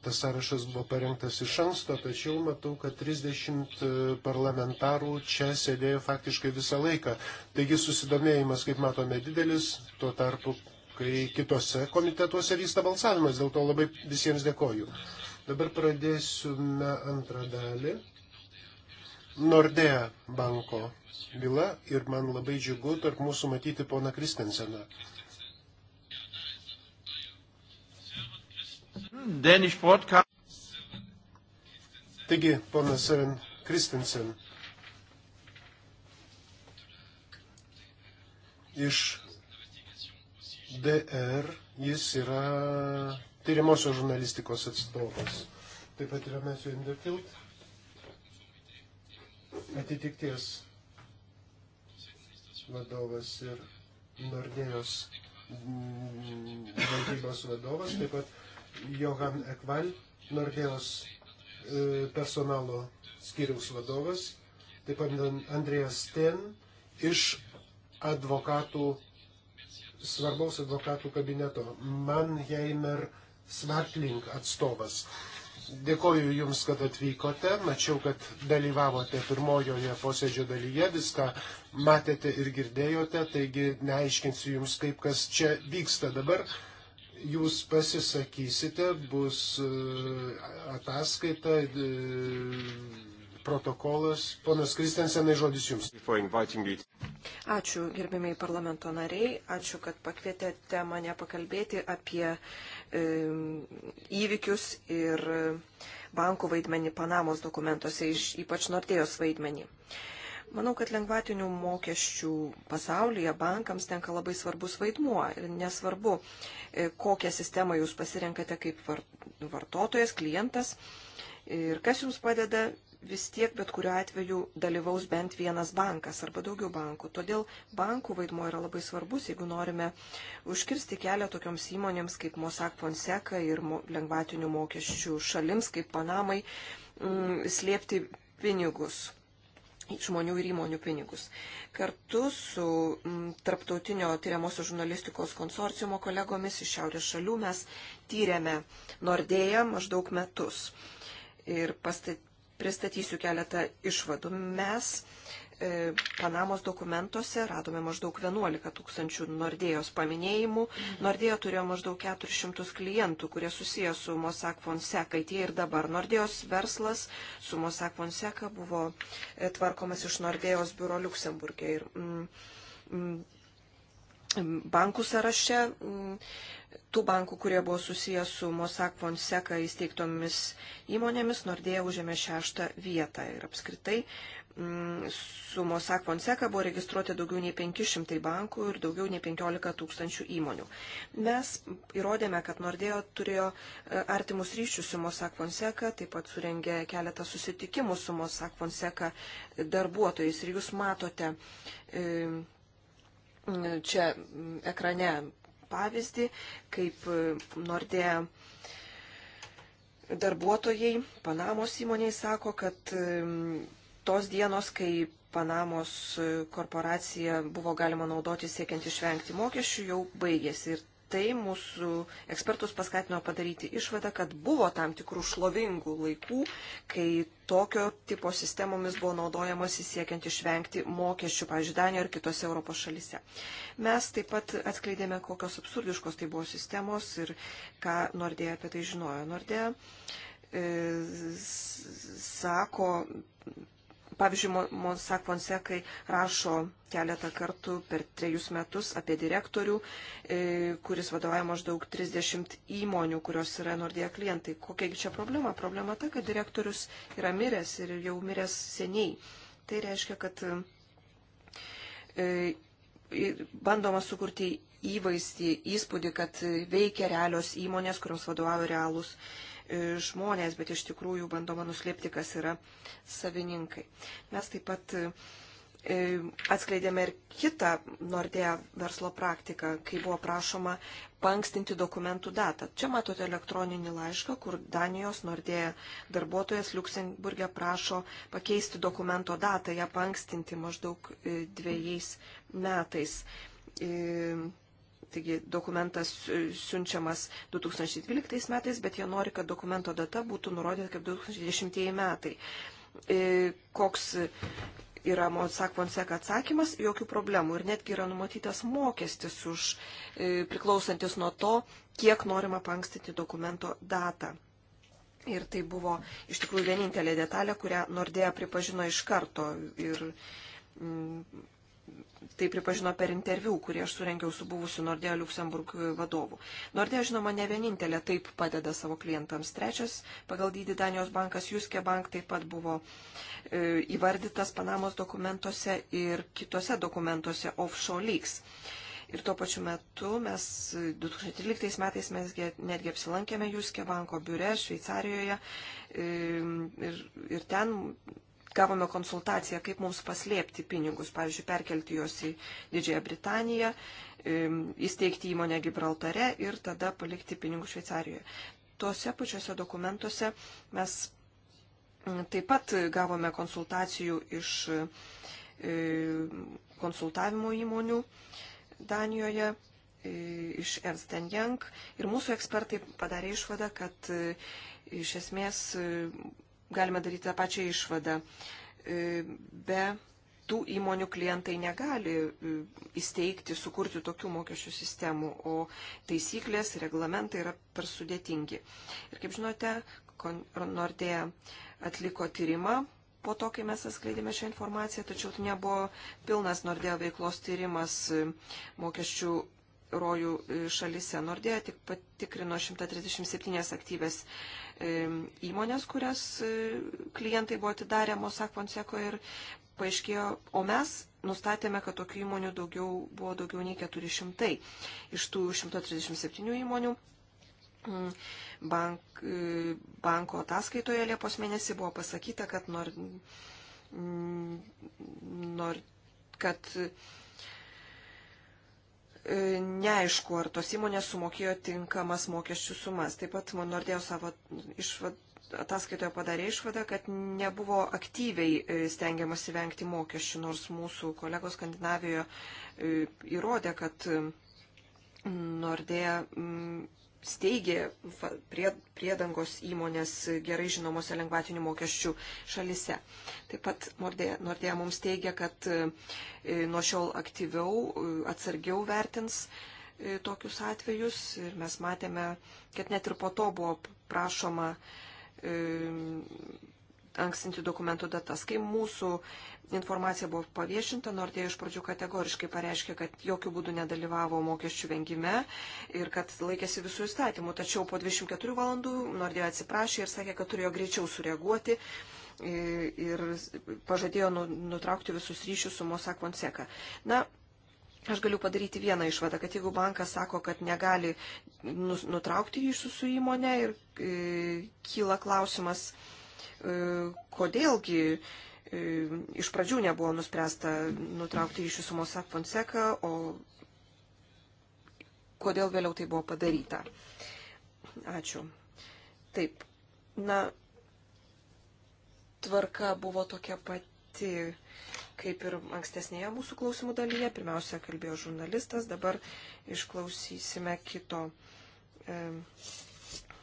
tas sąrašas buvo parengtas iš anksto, tačiau matau, kad 30 e, parlamentarų čia sėdėjo faktiškai visą laiką. Taigi susidomėjimas, kaip matome, didelis, tuo tarpu, kai kitose komitetuose vyksta balsavimas, dėl to labai visiems dėkoju. Dabar pradėsime antrą dalį. Nordea banko byla ir man labai džiugu tarp mūsų matyti poną Kristenseną. Danish Broadcast. Taigi, ponas Søren Kristinsen iš DR, jis yra tyriamosios žurnalistikos atstovas. Taip pat yra Matthew Enderfield atitikties vadovas ir Nordėjos mm, valdybos vadovas, taip pat Johan Ekval, Nordėjos e, personalo skiriaus vadovas, taip pat Andrėjas Ten iš advokatų, svarbaus advokatų kabineto, Mannheimer Smartlink atstovas. Dėkoju Jums, kad atvykote, mačiau, kad dalyvavote pirmojoje posėdžio dalyje, viską matėte ir girdėjote, taigi neaiškinsiu Jums, kaip kas čia vyksta dabar jūs pasisakysite, bus e, ataskaita, e, protokolas. Ponas Kristensenai, žodis jums. Ačiū, gerbėmiai parlamento nariai, ačiū, kad pakvietėte mane pakalbėti apie e, įvykius ir e, bankų vaidmenį Panamos dokumentuose, iš, ypač Nortėjos vaidmenį. E, Manau, kad lengvatinių mokesčių pasaulyje bankams tenka labai svarbus vaidmuo. Ir nesvarbu, e, kokią sistemą jūs pasirenkate kaip vartotojas, klientas ir kas jums padeda, vis tiek bet kuriuo atveju dalyvaus bent vienas bankas arba daugiau bankų. Todėl bankų vaidmuo yra labai svarbus, jeigu norime užkirsti kelią tokioms įmonėms kaip Mossack Fonseca ir lengvatinių mokesčių šalims kaip Panamai mm, slėpti pinigus žmonių ir įmonių pinigus. Kartu su m, mm, Tarptautinio tyriamosios žurnalistikos konsorciumo kolegomis iš šiaurės šalių mes tyrėme Nordėją maždaug metus. Ir pastat, pristatysiu keletą išvadų. Mes E, Panamos dokumentuose radome maždaug 11 tūkstančių Nordėjos paminėjimų. Nordėjo turėjo maždaug 400 klientų, kurie susiję su Mossack Fonseca, tie ir dabar. Nordėjos verslas su Mossack Fonseca buvo e, tvarkomas iš Nordėjos biuro Luksemburgė. Ir, mm, mm, mm, bankų sąraše, mm, tų bankų, kurie buvo susiję su Mossack Fonseca įsteigtomis įmonėmis, Nordėja užėmė šeštą vietą. Ir apskritai Mm, su Mossack Fonseca buvo registruoti daugiau nei 500 bankų ir daugiau nei 15 tūkstančių įmonių. Mes įrodėme, kad Nordėjo turėjo e, artimus ryšius su Mossack Fonseca, taip pat surengė keletą susitikimų su Mossack Fonseca darbuotojais. Ir jūs matote e, čia ekrane pavyzdį, kaip e, Nordėjo darbuotojai Panamos įmoniai sako, kad tos dienos, kai Panamos korporacija buvo galima naudoti siekiant išvengti mokesčių, jau baigėsi. Ir tai mūsų ekspertus paskatino padaryti išvadą, kad buvo tam tikrų šlovingų laikų, kai tokio tipo sistemomis buvo naudojamas įsiekiant išvengti mokesčių, pavyzdžiui, Danijoje ir kitose Europos šalise. Mes taip pat atskleidėme, kokios absurdiškos tai buvo sistemos ir ką Nordėja apie tai žinojo. Nordėja e, sako Pavyzdžiui, Monsak Fonsekai rašo keletą kartų per trejus metus apie direktorių, e, kuris vadovauja maždaug 30 įmonių, kurios yra Nordija klientai. Kokia čia problema? Problema ta, kad direktorius yra miręs ir jau miręs seniai. Tai reiškia, kad e, bandoma sukurti įvaizdį, įspūdį, kad veikia realios įmonės, kurios vadovauja realūs E, žmonės, bet iš tikrųjų bandoma nuslėpti, kas yra savininkai. Mes taip pat e, e, atskleidėme ir kitą Nordėja verslo praktiką, kai buvo prašoma pankstinti dokumentų datą. Čia matote elektroninį laišką, kur Danijos Nordėja darbuotojas Luksemburgė prašo pakeisti dokumento datą, ją pankstinti maždaug dviejais metais. Taigi dokumentas e, siunčiamas 2012 metais, bet jie nori, kad dokumento data būtų nurodyta kaip 2010 metai. E, koks yra Monsak Fonseca atsakymas, jokių problemų. Ir netgi yra numatytas mokestis už e, priklausantis nuo to, kiek norima pankstyti dokumento datą. Ir tai buvo iš tikrųjų vienintelė detalė, kurią Nordėja pripažino iš karto ir mm, tai pripažino per interviu, kurį aš surenkiau su buvusiu Nordea Luxemburg vadovu. Nordea, žinoma, ne vienintelė taip padeda savo klientams. Trečias pagal dydį Danijos bankas Juske Bank taip pat buvo e, įvardytas Panamos dokumentuose ir kitose dokumentuose offshore leaks. Ir tuo pačiu metu mes 2013 e, metais mes netgi apsilankėme Juske banko biure Šveicarijoje e, ir, ir ten gavome konsultaciją, kaip mums paslėpti pinigus, pavyzdžiui, perkelti juos į Didžiąją Britaniją, įsteigti įmonę Gibraltare ir tada palikti pinigus Šveicarijoje. Tuose pačiuose dokumentuose mes mm, taip pat gavome konsultacijų iš e, konsultavimo įmonių Danijoje e, iš Ernst Young ir mūsų ekspertai padarė išvadą, kad e, iš esmės galime daryti tą pačią išvadą. E, be tų įmonių klientai negali e, įsteigti, sukurti tokių mokesčių sistemų, o taisyklės, reglamentai yra per sudėtingi. Ir kaip žinote, Nordėja atliko tyrimą po to, kai mes atskleidėme šią informaciją, tačiau tai nebuvo pilnas Nordėja veiklos tyrimas e, mokesčių rojų e, šalise. Nordėja tik patikrino 137 aktyves e, įmonės, kurias e, klientai buvo atidarę Mosak Fonseko ir paaiškėjo, o mes nustatėme, kad tokių įmonių daugiau, buvo daugiau nei 400 iš tų 137 įmonių. Mm, bank, banko ataskaitoje Liepos mėnesį buvo pasakyta, kad, nor, mm, nor, kad E, neaišku, ar tos įmonės sumokėjo tinkamas mokesčių sumas. Taip pat Monordėjo savo išvad, ataskaitoje padarė išvadą, kad nebuvo aktyviai e, stengiamasi vengti mokesčių, nors mūsų kolegos Skandinavijoje e, įrodė, kad Nordėja steigė priedangos įmonės gerai žinomose lengvatinių mokesčių šalise. Taip pat Nordėja mums teigia, kad e, nuo šiol aktyviau, e, atsargiau vertins e, tokius atvejus ir mes matėme, kad net ir po to buvo prašoma ankstinti dokumentų datas. Kai mūsų informacija buvo paviešinta, Nordėja iš pradžių kategoriškai pareiškė, kad jokių būdų nedalyvavo mokesčių vengime ir kad laikėsi visų įstatymų. Tačiau po 24 valandų Nordėja atsiprašė ir sakė, kad turėjo greičiau sureaguoti ir pažadėjo nu, nutraukti visus ryšius su Mossack Fonseca. Na, Aš galiu padaryti vieną išvadą, kad jeigu bankas sako, kad negali nutraukti ryšių su įmonė ir kyla klausimas, E, kodėlgi e, iš pradžių nebuvo nuspręsta nutraukti ryšių su Mosak Fonseca, o kodėl vėliau tai buvo padaryta. Ačiū. Taip, na, tvarka buvo tokia pati, kaip ir ankstesnėje mūsų klausimų dalyje. Pirmiausia, kalbėjo žurnalistas, dabar išklausysime kito. E,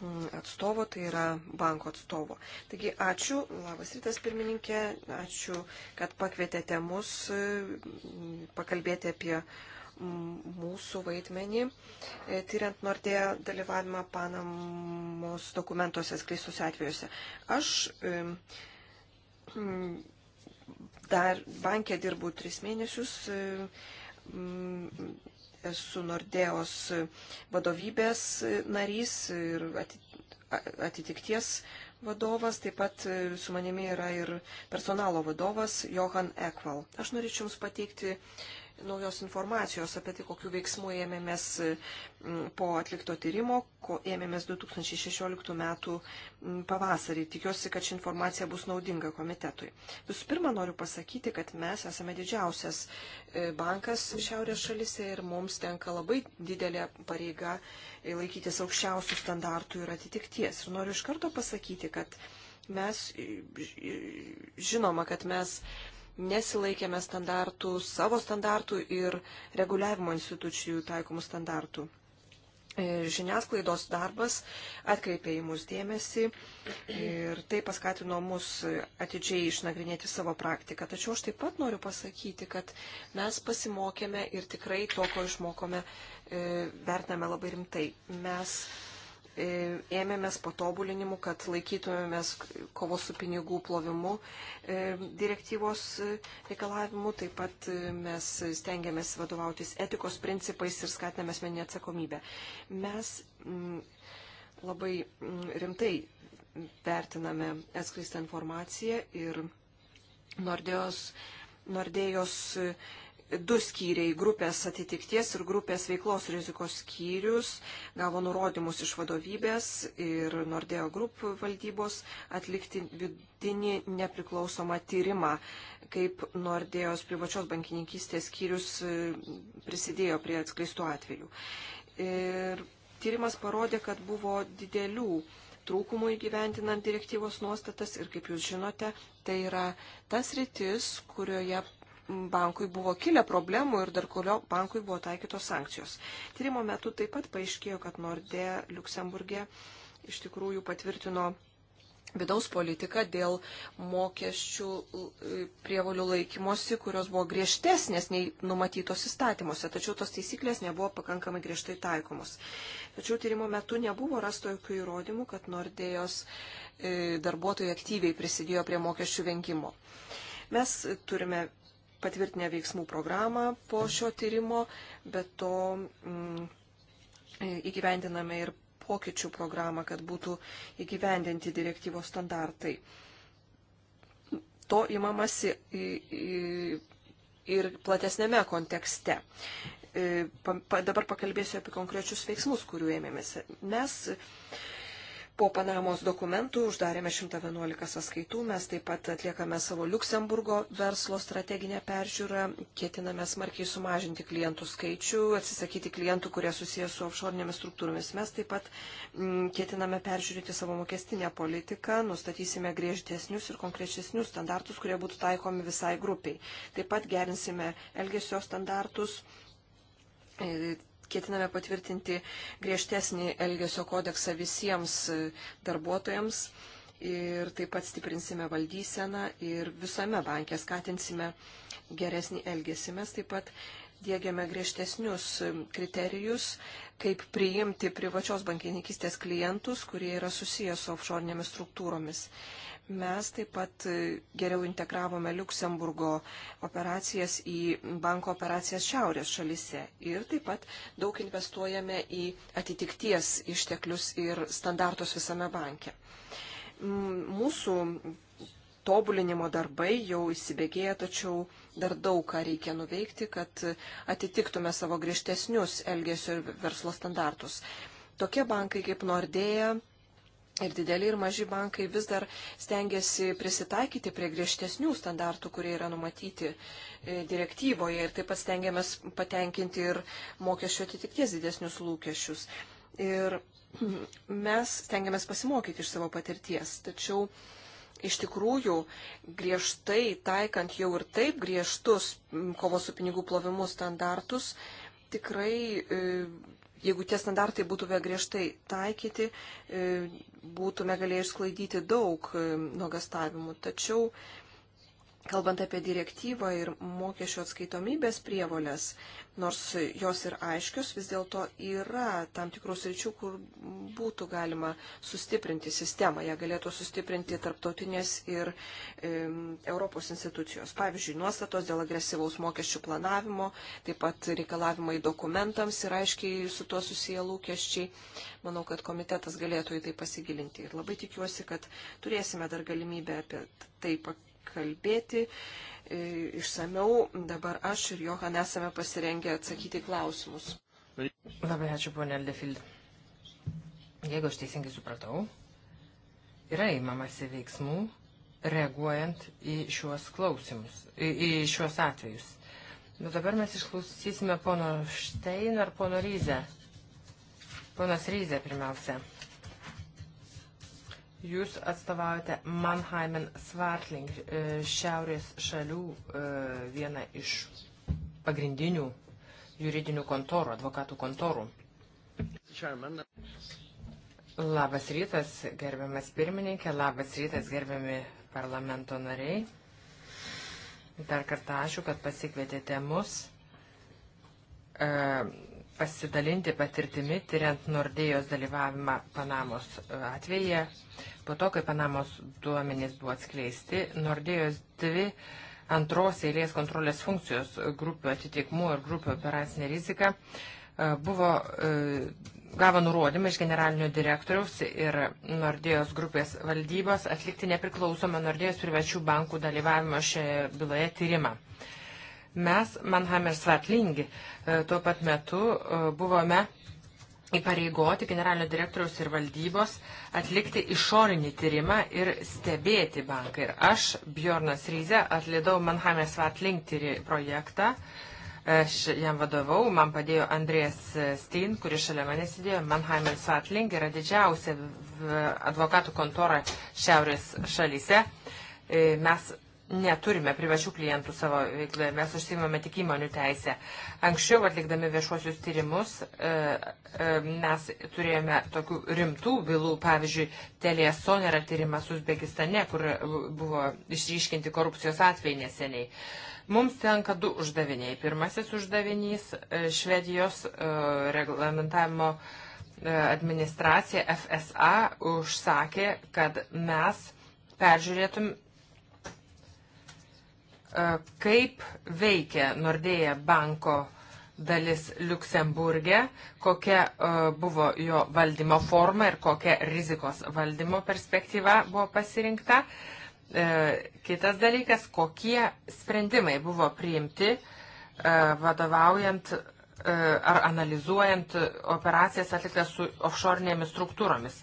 Mm, atstovo, tai yra banko atstovo. Taigi ačiū, labas rytas pirmininkė, ačiū, kad pakvietėte mus mm, pakalbėti apie mm, mūsų vaidmenį, e, tyriant Nordėje dalyvavimą Panamos dokumentuose skleistus atvejuose. Aš dar bankė dirbu tris mėnesius esu Nordėjos vadovybės narys ir atitikties vadovas, taip pat su manimi yra ir personalo vadovas Johan Ekval. Aš norėčiau Jums pateikti naujos informacijos apie tai, kokiu veiksmu ėmėmės po atlikto tyrimo, ko ėmėmės 2016 metų pavasarį. Tikiuosi, kad ši informacija bus naudinga komitetui. Visų pirma, noriu pasakyti, kad mes esame didžiausias e, bankas šiaurės šalise ir mums tenka labai didelė pareiga laikytis aukščiausių standartų ir atitikties. Ir noriu iš karto pasakyti, kad mes žinoma, kad mes nesilaikėme standartų, savo standartų ir reguliavimo institucijų taikomų standartų. E, žiniasklaidos darbas atkreipė į mus dėmesį ir tai paskatino mus atidžiai išnagrinėti savo praktiką. Tačiau aš taip pat noriu pasakyti, kad mes pasimokėme ir tikrai to, ko išmokome, e, vertiname labai rimtai. Mes E, ėmėmės patobulinimų, kad laikytumėmės kovos su pinigų plovimu e, direktyvos reikalavimu. Taip pat e, mes stengiamės vadovautis etikos principais ir skatiname asmeninę atsakomybę. Mes labai rimtai vertiname atskleistą informaciją ir Nordėjos, Nordėjos du skyriai - grupės atitikties ir grupės veiklos rizikos skyrius gavo nurodymus iš vadovybės ir Nordeo Group valdybos atlikti vidinį nepriklausomą tyrimą, kaip Nordeos privačios bankininkystės skyrius e, prisidėjo prie atskleistų atvejų. Ir tyrimas parodė, kad buvo didelių trūkumų įgyventinant direktyvos nuostatas ir, kaip jūs žinote, tai yra tas rytis, kurioje bankui buvo kilę problemų ir dar kurio bankui buvo taikytos sankcijos. Tyrimo metu taip pat paaiškėjo, kad Nordė Luksemburgė iš tikrųjų patvirtino vidaus politiką dėl mokesčių e, prievalių laikymosi, kurios buvo griežtesnės nei numatytos įstatymuose, tačiau tos taisyklės nebuvo pakankamai griežtai taikomos. Tačiau tyrimo metu nebuvo rasto jokių įrodymų, kad Nordėjos e, darbuotojai aktyviai prisidėjo prie mokesčių vengimo. Mes turime patvirtinę veiksmų programą po šio tyrimo, bet to mm, įgyvendiname ir pokyčių programą, kad būtų įgyvendinti direktyvos standartai. To imamasi ir platesnėme kontekste. E, dabar pakalbėsiu apie konkrečius veiksmus, kurių ėmėmės. Mes Po Panamos dokumentų uždarėme 111 sąskaitų, mes taip pat atliekame savo Luksemburgo verslo strateginę peržiūrą, ketiname smarkiai sumažinti klientų skaičių, atsisakyti klientų, kurie susijęs su offshore'nėmis struktūromis. Mes taip pat m, mm, ketiname peržiūrėti savo mokestinę politiką, nustatysime griežtesnius ir konkrečesnius standartus, kurie būtų taikomi visai grupiai. Taip pat gerinsime elgesio standartus ketiname patvirtinti griežtesnį elgesio kodeksą visiems e, darbuotojams ir taip pat stiprinsime valdyseną ir visame banke skatinsime geresnį elgesį. Mes taip pat dėgiame griežtesnius e, kriterijus, kaip priimti privačios bankininkistės klientus, kurie yra susijęs su offshore'nėmis struktūromis. Mes taip pat e, geriau integravome Luksemburgo operacijas į banko operacijas šiaurės šalise ir taip pat daug investuojame į atitikties išteklius ir standartus visame banke. Mūsų tobulinimo darbai jau įsibėgėja, tačiau dar daug ką reikia nuveikti, kad atitiktume savo griežtesnius elgesio ir verslo standartus. Tokie bankai kaip Nordėja Ir dideli ir maži bankai vis dar stengiasi prisitaikyti prie griežtesnių standartų, kurie yra numatyti e, direktyvoje. Ir taip pat stengiamės patenkinti ir mokesčio atitikties didesnius lūkesčius. Ir mes stengiamės pasimokyti iš savo patirties. Tačiau iš tikrųjų griežtai taikant jau ir taip griežtus kovos su pinigų plovimu standartus, tikrai e, Jeigu tie standartai būtume griežtai taikyti, e, būtume galėję išsklaidyti daug e, nuogastavimų. Tačiau, kalbant apie direktyvą ir mokesčio atskaitomybės prievolės, nors jos ir aiškios, vis dėlto yra tam tikrus ryčių, kur būtų galima sustiprinti sistemą. Ją galėtų sustiprinti tarptautinės ir e, Europos institucijos. Pavyzdžiui, nuostatos dėl agresyvaus mokesčių planavimo, taip pat reikalavimai dokumentams ir aiškiai su tuo susiję lūkesčiai. Manau, kad komitetas galėtų į tai pasigilinti. Ir labai tikiuosi, kad turėsime dar galimybę apie tai pakalbėti kalbėti e, išsameu. Dabar aš ir Johan esame pasirengę atsakyti klausimus. Labai ačiū, ponė Aldefild. Jeigu aš teisingai supratau, yra įmamasi veiksmų reaguojant į šiuos klausimus, į, į šiuos atvejus. Nu, dabar mes išklausysime pono Štein ar pono Ryzę. Ponas Ryzė pirmiausia. Jūs atstovaujate Mannheimen Svartling, e, šiaurės šalių e, vieną iš pagrindinių juridinių kontorų, advokatų kontorų. Labas rytas, gerbiamas pirmininkė, labas rytas, gerbiami parlamento nariai. Dar kartą ačiū, kad pasikvietėte mus. E, pasidalinti patirtimi, tyriant Nordėjos dalyvavimą Panamos e, atveje. Po to, kai Panamos duomenys buvo atskleisti, Nordėjos dvi antros eilės kontrolės funkcijos grupių atitikmų ir grupių operacinė rizika e, buvo, e, gavo nurodymą iš generalinio direktoriaus ir Nordėjos grupės valdybos atlikti nepriklausomą Nordėjos privačių bankų dalyvavimo šioje byloje tyrimą. Mes, Manham ir Svatlingi, e, tuo pat metu e, buvome įpareigoti generalinio direktoriaus ir valdybos atlikti išorinį tyrimą ir stebėti banką. Ir aš, Bjornas Ryze, atlidau Manhamė Svatlink projektą. E, aš jam vadovau, man padėjo Andrės Stein, kuris šalia manęs sėdėjo. Manheim Svatling yra didžiausia advokatų kontora šiaurės šalyse. Mes neturime privačių klientų savo veikloje, mes užsimame tik įmonių teisę. Anksčiau atlikdami viešuosius tyrimus e, e, mes turėjome tokių rimtų bylų, pavyzdžiui, Telė Sonera tyrimas Uzbekistane, kur buvo išryškinti korupcijos atvejai neseniai. Mums tenka du uždaviniai. Pirmasis uždavinys e, - Švedijos reglamentavimo administracija FSA užsakė, kad mes peržiūrėtum E, kaip veikia Nordėja banko dalis Luksemburgė, kokia e, buvo jo valdymo forma ir kokia rizikos valdymo perspektyva buvo pasirinkta. E, kitas dalykas, kokie sprendimai buvo priimti vadovaujant ar analizuojant operacijas atliktas su offshore'nėmis struktūromis.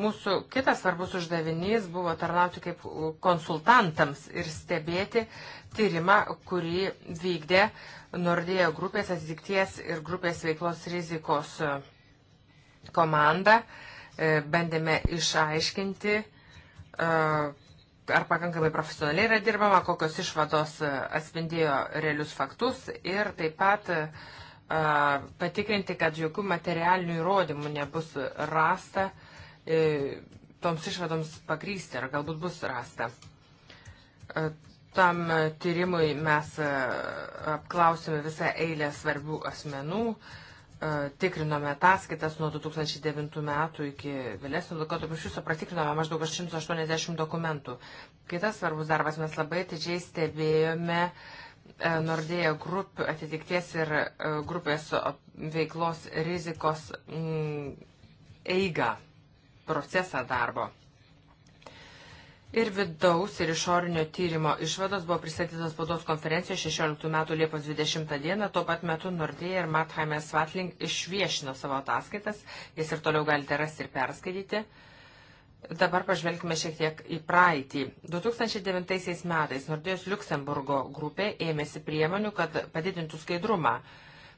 Mūsų kitas svarbus uždavinys buvo tarnauti kaip konsultantams ir stebėti tyrimą, kurį vykdė Nordėjo grupės atitikties ir grupės veiklos rizikos komanda. E, bandėme išaiškinti, e, ar pakankamai profesionaliai yra dirbama, kokios išvados atspindėjo realius faktus ir taip pat e, patikrinti, kad jokių materialinių įrodymų nebus rasta E, toms išvadoms pagrysti, ar galbūt bus rasta. E, tam tyrimui mes e, apklausėme visą eilę svarbių asmenų, tikrinome ataskaitas nuo 2009 metų iki vėlesnio laikotarpio, iš viso pratikrinome maždaug 180 dokumentų. Kitas svarbus darbas mes labai atidžiai stebėjome Nordėja grup atitikties ir grupės veiklos rizikos eigą procesą darbo. Ir vidaus ir išorinio tyrimo išvados buvo pristatytas spaudos konferencijos 16 metų Liepos 20 dieną. Tuo pat metu Nordėja ir Mathaimė Svatling išviešino savo ataskaitas. Jis ir toliau galite rasti ir perskaityti. Dabar pažvelgime šiek tiek į praeitį. 2009 metais Nordėjos Luxemburgo grupė ėmėsi priemonių, kad padidintų skaidrumą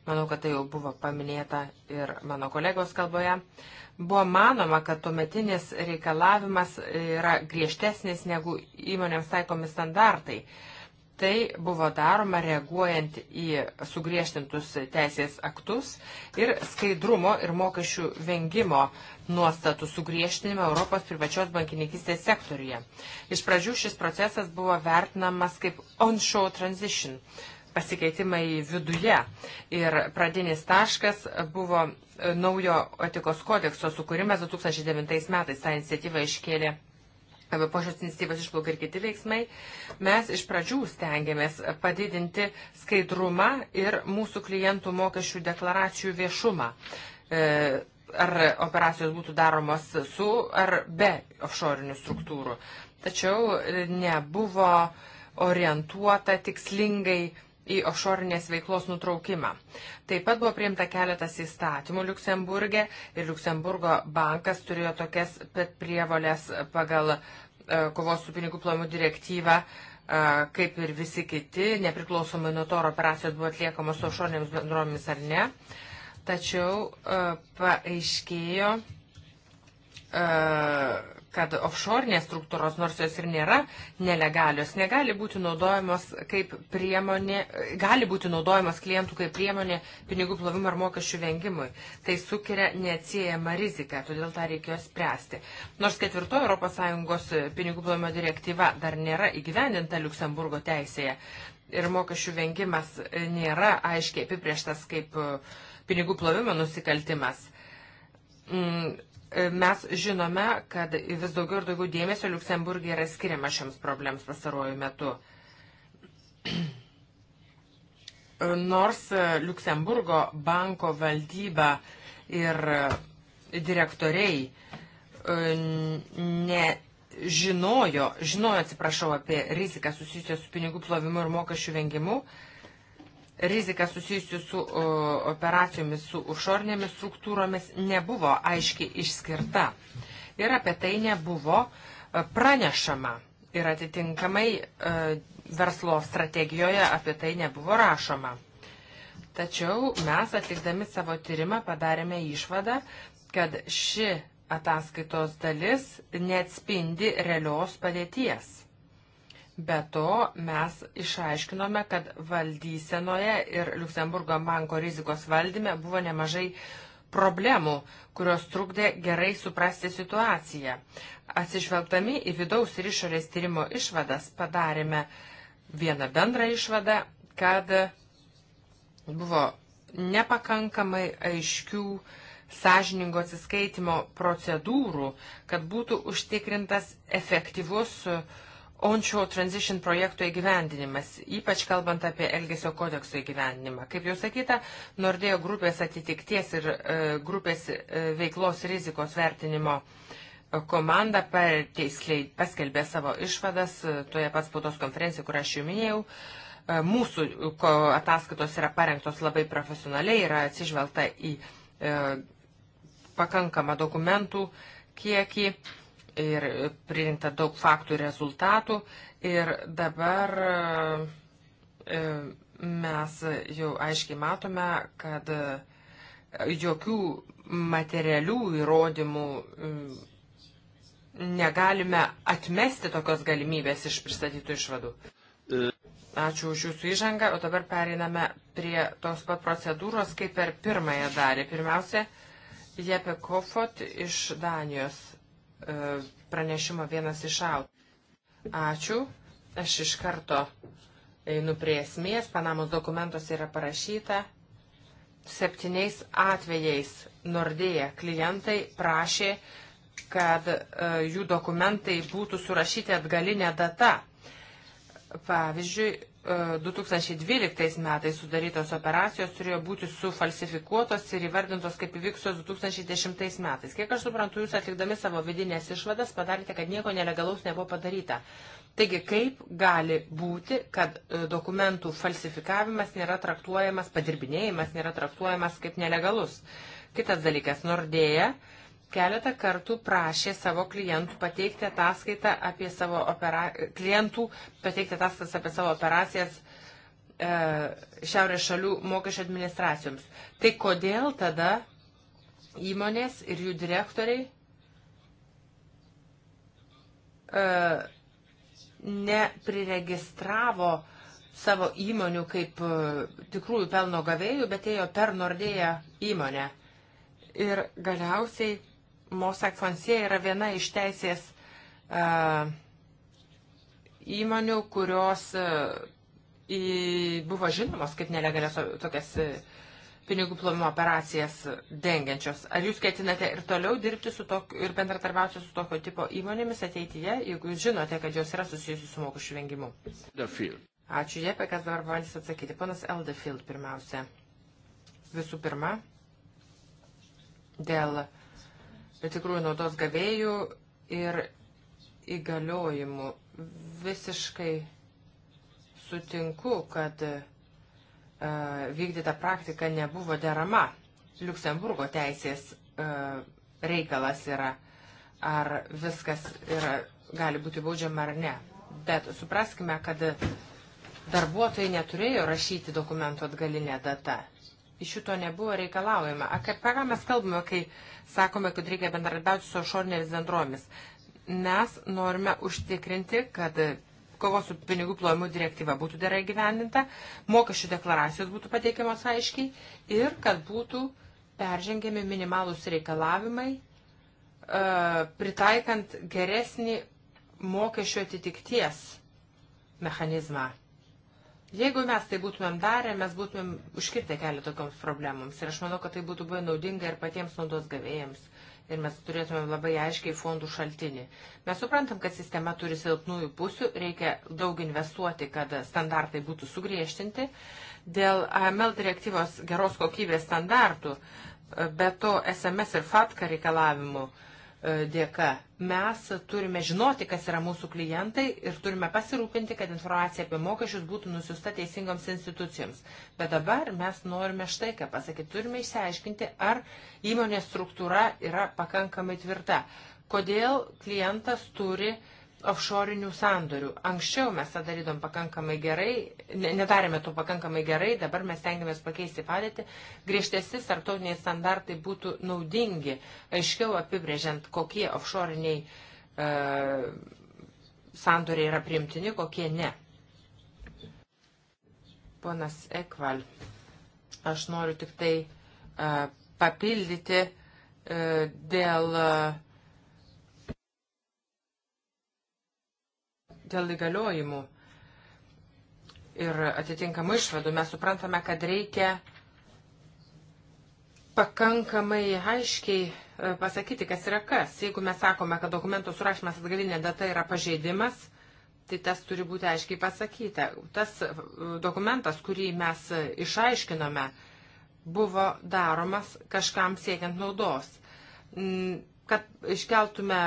Manau, kad tai jau buvo paminėta ir mano kolegos kalboje. Buvo manoma, kad tuometinis reikalavimas yra griežtesnis negu įmonėms taikomi standartai. Tai buvo daroma reaguojant į sugriežtintus teisės aktus ir skaidrumo ir mokesčių vengimo nuostatų sugriežtinimą Europos privačios bankininkistės sektoriuje. Iš pradžių šis procesas buvo vertinamas kaip on-show transition pasikeitimai viduje. Ir pradinis taškas buvo naujo etikos kodekso sukūrimas 2009 metais. Ta iniciatyva iškėlė arba po šios iniciatyvos išplaukia ir kiti veiksmai, mes iš pradžių stengiamės padidinti skaidrumą ir mūsų klientų mokesčių deklaracijų viešumą. E, ar operacijos būtų daromos su ar be offshore struktūrų. Tačiau nebuvo orientuota tikslingai į ošorinės veiklos nutraukimą. Taip pat buvo priimta keletas įstatymų Luksemburgė ir Luksemburgo bankas turėjo tokias prievolės pagal e, kovos su pinigų plovimu direktyvą e, kaip ir visi kiti, nepriklausomai nuo to, ar operacijos buvo atliekamos su ošorinėms bendromis ar ne. Tačiau e, paaiškėjo, kad offshore'nės struktūros, nors jos ir nėra nelegalios, negali būti naudojamos kaip priemonė, gali būti naudojamos klientų kaip priemonė pinigų plovimo ar mokesčių vengimui. Tai sukelia neatsiejama rizika, todėl tą reikėjo spręsti. Nors ketvirtoji ES pinigų plovimo direktyva dar nėra įgyvendinta Luksemburgo teisėje ir mokesčių vengimas nėra aiškiai apiprieštas kaip pinigų plovimo nusikaltimas mm, Mes žinome, kad vis daugiau ir daugiau dėmesio Luksemburgė yra skiriama šiams problems pastaruoju metu. [clears throat] Nors Luksemburgo banko valdyba ir direktoriai nežinojo, žinojo, atsiprašau, apie riziką susijusią su pinigų plovimu ir mokesčių vengimu, rizika susijusi su operacijomis, su užornėmis struktūromis nebuvo aiškiai išskirta. Ir apie tai nebuvo e, pranešama. Ir atitinkamai e, verslo strategijoje apie tai nebuvo rašoma. Tačiau mes atlikdami savo tyrimą padarėme išvadą, kad ši ataskaitos dalis neatspindi realios padėties. Be to, mes išaiškinome, kad valdysenoje ir Luksemburgo banko rizikos valdyme buvo nemažai problemų, kurios trukdė gerai suprasti situaciją. Atsižvelgdami į vidaus ir išorės tyrimo išvadas padarėme vieną bendrą išvadą, kad buvo nepakankamai aiškių sąžiningo atsiskaitimo procedūrų, kad būtų užtikrintas efektyvus uh, onshore transition projektų įgyvendinimas, ypač kalbant apie Elgesio kodekso įgyvendinimą. Kaip jau sakyta, Nordėjo grupės atitikties ir e, grupės e, veiklos rizikos vertinimo e, komanda paskelbė savo išvadas e, toje pats spaudos konferencijoje, kur aš jau minėjau. E, mūsų ataskaitos yra parengtos labai profesionaliai, yra atsižvelgta į e, pakankamą dokumentų kiekį. E, ir priimta daug faktų rezultatų. Ir dabar e, mes jau aiškiai matome, kad e, jokių materialių įrodymų e, negalime atmesti tokios galimybės iš pristatytų išvadų. Ačiū už Jūsų įžangą, o dabar pereiname prie tos pat procedūros, kaip per pirmąją dalį. Pirmiausia, Jepe Kofot iš Danijos E, pranešimo vienas iš autorių. Ačiū. Aš iš karto einu prie esmės. Panamos dokumentuose yra parašyta. Septyniais atvejais Nordėja klientai prašė, kad e, jų dokumentai būtų surašyti atgalinę datą. Pavyzdžiui, 2012 e, metais sudarytos operacijos turėjo būti sufalsifikuotos ir įvardintos kaip įvykusios 2010 metais. Kiek aš suprantu, jūs atlikdami savo vidinės išvadas padarėte, kad nieko nelegalaus nebuvo padaryta. Taigi, kaip gali būti, kad e, dokumentų falsifikavimas nėra traktuojamas, padirbinėjimas nėra traktuojamas kaip nelegalus? Kitas dalykas, Nordėja keletą kartų prašė savo klientų pateikti ataskaitą apie savo opera... klientų pateikti ataskaitas apie savo operacijas e, šiaurės šalių mokesčio administracijoms. Tai kodėl tada įmonės ir jų direktoriai e, nepriregistravo savo įmonių kaip e, tikrųjų pelno gavėjų, bet ėjo per Nordėją įmonę. Ir galiausiai Mosak Fonsie yra viena iš teisės uh, įmonių, kurios uh, į, buvo žinomos kaip nelegalės tokias uh, pinigų plovimo operacijas dengiančios. Ar jūs ketinate ir toliau dirbti su tokiu ir bendratarbiauti su tokio tipo įmonėmis ateityje, jeigu jūs žinote, kad jos yra susijusi su mokesčių vengimu? Ačiū, Jepė, kas dabar bandys atsakyti. Panas Eldefield pirmiausia. Visų pirma, dėl uh, tikrųjų naudos gavėjų ir įgaliojimų. Visiškai sutinku, kad e, vykdyta praktika nebuvo derama. Luksemburgo teisės e, reikalas yra, ar viskas yra, gali būti baudžiama ar ne. Bet supraskime, kad darbuotojai neturėjo rašyti dokumento atgalinę datą. Iš šito nebuvo reikalaujama. Apie ką mes kalbame, kai sakome, kad reikia bendradarbiauti su ošornėmis bendromis? Mes norime užtikrinti, kad kovos su pinigų plovimu direktyva būtų gerai gyvendinta, mokesčių deklaracijos būtų pateikiamos aiškiai ir kad būtų peržengiami minimalūs reikalavimai, e, pritaikant geresnį mokesčio atitikties mechanizmą. Jeigu mes tai būtumėm darę, mes būtumėm užkirtę kelią tokioms problemams. Ir aš manau, kad tai būtų buvę naudinga ir patiems naudos gavėjams. Ir mes turėtumėm labai aiškiai fondų šaltinį. Mes suprantam, kad sistema turi silpnųjų pusių, reikia daug investuoti, kad standartai būtų sugriežtinti. Dėl AML direktyvos geros kokybės standartų, be to SMS ir FATKA reikalavimų, uh, E, dėka. Mes turime žinoti, kas yra mūsų klientai ir turime pasirūpinti, kad informacija apie mokesčius būtų nusiusta teisingoms institucijoms. Bet dabar mes norime štai ką pasakyti. Turime išsiaiškinti, ar įmonės struktūra yra pakankamai tvirta. Kodėl klientas turi uh, offshore'inių sandorių. Anksčiau mes tą darydom pakankamai gerai, nedarėme to pakankamai gerai, dabar mes tengiamės pakeisti padėtį. Griežtesi sartautiniai standartai būtų naudingi, aiškiau apibrėžiant, kokie offshore'iniai e, sandoriai yra priimtini, kokie ne. Ponas Ekval, aš noriu tik tai e, papildyti e, dėl. E, dėl įgaliojimų ir atitinkamų išvadų mes suprantame, kad reikia pakankamai aiškiai e, pasakyti, kas yra kas. Jeigu mes sakome, kad dokumentų surašymas atgalinė data yra pažeidimas, tai tas turi būti aiškiai pasakyta. Tas e, dokumentas, kurį mes e, išaiškinome, buvo daromas kažkam siekiant naudos. Kad iškeltume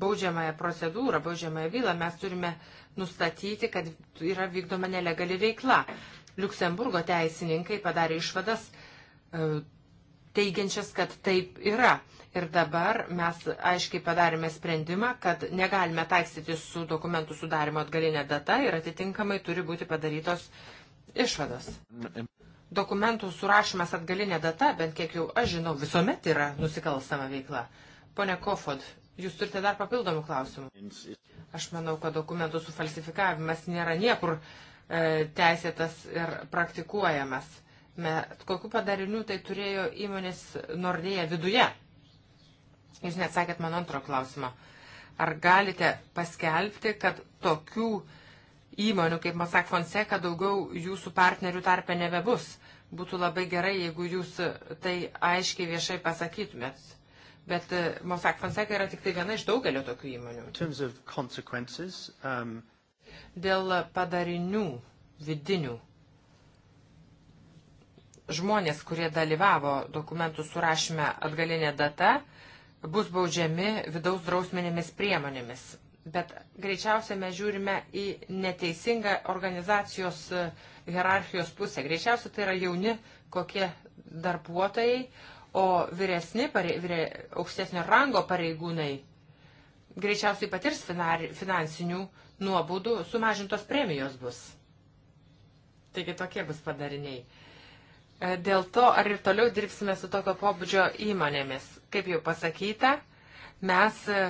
baudžiamąją procedūrą, baudžiamąją bylą mes turime nustatyti, kad yra vykdoma nelegali veikla. Luksemburgo teisininkai padarė išvadas e, teigiančias, kad taip yra. Ir dabar mes aiškiai padarėme sprendimą, kad negalime taikstyti su dokumentų sudarimo atgalinė data ir atitinkamai turi būti padarytos išvados. Dokumentų surašymas atgalinė data, bent kiek jau aš žinau, visuomet yra nusikalstama veikla. Pone Kofod, Jūs turite dar papildomų klausimų. Aš manau, kad dokumentų sufalsifikavimas nėra niekur e, teisėtas ir praktikuojamas. Met kokiu padariniu tai turėjo įmonės Nordėja viduje? Jūs neatsakėt mano antro klausimo. Ar galite paskelbti, kad tokių įmonių kaip Masak Fonseca daugiau jūsų partnerių tarpe nebebus? Būtų labai gerai, jeigu jūs tai aiškiai viešai pasakytumėt. Bet e, Mossack Fonseca yra tik tai viena iš daugelio tokių įmonių. Um... Dėl padarinių vidinių žmonės, kurie dalyvavo dokumentų surašyme atgalinė data, bus baudžiami vidaus drausminėmis priemonėmis. Bet greičiausiai mes žiūrime į neteisingą organizacijos e, hierarchijos pusę. Greičiausiai tai yra jauni kokie darbuotojai, o vyresni, parei, vyre, aukštesnio rango pareigūnai greičiausiai patirs finar, finansinių nuobaudų, sumažintos premijos bus. Taigi tokie bus padariniai. E, dėl to, ar ir toliau dirbsime su tokio pobūdžio įmonėmis, kaip jau pasakyta, mes e,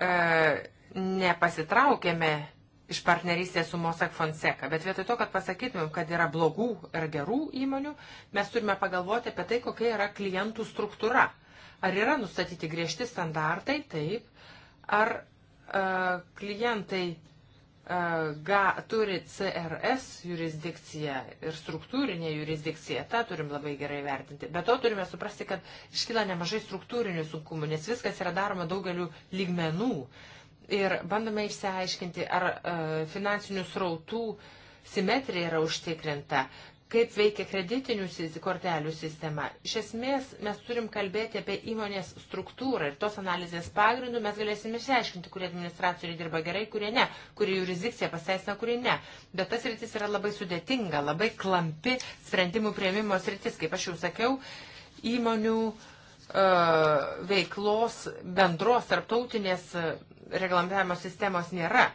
e nepasitraukėme iš partnerystės su Mossack Fonseca. Bet vietoj to, kad pasakytumėm, kad yra blogų ir gerų įmonių, mes turime pagalvoti apie tai, kokia yra klientų struktūra. Ar yra nustatyti griežti standartai? Taip. Ar uh, klientai e, ga, turi CRS jurisdikciją ir struktūrinę jurisdikciją, tą turim labai gerai vertinti. Be to turime suprasti, kad iškyla nemažai struktūrinių sunkumų, nes viskas yra daroma daugeliu lygmenų. Uh, ir bandome išsiaiškinti, ar e, finansinių srautų simetrija yra užtikrinta, kaip veikia kreditinių kortelių sistema. Iš esmės mes turim kalbėti apie įmonės struktūrą ir tos analizės pagrindų mes galėsime išsiaiškinti, kurie administratoriai dirba gerai, kurie ne, kurie jurisdikcija pasteisina, kurie ne. Bet tas rytis yra labai sudėtinga, labai klampi sprendimų prieimimo rytis, kaip aš jau sakiau, įmonių uh, veiklos bendros tarptautinės uh, reglamentavimo sistemos nėra.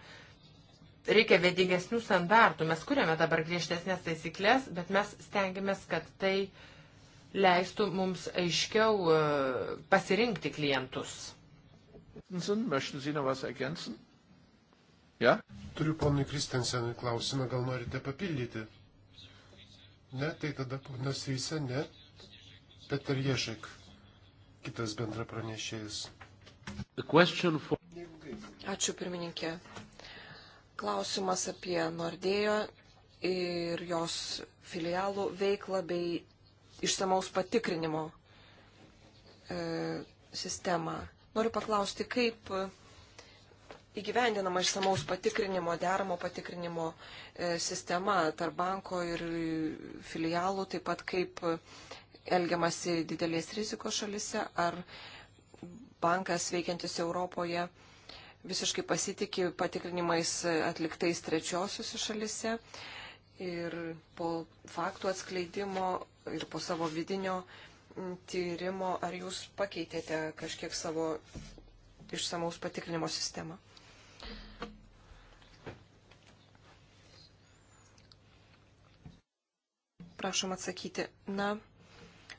Reikia vedingesnių standartų. Mes kuriame dabar griežtesnės taisyklės, bet mes stengiamės, kad tai leistų mums aiškiau e, pasirinkti klientus. Möchten Sie noch was ergänzen? Ja? Turiu ponui Kristensenui klausimą, gal norite papildyti? Ne, tai tada ponas Vyse, ne. Peter Ježek, kitas bendra pranešėjas. For... Ačiū pirmininkė. Klausimas apie Nordėjo ir jos filialų veiklą bei išsamaus patikrinimo e, sistemą. Noriu paklausti, kaip įgyvendinama išsamaus patikrinimo, deramo patikrinimo e, sistema tarp banko ir filialų, taip pat kaip elgiamasi didelės rizikos šalise, ar bankas veikiantis Europoje visiškai pasitikė patikrinimais atliktais trečiosiuose šalise ir po faktų atskleidimo ir po savo vidinio tyrimo, ar jūs pakeitėte kažkiek savo išsamaus patikrinimo sistemą? Prašom atsakyti. Na,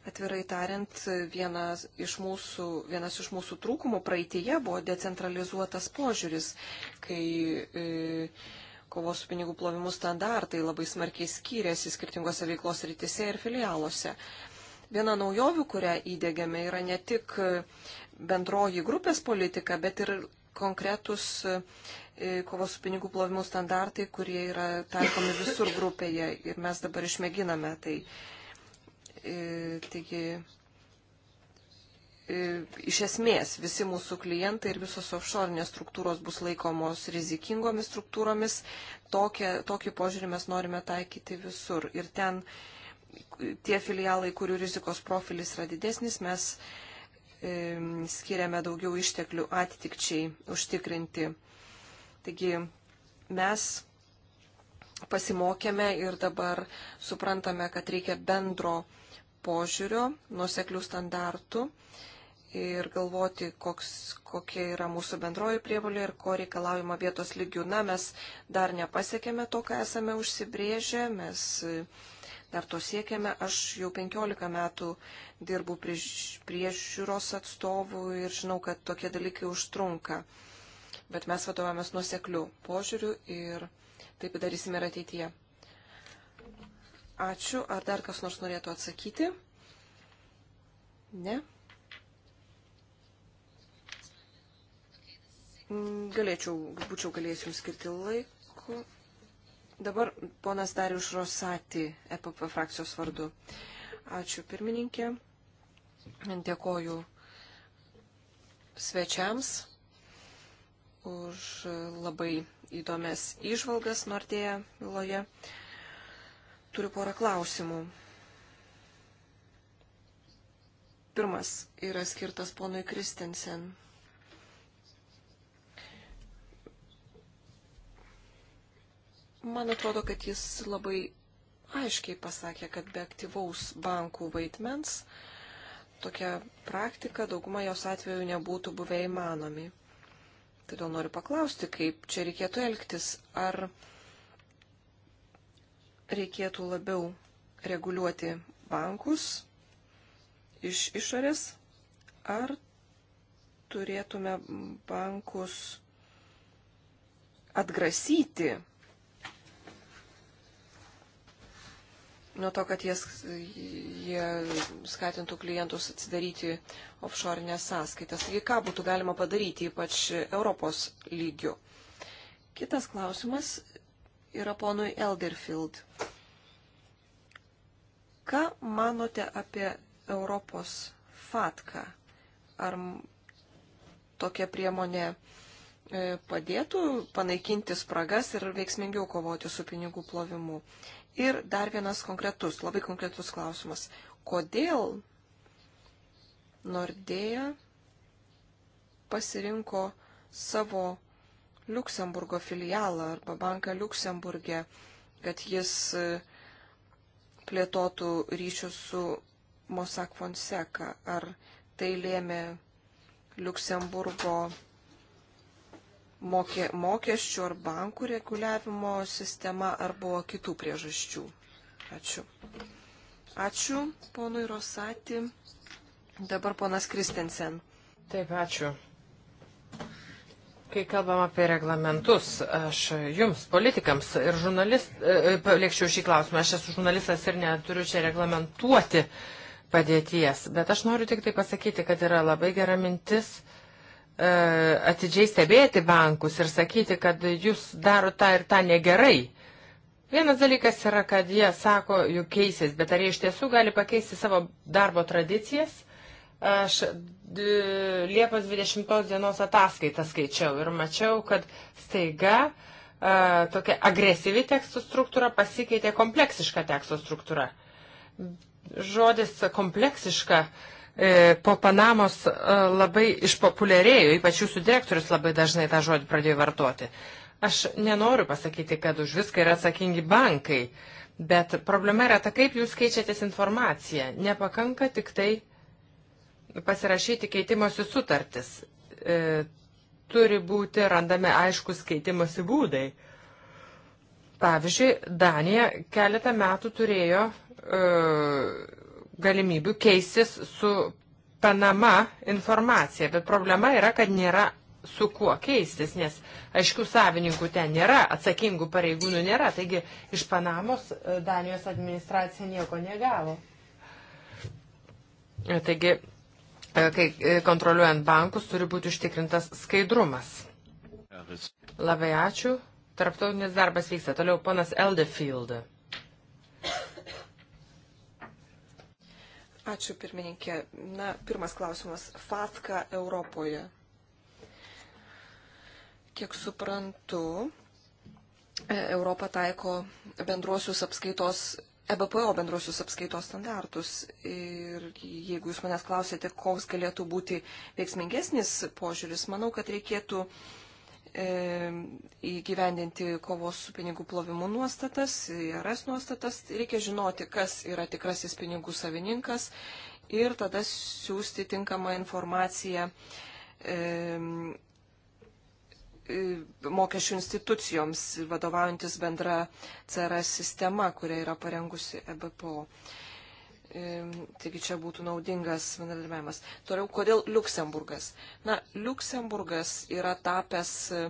Atvirai tariant, vienas iš mūsų, vienas iš mūsų trūkumų praeitėje buvo decentralizuotas požiūris, kai e, kovos su pinigų plovimu standartai labai smarkiai skyrėsi skirtingose veiklos rytise ir filialuose. Viena naujovių, kurią įdėgiame, yra ne tik bendroji grupės politika, bet ir konkretus e, kovos su pinigų plovimu standartai, kurie yra taikomi visur grupėje ir mes dabar išmėginame tai. E, E, taigi, e, iš esmės visi mūsų klientai ir visos offshore struktūros bus laikomos rizikingomis struktūromis. Tokia, tokį požiūrį mes norime taikyti visur. Ir ten tie filialai, kurių rizikos profilis yra didesnis, mes e, skiriame daugiau išteklių atitikčiai užtikrinti. Taigi mes pasimokėme ir dabar suprantame, kad reikia bendro požiūrio, nuseklių standartų ir galvoti, koks, kokia yra mūsų bendroji prievalė ir ko reikalaujama vietos lygių. Na, mes dar nepasiekėme to, ką esame užsibrėžę, mes e, dar to siekiame. Aš jau 15 metų dirbu priežiūros atstovų ir žinau, kad tokie dalykai užtrunka. Bet mes vadovavomės nuosekliu požiūriu ir taip darysime ir ateityje. Ačiū. Ar dar kas nors norėtų atsakyti? Ne? Galėčiau, būčiau galėjęs jums skirti laiko. Dabar ponas Darius Rosati, EPP frakcijos vardu. Ačiū pirmininkė. Dėkoju svečiams už labai įdomias išvalgas Nordėje byloje. Turiu porą klausimų. Pirmas yra skirtas ponui Kristensen. Man atrodo, kad jis labai aiškiai pasakė, kad be aktyvaus bankų vaidmens tokia praktika dauguma jos atveju nebūtų buvę įmanomi. Todėl noriu paklausti, kaip čia reikėtų elgtis. Ar reikėtų labiau reguliuoti bankus iš išorės, ar turėtume bankus atgrasyti nuo to, kad jie, jie skatintų klientus atsidaryti offshore'inės sąskaitas. Taigi, ką būtų galima padaryti, ypač Europos lygiu. Kitas klausimas yra ponui Elderfield. Ką manote apie Europos fatką? Ar tokia priemonė e, padėtų panaikinti spragas ir veiksmingiau kovoti su pinigų plovimu? Ir dar vienas konkretus, labai konkretus klausimas. Kodėl Nordėja pasirinko savo Luksemburgo filialą arba banką Luksemburgė, kad jis e, plėtotų ryšius su Mossack Fonseca. Ar tai lėmė Luksemburgo mokė, mokesčių ar bankų reguliavimo sistema, ar buvo kitų priežasčių? Ačiū. Ačiū ponui Rosati. Dabar ponas Kristensen. Taip, ačiū. Kai kalbam apie reglamentus, aš jums, politikams ir žurnalistams, e, e, paliekščiau šį klausimą, aš esu žurnalistas ir neturiu čia reglamentuoti padėties, bet aš noriu tik tai pasakyti, kad yra labai gera mintis e, atidžiai stebėti bankus ir sakyti, kad jūs daro tą ir tą negerai. Vienas dalykas yra, kad jie sako, jų keisės, bet ar jie iš tiesų gali pakeisti savo darbo tradicijas? Aš Liepos 20 dienos ataskaitą skaičiau ir mačiau, kad staiga a, tokia agresyvi tekstų struktūra pasikeitė kompleksišką teksto struktūrą. Žodis kompleksiška e, po Panamos e, labai išpopuliarėjo, ypač jūsų direktorius labai dažnai tą žodį pradėjo vartoti. Aš nenoriu pasakyti, kad už viską yra atsakingi bankai, bet problema yra ta, kaip jūs keičiatės informaciją. Nepakanka tik tai pasirašyti keitimosi sutartis. E, turi būti randami aiškus keitimosi būdai. Pavyzdžiui, Danija keletą metų turėjo e, galimybių keistis su Panama informacija, bet problema yra, kad nėra su kuo keistis, nes aiškių savininkų ten nėra, atsakingų pareigūnų nėra, taigi iš Panamos e, Danijos administracija nieko negavo. E, taigi E, kai e, kontroliuojant bankus turi būti užtikrintas skaidrumas. Labai ačiū. Tarptautinis darbas vyksta. Toliau ponas Eldefield. Ačiū pirmininkė. Na, pirmas klausimas. FATKA Europoje. Kiek suprantu, e, Europa taiko bendruosius apskaitos EBPO bendrosius apskaitos standartus. Ir jeigu jūs manęs klausėte, koks galėtų būti veiksmingesnis požiūris, manau, kad reikėtų e, įgyvendinti kovos su pinigų plovimu nuostatas, IRS nuostatas. Reikia žinoti, kas yra tikrasis pinigų savininkas ir tada siūsti tinkamą informaciją e, E, mokesčių institucijoms, vadovaujantis bendra CRS sistema, kurią yra parengusi EBPO. E, taigi čia būtų naudingas bendradarbiavimas. Toliau, kodėl Luksemburgas? Na, Luksemburgas yra tapęs e,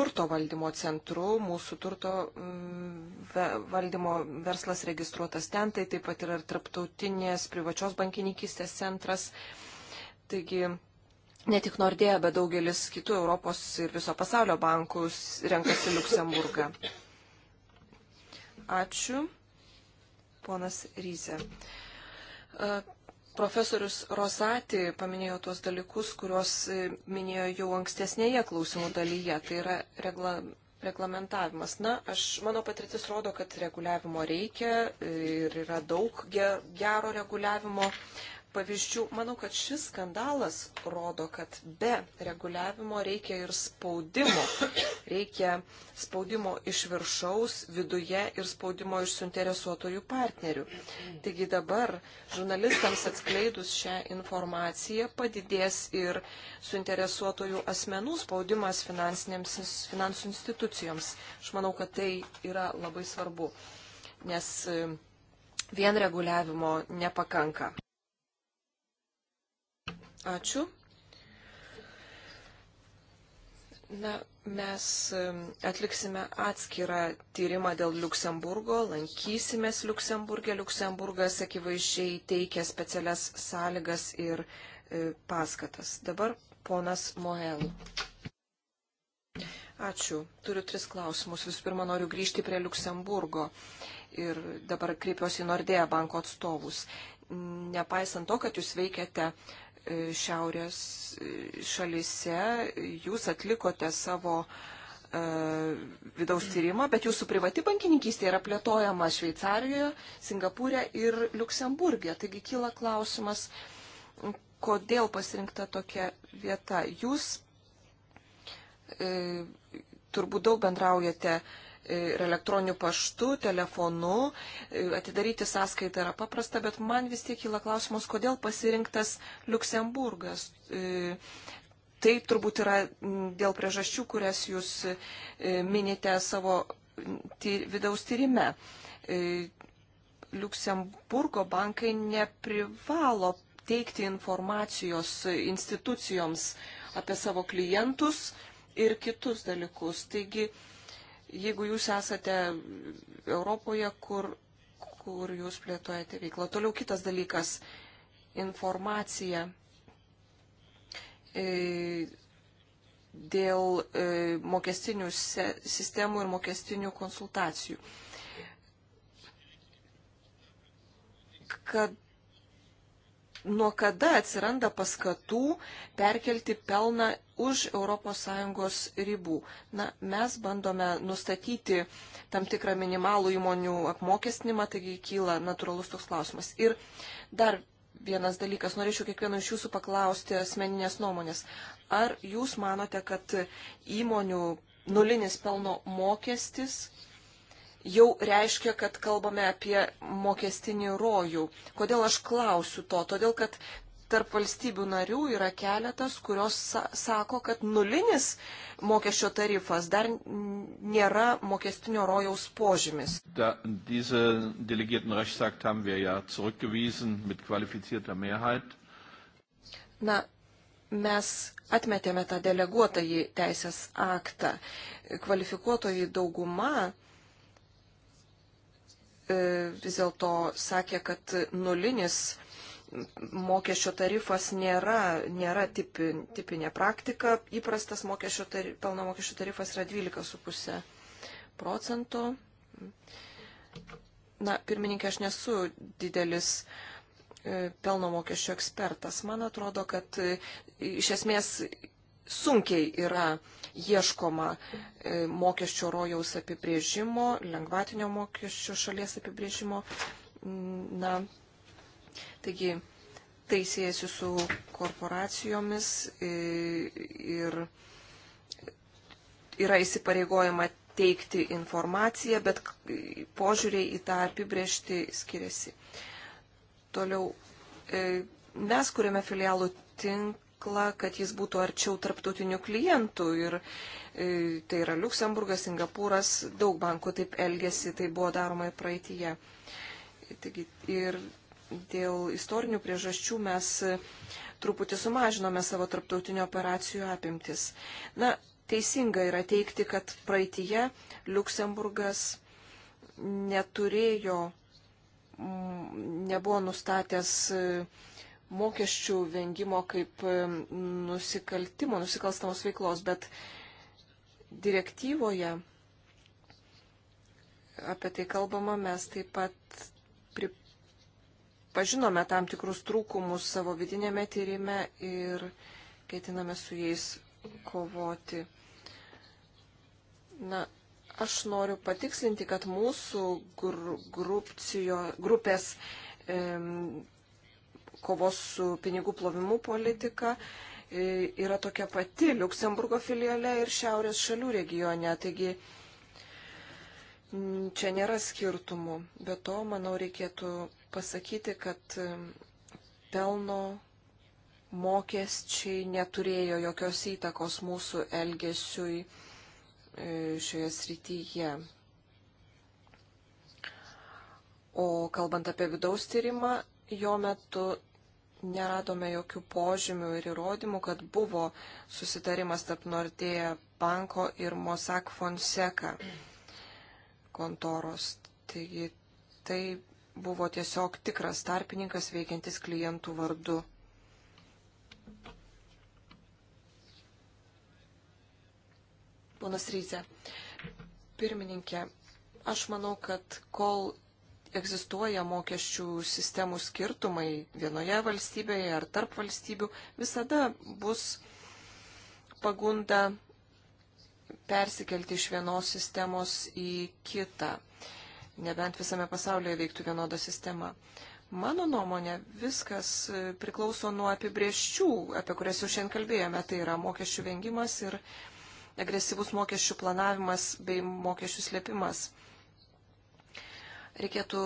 turto valdymo centru, mūsų turto mm, valdymo verslas registruotas ten, tai taip pat yra ir tarptautinės privačios bankininkystės centras. Taigi ne tik Nordėja, bet daugelis kitų Europos ir viso pasaulio bankų renkasi Luksemburgą. Ačiū. Ponas Ryze. Profesorius Rosati paminėjo tuos dalykus, kuriuos e, minėjo jau ankstesnėje klausimų dalyje. Tai yra regla, reglamentavimas. Na, aš, mano patirtis rodo, kad reguliavimo reikia ir yra daug gero reguliavimo pavyzdžių. Manau, kad šis skandalas rodo, kad be reguliavimo reikia ir spaudimo. Reikia spaudimo iš viršaus, viduje ir spaudimo iš suinteresuotojų partnerių. Taigi dabar žurnalistams atskleidus šią informaciją padidės ir suinteresuotojų asmenų spaudimas finansų institucijoms. Aš manau, kad tai yra labai svarbu, nes e, vien reguliavimo nepakanka. Ačiū. Na, mes atliksime atskirą tyrimą dėl Luksemburgo, lankysimės Luksemburgė. Luksemburgas akivaizdžiai teikia specialias sąlygas ir e, paskatas. Dabar ponas Moel. Ačiū. Turiu tris klausimus. Visų pirma, noriu grįžti prie Luksemburgo ir dabar kreipiuosi į Nordėją banko atstovus. Nepaisant to, kad jūs veikiate E, šiaurės e, šalise, jūs atlikote savo uh, vidaus tyrimą, bet jūsų privati bankininkystė yra plėtojama Šveicarijoje, Singapūrė ir Luksemburgė. Taigi kyla klausimas, kodėl pasirinkta tokia vieta. Jūs uh, turbūt daug bendraujate uh, ir elektroniniu paštu, telefonu. Atidaryti sąskaitą yra paprasta, bet man vis tiek kyla klausimas, kodėl pasirinktas Luksemburgas. Tai turbūt yra dėl priežasčių, kurias jūs e, minite savo vidaus tyrime. E, Luksemburgo bankai neprivalo teikti informacijos institucijoms apie savo klientus ir kitus dalykus. Taigi jeigu jūs esate Europoje, kur, kur jūs plėtojate veiklą. Toliau kitas dalykas - informacija. E, dėl e, mokestinių sistemų ir mokestinių konsultacijų. Kad nuo kada atsiranda paskatų perkelti pelną už ES ribų. Na, mes bandome nustatyti tam tikrą minimalų įmonių apmokestinimą, taigi kyla natūralus toks klausimas. Ir dar vienas dalykas, norėčiau kiekvieno iš jūsų paklausti asmeninės nuomonės. Ar jūs manote, kad įmonių nulinis pelno mokestis jau reiškia, kad kalbame apie mokestinį rojų. Kodėl aš klausiu to? Todėl, kad tarp valstybių narių yra keletas, kurios sako, kad nulinis mokesčio tarifas dar nėra mokestinio rojaus požymis. Da, diese delegierten Rechtsakt haben wir ja zurückgewiesen mit qualifizierter Mehrheit. Na, mes atmetėme tą deleguotąjį teisės aktą. Kvalifikuotoji dauguma E, vis dėlto sakė, kad nulinis mokesčio tarifas nėra, nėra tipi, tipinė praktika. Įprastas mokesčio tarif, pelno mokesčio tarifas yra 12,5 procento. Na, pirmininkė, aš nesu didelis e, pelno mokesčio ekspertas. Man atrodo, kad e, iš esmės sunkiai yra ieškoma e, mokesčio rojaus apibrėžimo, lengvatinio mokesčio šalies apibrėžimo. Na, taigi, tai siejasi su korporacijomis e, ir yra įsipareigojama teikti informaciją, bet požiūriai į tą apibrėžti skiriasi. Toliau, e, mes kuriame filialų tinklą tinklą, kad jis būtų arčiau tarptautinių klientų. Ir e, tai yra Luksemburgas, Singapūras, daug bankų taip elgesi, tai buvo daroma ir praeitie. Taigi, ir dėl istorinių priežasčių mes e, truputį sumažinome savo tarptautinio operacijų apimtis. Na, teisinga yra teikti, kad praeitie Luksemburgas neturėjo, nebuvo nustatęs e, mokesčių vengimo kaip nusikaltimo, nusikalstamos veiklos, bet direktyvoje apie tai kalbama, mes taip pat pripažinome tam tikrus trūkumus savo vidinėme tyrimė ir ketiname su jais kovoti. Na, aš noriu patikslinti, kad mūsų gr grupcijo, grupės e, kovos su pinigų plovimu politika e, yra tokia pati Luksemburgo filiale ir Šiaurės šalių regione. Taigi čia nėra skirtumų. Be to, manau, reikėtų pasakyti, kad e, pelno mokesčiai neturėjo jokios įtakos mūsų elgesiui e, šioje srityje. O kalbant apie vidaus tyrimą, jo metu neradome jokių požymių ir įrodymų, kad buvo susitarimas tarp Nordėja banko ir Mossack Fonseca kontoros. Taigi tai buvo tiesiog tikras tarpininkas veikiantis klientų vardu. Ponas Ryze, pirmininkė, aš manau, kad kol egzistuoja mokesčių sistemų skirtumai vienoje valstybėje ar tarp valstybių, visada bus pagunda persikelti iš vienos sistemos į kitą, nebent visame pasaulyje veiktų vienoda sistema. Mano nuomonė, viskas priklauso nuo apibrieščių, apie kurias jau šiandien kalbėjome, tai yra mokesčių vengimas ir agresyvus mokesčių planavimas bei mokesčių slėpimas reikėtų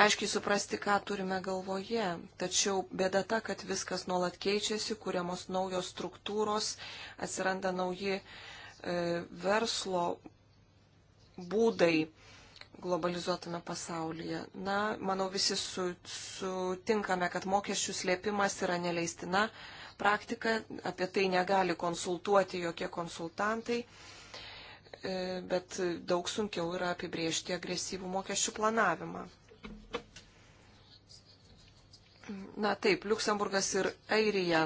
aiškiai suprasti, ką turime galvoje. Tačiau bėda ta, kad viskas nuolat keičiasi, kuriamos naujos struktūros, atsiranda nauji e, verslo būdai globalizuotame pasaulyje. Na, manau, visi su, sutinkame, kad mokesčių slėpimas yra neleistina praktika, apie tai negali konsultuoti jokie konsultantai. E, E, bet daug sunkiau yra apibriežti agresyvų mokesčių planavimą. Na taip, Luksemburgas ir Airija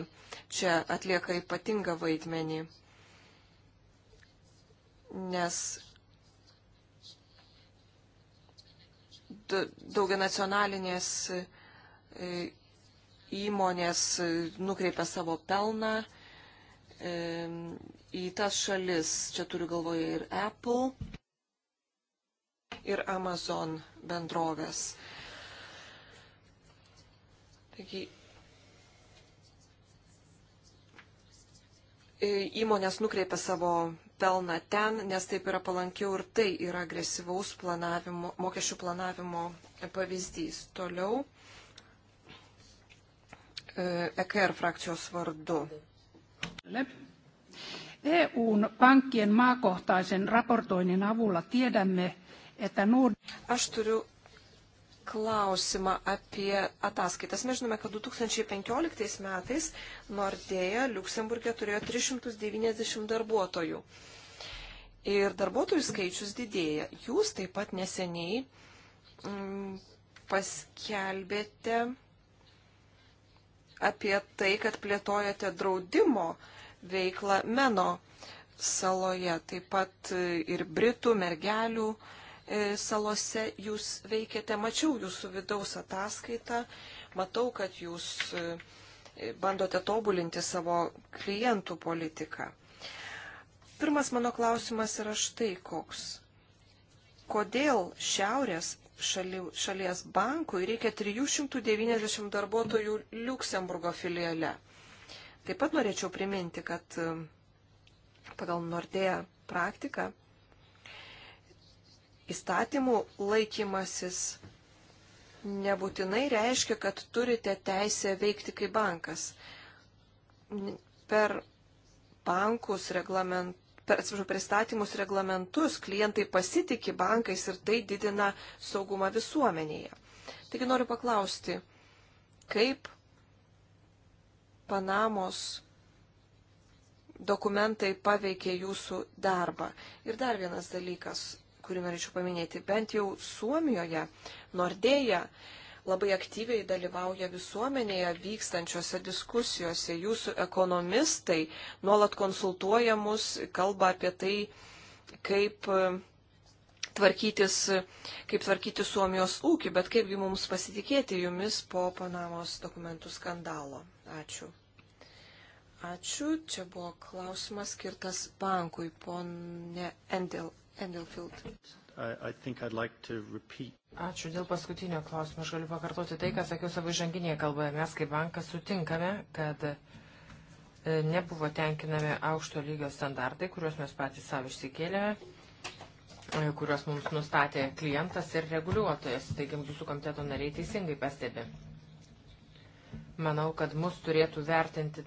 čia atlieka ypatingą vaidmenį, nes daugia nacionalinės e, įmonės nukreipia savo pelną e, į tas šalis, čia turiu galvoje ir Apple, ir Amazon bendrovės. Taigi, e, įmonės nukreipia savo pelną ten, nes taip yra palankiau ir tai yra agresyvaus planavimo, mokesčių planavimo pavyzdys. Toliau EKR e frakcijos vardu. Lep. EUn pankkien maakohtaisen raportoinnin avulla tiedämme, että Nord... Aš turiu klausimą apie ataskaitas. Mes žinome, kad 2015 metais Nordėja Luksemburgė turėjo 390 darbuotojų. Ir darbuotojų skaičius didėja. Jūs taip pat neseniai mm, paskelbėte apie tai, kad plėtojate draudimo veiklą Meno saloje, taip pat ir Britų mergelių e, salose jūs veikiate. Mačiau jūsų vidaus ataskaitą, matau, kad jūs e, bandote tobulinti savo klientų politiką. Pirmas mano klausimas yra štai koks. Kodėl šiaurės šali, šalies bankui reikia 390 darbuotojų Luksemburgo filiale? Taip pat norėčiau priminti, kad e, pagal Nordėją praktiką įstatymų laikymasis nebūtinai reiškia, kad turite teisę veikti kaip bankas. Per bankus reglament, per, atsiprašau, per įstatymus reglamentus klientai pasitikė bankais ir tai didina saugumą visuomenėje. Taigi noriu paklausti, kaip Panamos dokumentai paveikė jūsų darbą. Ir dar vienas dalykas, kurį norėčiau paminėti, bent jau Suomijoje, Nordėje labai aktyviai dalyvauja visuomenėje vykstančiose diskusijose. Jūsų ekonomistai nuolat konsultuoja mus, kalba apie tai, kaip e, tvarkytis, kaip tvarkyti Suomijos ūkį, bet kaipgi mums pasitikėti jumis po Panamos dokumentų skandalo. Ačiū. Ačiū. Čia buvo klausimas skirtas bankui, ponė Endel, Endelfield. I, I I'd like to repeat. Ačiū dėl paskutinio klausimo. Aš galiu pakartoti tai, ką sakiau savo žanginėje kalboje. Mes kaip bankas sutinkame, kad e, nebuvo tenkinami aukšto lygio standartai, kuriuos mes patys savo išsikėlėme e, kuriuos mums nustatė klientas ir reguliuotojas. Taigi, jūsų komiteto nariai teisingai pastebi. Manau, kad mus turėtų vertinti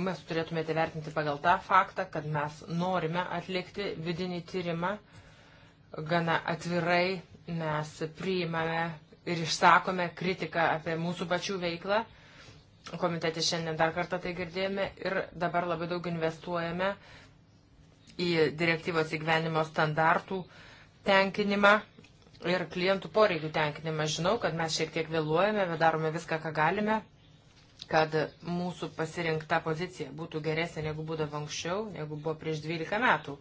mes turėtumėte vertinti pagal tą faktą, kad mes norime atlikti vidinį tyrimą, gana atvirai mes priimame ir išsakome kritiką apie mūsų pačių veiklą. Komitete šiandien dar kartą tai girdėjome ir dabar labai daug investuojame į direktyvos įgyvenimo standartų tenkinimą ir klientų poreikių tenkinimą. Žinau, kad mes šiek tiek vėluojame, bet darome viską, ką galime kad mūsų pasirinkta pozicija būtų geresnė, negu būdavo anksčiau, negu buvo prieš 12 metų.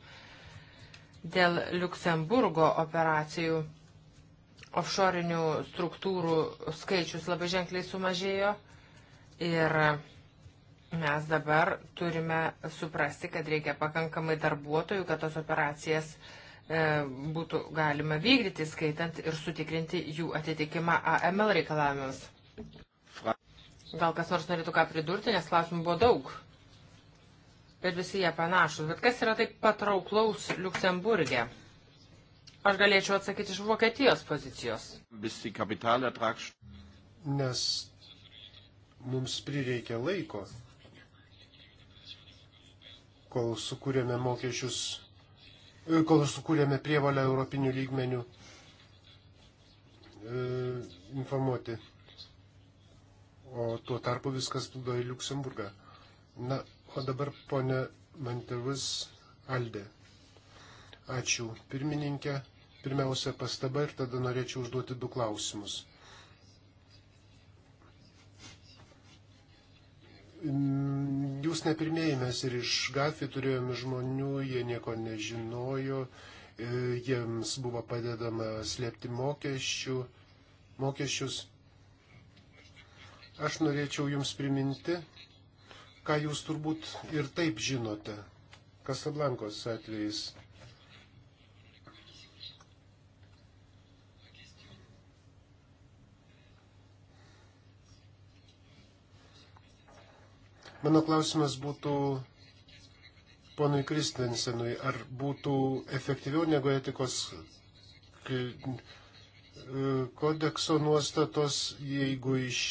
Dėl Luksemburgo operacijų offshore'inių struktūrų skaičius labai ženkliai sumažėjo ir mes dabar turime suprasti, kad reikia pakankamai darbuotojų, kad tos operacijas e, būtų galima vykdyti, skaitant ir sutikrinti jų atitikimą AML reikalavimams. Gal kas nors norėtų ką pridurti, nes klausimų buvo daug. Ir visi jie panašus. Bet kas yra taip patrauklaus Luksemburgė? Aš galėčiau atsakyti iš Vokietijos pozicijos. Nes mums prireikia laiko, kol sukūrėme mokesčius, kol sukūrėme prievalę europinių lygmenių e, informuoti o tuo tarpu viskas plūdo į Luksemburgą. Na, o dabar ponė Mantevus Aldė. Ačiū pirmininkė. Pirmiausia pastaba ir tada norėčiau užduoti du klausimus. Mm, jūs ne pirmieji mes ir iš gatvį turėjome žmonių, jie nieko nežinojo, e, jiems buvo padedama slėpti mokesčių, mokesčius. Aš norėčiau Jums priminti, ką Jūs turbūt ir taip žinote, Kasablankos atvejais. Mano klausimas būtų ponui Kristensenui, ar būtų efektyviau negu etikos E, kodekso nuostatos, jeigu iš,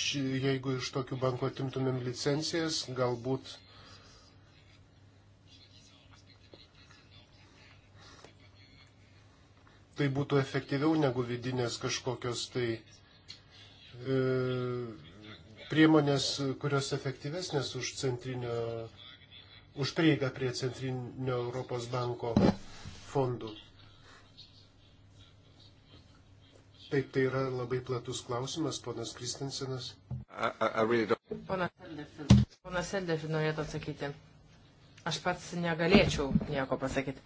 jeigu iš tokių bankų atimtumėm licencijas, galbūt tai būtų efektyviau negu vidinės kažkokios tai e, priemonės, kurios efektyvesnės už, už prieigą prie Centrinio Europos banko fondų. Taip, tai yra labai platus klausimas, ponas Kristinsenas. Really ponas Eldefi norėtų atsakyti. Aš pats negalėčiau nieko pasakyti.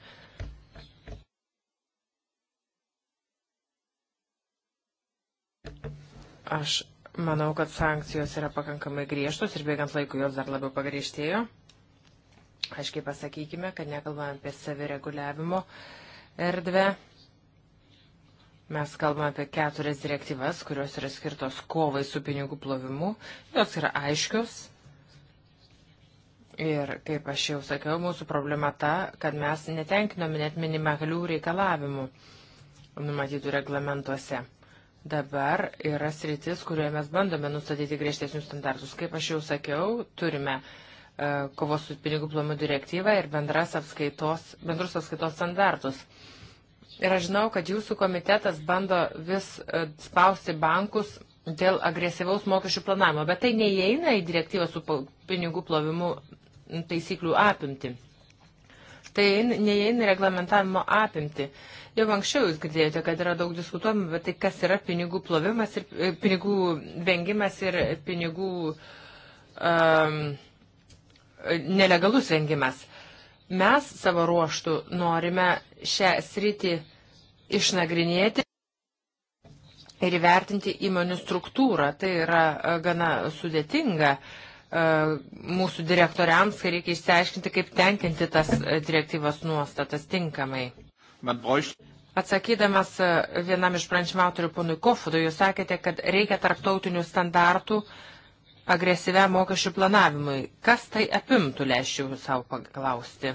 Aš manau, kad sankcijos yra pakankamai griežtos ir bėgant laiku jos dar labiau pagriežtėjo. Aiškiai pasakykime, kad nekalbame apie savireguliavimo erdvę Mes kalbame apie keturias direktyvas, kurios yra skirtos kovai su pinigų plovimu. Jos yra aiškios. Ir, kaip aš jau sakiau, mūsų problema ta, kad mes netenkinome net minimalių reikalavimų numatytų reglamentuose. Dabar yra sritis, kurioje mes bandome nustatyti griežtesnius standartus. Kaip aš jau sakiau, turime uh, kovos su pinigų plovimu direktyvą ir bendras apskaitos, bendrus apskaitos standartus. Uh, Ir aš žinau, kad jūsų komitetas bando vis e, spausti bankus dėl agresyvaus mokesčių planavimo, bet tai neįeina į direktyvą su pinigų plovimu taisyklių apimti. Tai neįeina į reglamentavimo apimti. Jau anksčiau jūs girdėjote, kad yra daug diskutuojama, bet tai kas yra pinigų plovimas ir e, pinigų vengimas ir pinigų um, nelegalus vengimas. Mes savo ruoštų norime šią sritį išnagrinėti ir įvertinti įmonių struktūrą. Tai yra e, gana sudėtinga e, mūsų direktoriams, kai reikia išsiaiškinti, kaip tenkinti tas e, direktyvas nuostatas tinkamai. Atsakydamas vienam iš pranešimautorių ponui Kofudui, jūs sakėte, kad reikia tarptautinių standartų uh, agresyvia mokesčių planavimui. Kas tai apimtų, leiščiau savo paklausti?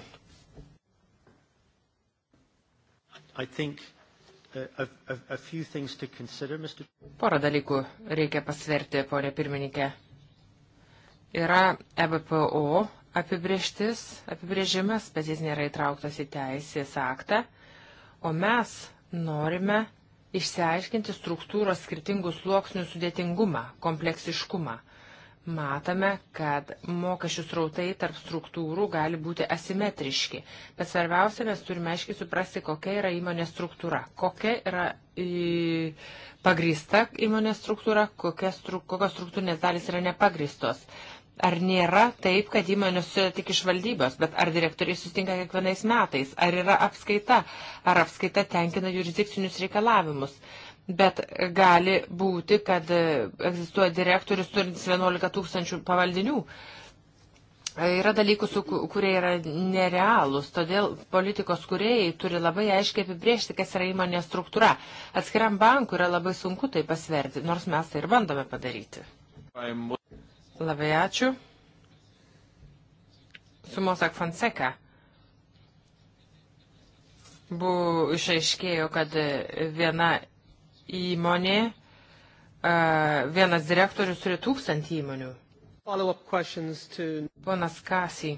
Think, uh, a, a consider, Mr... Porą dalykų reikia pasverti, ponė pirmininkė. Yra EBPO apibrieštis, apibrėžimas, bet jis nėra įtrauktas į teisės aktą, o mes norime išsiaiškinti struktūros skirtingų sluoksnių sudėtingumą, kompleksiškumą matome, kad mokesčių srautai tarp struktūrų gali būti asimetriški. Bet svarbiausia, mes turime aiškiai suprasti, kokia yra įmonės struktūra, kokia yra y, pagrįsta įmonės struktūra, kokios stru, struktūrinės dalys yra nepagristos. Ar nėra taip, kad įmonės tik iš valdybos, bet ar direktoriai sustinka kiekvienais metais, ar yra apskaita, ar apskaita tenkina jurisdikcinius reikalavimus. Uh, bet gali būti, kad egzistuoja direktorius turintis 11 tūkstančių pavaldinių. Yra dalykų, su, kurie yra nerealūs, todėl politikos kuriejai turi labai aiškiai apibriežti, kas yra įmonės struktūra. Atskiram bankui yra labai sunku tai pasverti, nors mes tai ir bandome padaryti. Labai ačiū. Sumosak Fonseka buvo išaiškėjo, kad viena įmonė, e, vienas direktorius turi tūkstantį įmonių. To... Ponas Kasy,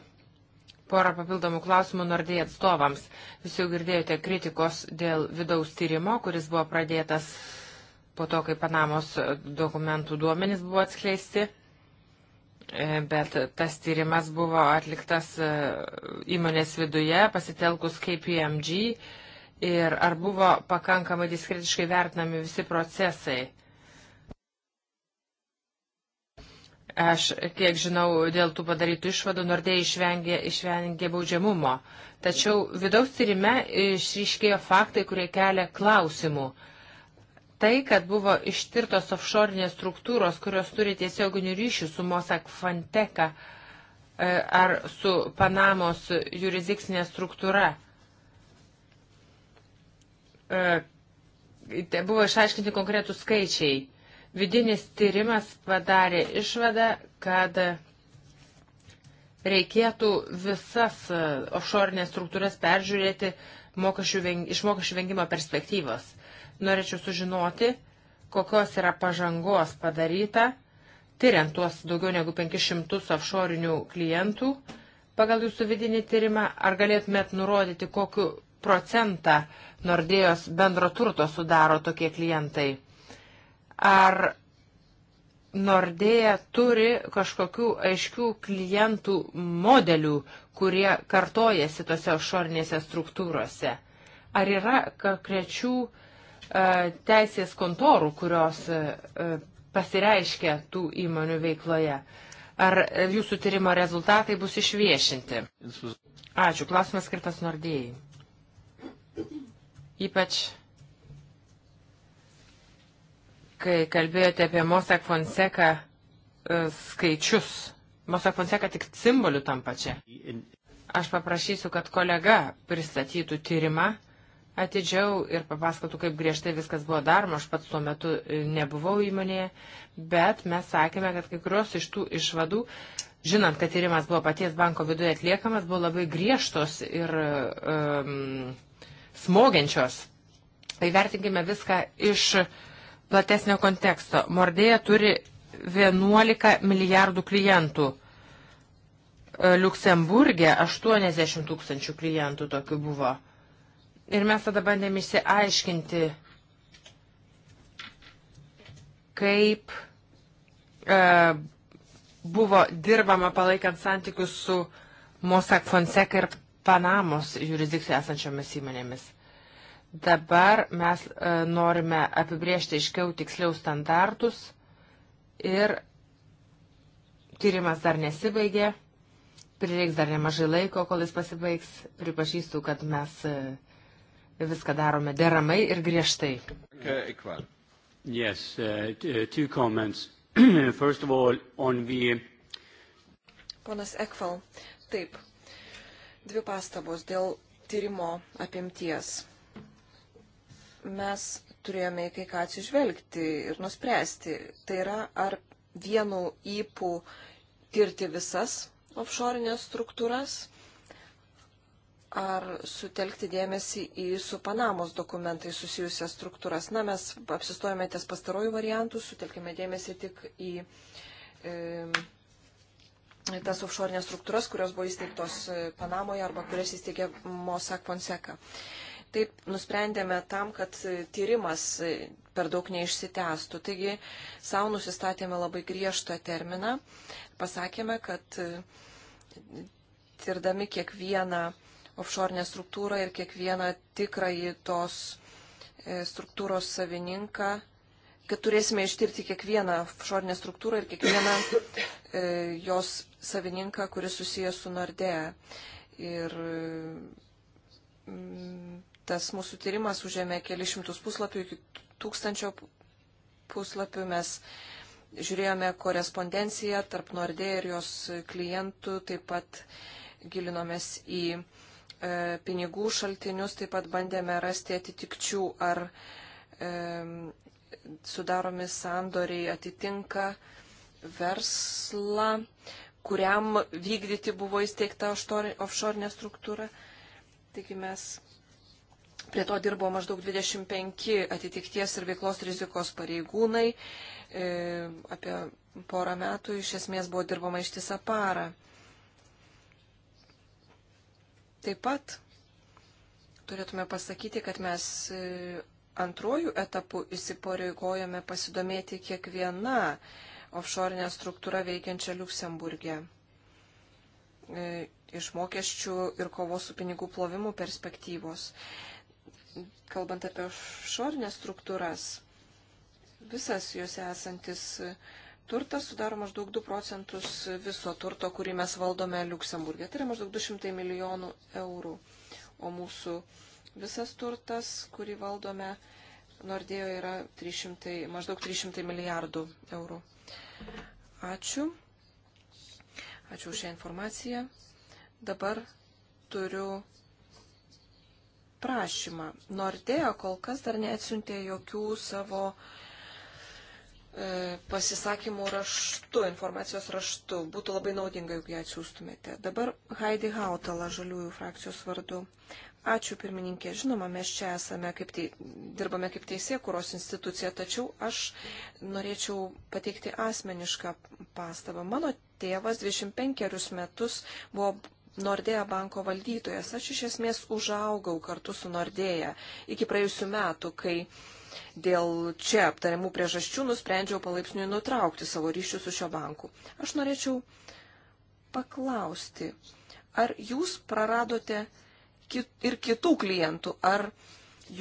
porą papildomų klausimų Nordėje atstovams. Jūs jau girdėjote kritikos dėl vidaus tyrimo, kuris buvo pradėtas po to, kai Panamos dokumentų duomenys buvo atskleisti. E, bet tas tyrimas buvo atliktas e, įmonės viduje, pasitelkus KPMG ir ar buvo pakankamai diskretiškai vertinami visi procesai. Aš, kiek žinau, dėl tų padarytų išvadų Nordėja išvengė, išvengė baudžiamumo. Tačiau vidaus tyrime išryškėjo faktai, kurie kelia klausimų. Tai, kad buvo ištirtos offshore'inės struktūros, kurios turi tiesioginių ryšių su Mossack Fanteka e, ar su Panamos jurisdikcinė struktūra E, buvo išaiškinti konkretų skaičiai. Vidinis tyrimas padarė išvadą, kad reikėtų visas offshore struktūras peržiūrėti mokesčių, iš mokesčių vengimo perspektyvos. Norėčiau sužinoti, kokios yra pažangos padaryta, tyriant tuos daugiau negu 500 offshore klientų pagal jūsų vidinį tyrimą, ar galėtumėt nurodyti, kokiu procentą Nordėjos bendro turto sudaro tokie klientai. Ar Nordėja turi kažkokių aiškių klientų modelių, kurie kartojasi tose išornėse struktūrose? Ar yra konkrečių e, teisės kontorų, kurios e, e, pasireiškia tų įmonių veikloje? Ar jūsų tyrimo rezultatai bus išviešinti? Ačiū. Klausimas skirtas Nordėjai. Ypač, kai kalbėjote apie Mosak Fonseca e, skaičius. Mosak Fonseca tik simboliu tam pačia. Aš paprašysiu, kad kolega pristatytų tyrimą atidžiau ir papasakotų, kaip griežtai viskas buvo daroma. Aš pats tuo metu e, nebuvau įmonėje, bet mes sakėme, kad kai kurios iš tų išvadų, žinant, kad tyrimas buvo paties banko viduje atliekamas, buvo labai griežtos ir um, smogiančios. Tai vertinkime viską iš platesnio konteksto. Mordėja turi 11 milijardų klientų. E, Luksemburgė 80 tūkstančių klientų tokių buvo. Ir mes tada bandėm išsiaiškinti, kaip e, buvo dirbama palaikant santykius su Mosak Fonseca ir Panamos jurisdikciją esančiomis įmonėmis. Dabar mes e, norime apibriežti aiškiau tiksliau standartus ir tyrimas dar nesibaigė, prireiks dar nemažai laiko, kol jis pasibaigs. Pripažįstu, kad mes e, viską darome deramai ir griežtai. Okay, yes, uh, uh, two comments. [clears throat] First of all, on the... Ponas Ekval, taip, Dvi pastabos dėl tyrimo apimties. Mes turėjome į kai ką atsižvelgti ir nuspręsti. Tai yra, ar vienu įpū tirti visas offshore'inės struktūras, ar sutelkti dėmesį į su Panamos dokumentai susijusias struktūras. Na, mes apsistojame ties pastarojų variantų, sutelkime dėmesį tik į e, tas offshore'inės struktūras, kurios buvo įsteigtos e, Panamoje arba kurias įsteigė Mossack Fonseca. Taip nusprendėme tam, kad e, tyrimas e, per daug neišsitęstų. Taigi savo nusistatėme labai griežtą terminą. Pasakėme, kad tirdami kiekvieną offshore'inę struktūrą ir kiekvieną tikrąjį tos struktūros savininką kad turėsime ištirti kiekvieną išorinę struktūrą ir kiekvieną e, jos savininką, kuris susijęs su Nordea. Ir mm, tas mūsų tyrimas užėmė kelišimtus puslapių, iki tūkstančio puslapių mes žiūrėjome korespondenciją tarp Nordea ir jos klientų, taip pat gilinomės į e, pinigų šaltinius, taip pat bandėme rasti atitikčių ar e, sudaromi sandoriai atitinka verslą, kuriam vykdyti buvo įsteigta offshore struktūra. Taigi mes prie to dirbo maždaug 25 atitikties ir veiklos rizikos pareigūnai. E, apie porą metų iš esmės buvo dirbama ištisą parą. Taip pat turėtume pasakyti, kad mes e, antrojų etapų įsipareigojame pasidomėti kiekviena offshore struktūra veikiančia Luksemburgė. E, iš mokesčių ir kovos su pinigų plovimu perspektyvos. Kalbant apie offshore struktūras, visas jos esantis turtas sudaro maždaug 2 procentus viso turto, kurį mes valdome Luksemburgė. Tai yra maždaug 200 milijonų eurų. O mūsų uh, visas turtas, kurį valdome, Nordėjo yra 300, maždaug 300 milijardų eurų. Ačiū. Ačiū už šią informaciją. Dabar turiu prašymą. Nordėjo kol kas dar neatsiuntė jokių savo e, pasisakymų raštu, informacijos raštu. Būtų labai naudinga, jeigu ją atsiųstumėte. Dabar Heidi Hautala, žaliųjų frakcijos vardu. Ačiū pirmininkė, žinoma, mes čia esame, kaip tei, dirbame kaip teisėkuros institucija, tačiau aš norėčiau pateikti asmenišką pastabą. Mano tėvas 25 metus buvo Nordėja banko valdytojas. Aš iš esmės užaugau kartu su Nordėja iki praėjusių metų, kai dėl čia aptariamų priežasčių nusprendžiau palaipsniui nutraukti savo ryšių su šio banku. Aš norėčiau paklausti, ar jūs praradote ir kitų klientų? Ar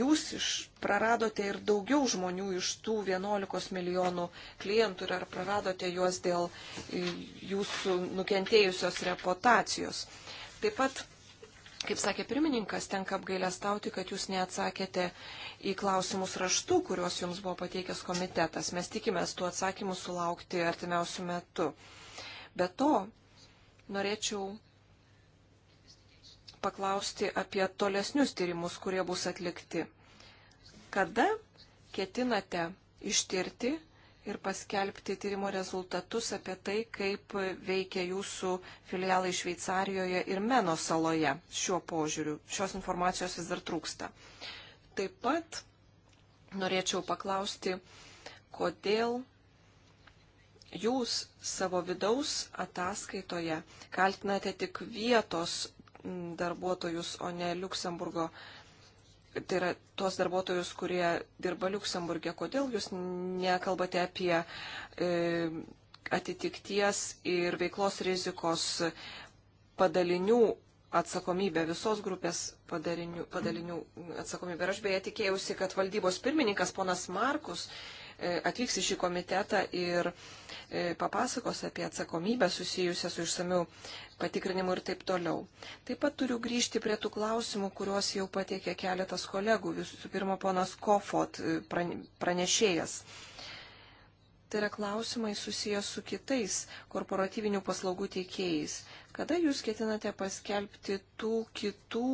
jūs iš, praradote ir daugiau žmonių iš tų 11 milijonų klientų ir ar praradote juos dėl e, jūsų nukentėjusios reputacijos? Taip pat, kaip sakė pirmininkas, tenka apgailestauti, kad jūs neatsakėte į klausimus raštų, kuriuos jums buvo pateikęs komitetas. Mes tikimės tų atsakymų sulaukti artimiausių metų. Be to, norėčiau paklausti apie tolesnius tyrimus, kurie bus atlikti. Kada ketinate ištirti ir paskelbti tyrimo rezultatus apie tai, kaip veikia jūsų filialai Šveicarijoje ir Meno saloje šiuo požiūriu. Šios informacijos vis dar trūksta. Taip pat norėčiau paklausti, kodėl jūs savo vidaus ataskaitoje kaltinate tik vietos darbuotojus, o ne Luksemburgo. Tai yra tuos darbuotojus, kurie dirba Luksemburgė. Kodėl jūs nekalbate apie e, atitikties ir veiklos rizikos padalinių atsakomybę, visos grupės padarinių, padalinių atsakomybę. Ir aš beje tikėjausi, kad valdybos pirmininkas ponas Markus E, atvyks į šį komitetą ir e, papasakos apie atsakomybę susijusią su išsamiu patikrinimu ir taip toliau. Taip pat turiu grįžti prie tų klausimų, kuriuos jau patiekė keletas kolegų. Visų pirma, ponas Kofot e, pranešėjas. Tai yra klausimai susijęs su kitais korporatyvinių paslaugų teikėjais. Kada jūs ketinate paskelbti tų kitų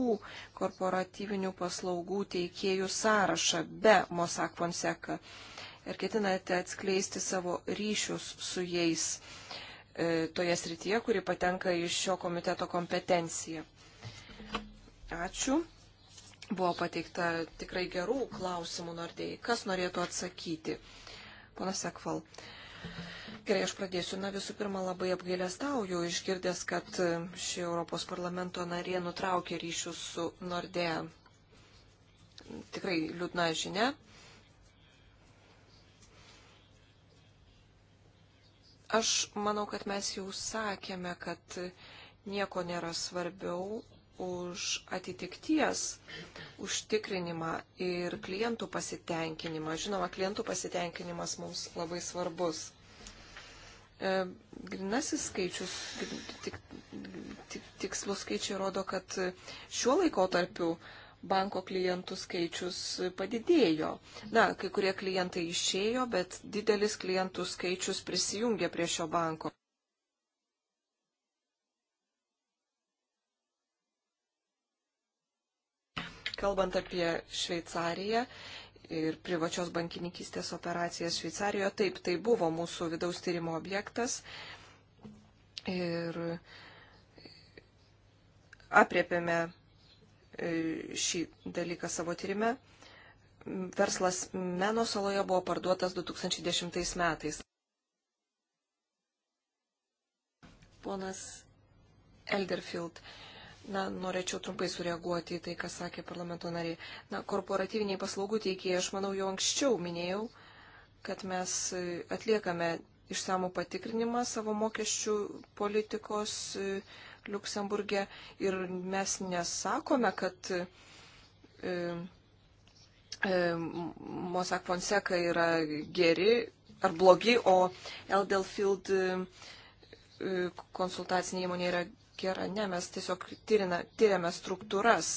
korporatyvinių paslaugų teikėjų sąrašą be Mosak Fonseca? ir ketinate atskleisti savo ryšius su jais e, toje srityje, kuri patenka iš šio komiteto kompetenciją. Ačiū. Buvo pateikta tikrai gerų klausimų nordėjai. Kas norėtų atsakyti? Ponas Sekval. Gerai, aš pradėsiu. Na, visų pirma, labai apgailestauju, išgirdęs, kad ši Europos parlamento narė nutraukė ryšius su Nordea. Tikrai liūdna žinia. Aš manau, kad mes jau sakėme, kad nieko nėra svarbiau už atitikties užtikrinimą ir klientų pasitenkinimą. Žinoma, klientų pasitenkinimas mums labai svarbus. E, grinasis skaičius, tik, tik, tikslus skaičiai rodo, kad šiuo laikotarpiu tarpiu banko klientų skaičius padidėjo. Na, kai kurie klientai išėjo, bet didelis klientų skaičius prisijungė prie šio banko. Kalbant apie Šveicariją ir privačios bankininkystės operacijas Šveicarijoje, taip, tai buvo mūsų vidaus tyrimo objektas. Ir apriepėme E, šį dalyką savo tyrime. Verslas Meno saloje buvo parduotas 2010 metais. Ponas Elderfield, na, norėčiau trumpai sureaguoti į tai, ką sakė parlamento nariai. Na, korporatyviniai paslaugų teikėjai, aš manau, jau anksčiau minėjau, kad mes atliekame išsamų patikrinimą savo mokesčių politikos Luksemburgė ir mes nesakome, kad e, e, Mossack Fonseca yra geri ar blogi, o Eldelfield e, e konsultacinė įmonė yra gera. Ne, mes tiesiog tyrina, tyriame struktūras,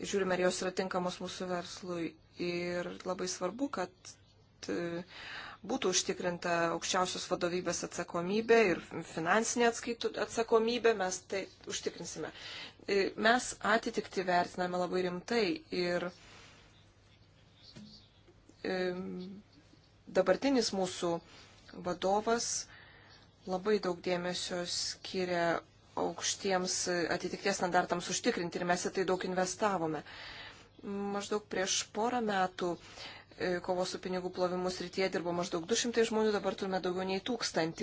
žiūrime, ar jos yra tinkamos mūsų verslui. Ir labai svarbu, kad e, būtų užtikrinta aukščiausios vadovybės atsakomybė ir finansinė atskaitų atsakomybė, mes tai užtikrinsime. E, mes atitikti vertiname labai rimtai ir e, dabartinis mūsų vadovas labai daug dėmesio skiria aukštiems atitikties standartams užtikrinti ir mes į tai daug investavome. Maždaug prieš porą metų E, kovos su pinigų plovimu srityje dirbo maždaug 200 žmonių, dabar turime daugiau nei 1000.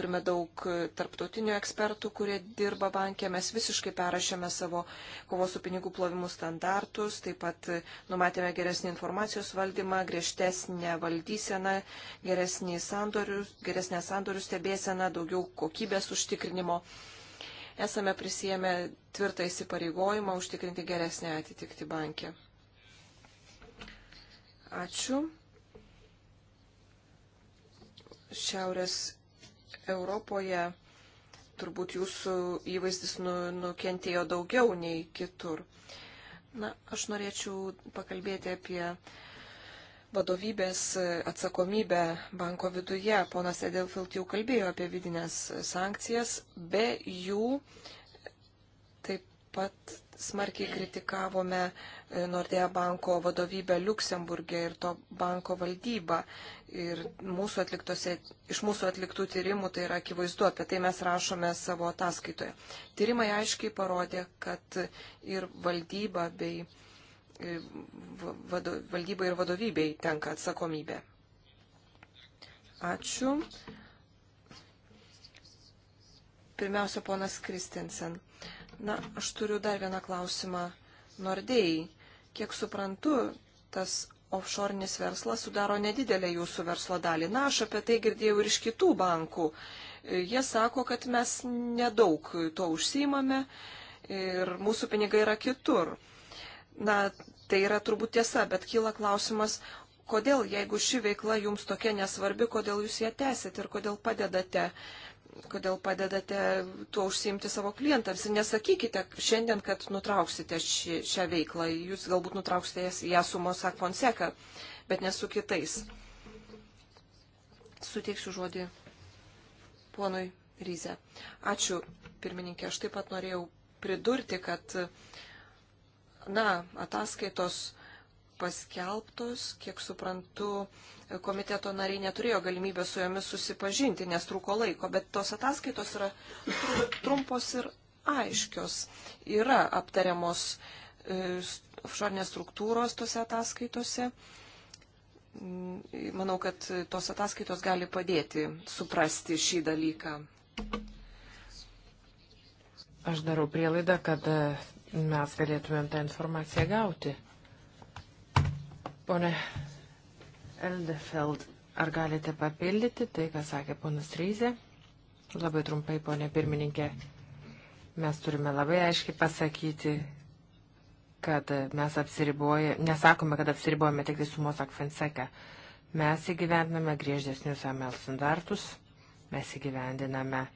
Turime daug e, tarptautinių ekspertų, kurie dirba bankė. Mes visiškai perrašėme savo kovos su pinigų plovimu standartus, taip pat e, numatėme geresnį informacijos valdymą, griežtesnę valdyseną, sandorių, geresnę sandorių stebėseną, daugiau kokybės užtikrinimo. Esame prisijėmę tvirtą įsipareigojimą užtikrinti geresnę atitikti bankė. Ačiū. Šiaurės Europoje turbūt jūsų įvaizdis nu, nukentėjo daugiau nei kitur. Na, aš norėčiau pakalbėti apie vadovybės atsakomybę banko viduje. Ponas Edelfilt jau kalbėjo apie vidinės sankcijas. Be jų taip pat smarkiai kritikavome e, Nordea banko vadovybę Luksemburgė ir to banko valdybą. Ir mūsų iš mūsų atliktų tyrimų tai yra akivaizdu, apie tai mes rašome savo ataskaitoje. Tyrimai aiškiai parodė, kad ir valdyba, bei, e, vado, valdyba ir vadovybei tenka atsakomybė. Ačiū. Pirmiausia, ponas Kristensen. Na, aš turiu dar vieną klausimą. Nordėjai, kiek suprantu, tas offshore'nis verslas sudaro nedidelę jūsų verslo dalį. Na, aš apie tai girdėjau ir iš kitų bankų. Jie sako, kad mes nedaug to užsimame ir mūsų pinigai yra kitur. Na, tai yra turbūt tiesa, bet kyla klausimas, kodėl, jeigu ši veikla jums tokia nesvarbi, kodėl jūs ją tęsit ir kodėl padedate kodėl padedate tuo užsiimti savo klientams. Ir nesakykite šiandien, kad nutrauksite ši, šią veiklą. Jūs galbūt nutrauksite ją su Mosak Fonseca, bet ne su kitais. Suteiksiu žodį ponui Ryze. Ačiū, pirmininkė. Aš taip pat norėjau pridurti, kad, na, ataskaitos paskelbtos. Kiek suprantu, komiteto nariai neturėjo galimybę su jomis susipažinti, nes trūko laiko, bet tos ataskaitos yra trumpos ir aiškios. Yra aptariamos offshore struktūros tose ataskaitose. Mm, manau, kad tos ataskaitos gali padėti suprasti šį dalyką. Aš darau prielaidą, kad e, mes galėtumėm tą informaciją gauti. Pone Eldefeld, ar galite papildyti tai, ką sakė ponas Reizė? Labai trumpai, ponė pirmininkė, mes turime labai aiškiai pasakyti, kad mes apsiribuoja, nesakome, kad apsiribuojame tik tai sumos akfenseka. Mes įgyvendiname griežtesnius AML standartus, mes įgyvendiname e,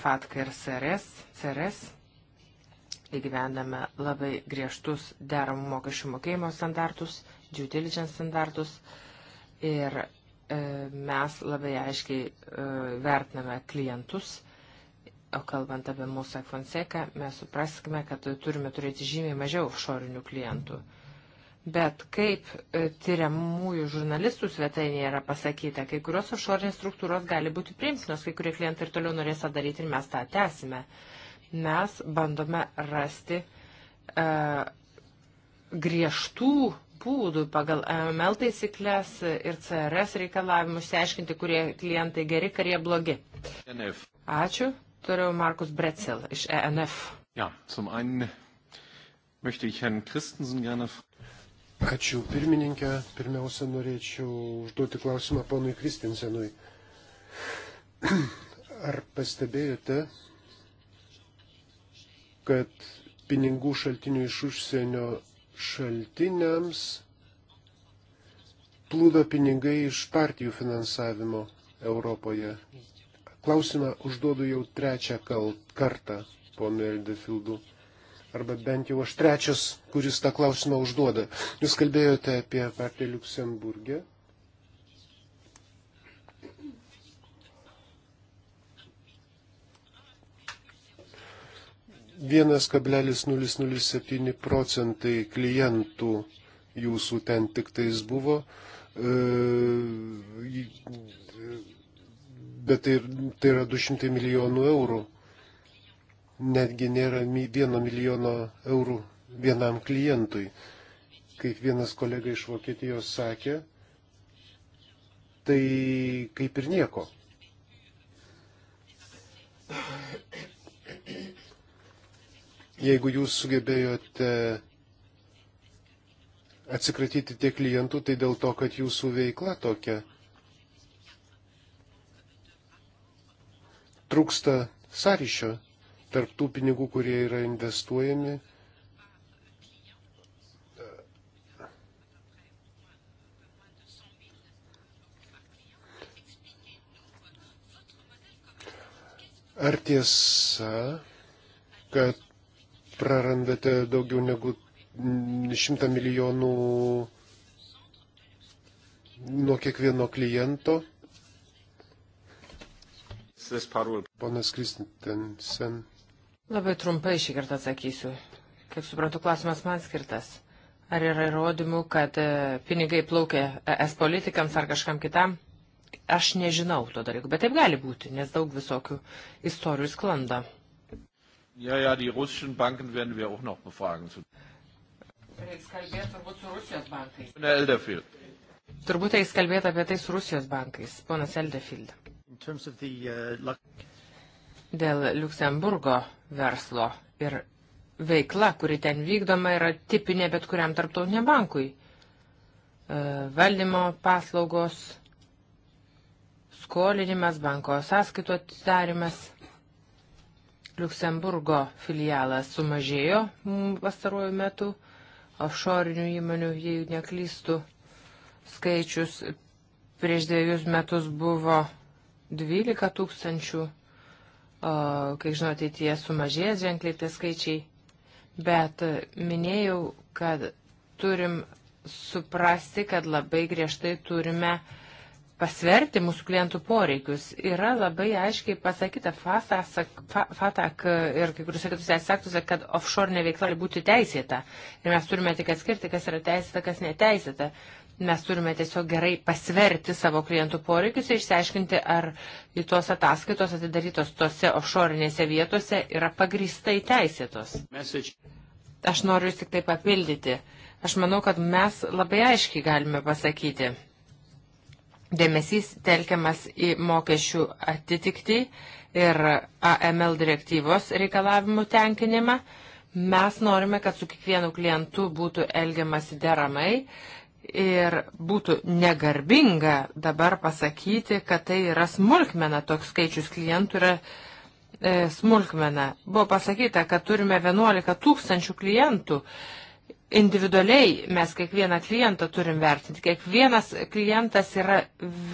FATKA ir CRS, CRS įgyvendame labai griežtus deramų mokesčių mokėjimo standartus due diligence standartus ir e, mes labai aiškiai e, vertiname klientus, o kalbant apie mūsų Fonseca, mes supraskime, kad turime turėti žymiai mažiau šorinių klientų. Bet kaip e, tyriamųjų žurnalistų svetainėje yra pasakyta, kai kurios išorinės struktūros gali būti priimtinos, kai kurie klientai ir toliau norės tą daryti ir mes tą tęsime. Mes bandome rasti uh, griežtų būdų pagal ML taisyklės ir CRS reikalavimus išsiaiškinti, kurie klientai geri, kurie blogi. E NF. Ačiū. Turiu Markus Bretzel iš ENF. Ja, zum einen möchte ich Herrn Christensen gerne. Ačiū pirmininkė. Pirmiausia, norėčiau užduoti klausimą ponui Kristinsenui. [clears throat] Ar pastebėjote, kad pinigų šaltinių iš užsienio šaltiniams plūdo pinigai iš partijų finansavimo Europoje. Klausimą užduodu jau trečią kartą, ponui Eldefildu. Arba bent jau aš trečias, kuris tą klausimą užduoda. Jūs kalbėjote apie partiją Luksemburgė. 1,007 procentai klientų jūsų ten tik tais buvo, e, bet tai, tai yra 200 milijonų eurų. Netgi nėra vieno milijono eurų vienam klientui. Kaip vienas kolega iš Vokietijos sakė, tai kaip ir nieko. Jeigu jūs sugebėjote atsikratyti tiek klientų, tai dėl to, kad jūsų veikla tokia. Trūksta sąryšio tarp tų pinigų, kurie yra investuojami. Ar tiesa, kad prarandate daugiau negu 100 milijonų nuo kiekvieno kliento. Ponas Kristinsen. Labai trumpai šį kartą atsakysiu. Kaip suprantu, klausimas man skirtas. Ar yra įrodymų, kad e, pinigai plaukia es politikams ar kažkam kitam? Aš nežinau to dalyko, bet taip gali būti, nes daug visokių istorijų sklando. Ja, ja, die russischen Banken werden wir auch noch befragen. Reiks kalbėti turbūt su Rusijos bankais. Ne, Elderfield. Turbūt reiks kalbėti apie tai su Rusijos bankais, ponas Elderfield. The, uh, Dėl Luksemburgo verslo ir veikla, kuri ten vykdoma, yra tipinė bet kuriam tarptautiniam bankui. Uh, valdymo paslaugos, skolinimas, banko sąskaitų atidarimas. Luksemburgo filialas sumažėjo pastaruoju metu, offshore'inių įmonių, jei neklystų, skaičius prieš dviejus metus buvo 12 tūkstančių, kai žinau, ateityje sumažės ženkliai tie skaičiai, bet minėjau, kad turim suprasti, kad labai griežtai turime uh, pasverti mūsų klientų poreikius. Yra labai aiškiai pasakyta FATAK ir kai kuriuose kitose sektuose, kad offshore veikla turi būti teisėta. Ir mes turime tik atskirti, kas yra teisėta, kas neteisėta. Mes turime tiesiog gerai pasverti savo klientų poreikius ir išsiaiškinti, ar į tos ataskaitos atidarytos tose offshore'inėse vietose yra pagristai teisėtos. Message. Aš noriu jūs tik tai papildyti. Aš manau, kad mes labai aiškiai galime pasakyti dėmesys telkiamas į mokesčių atitikti ir AML direktyvos reikalavimų tenkinimą. Mes norime, kad su kiekvienu klientu būtų elgiamasi deramai ir būtų negarbinga dabar pasakyti, kad tai yra smulkmena, toks skaičius klientų yra e, smulkmena. Buvo pasakyta, kad turime 11 tūkstančių klientų. E, individualiai mes kiekvieną klientą turim vertinti. Kiekvienas klientas yra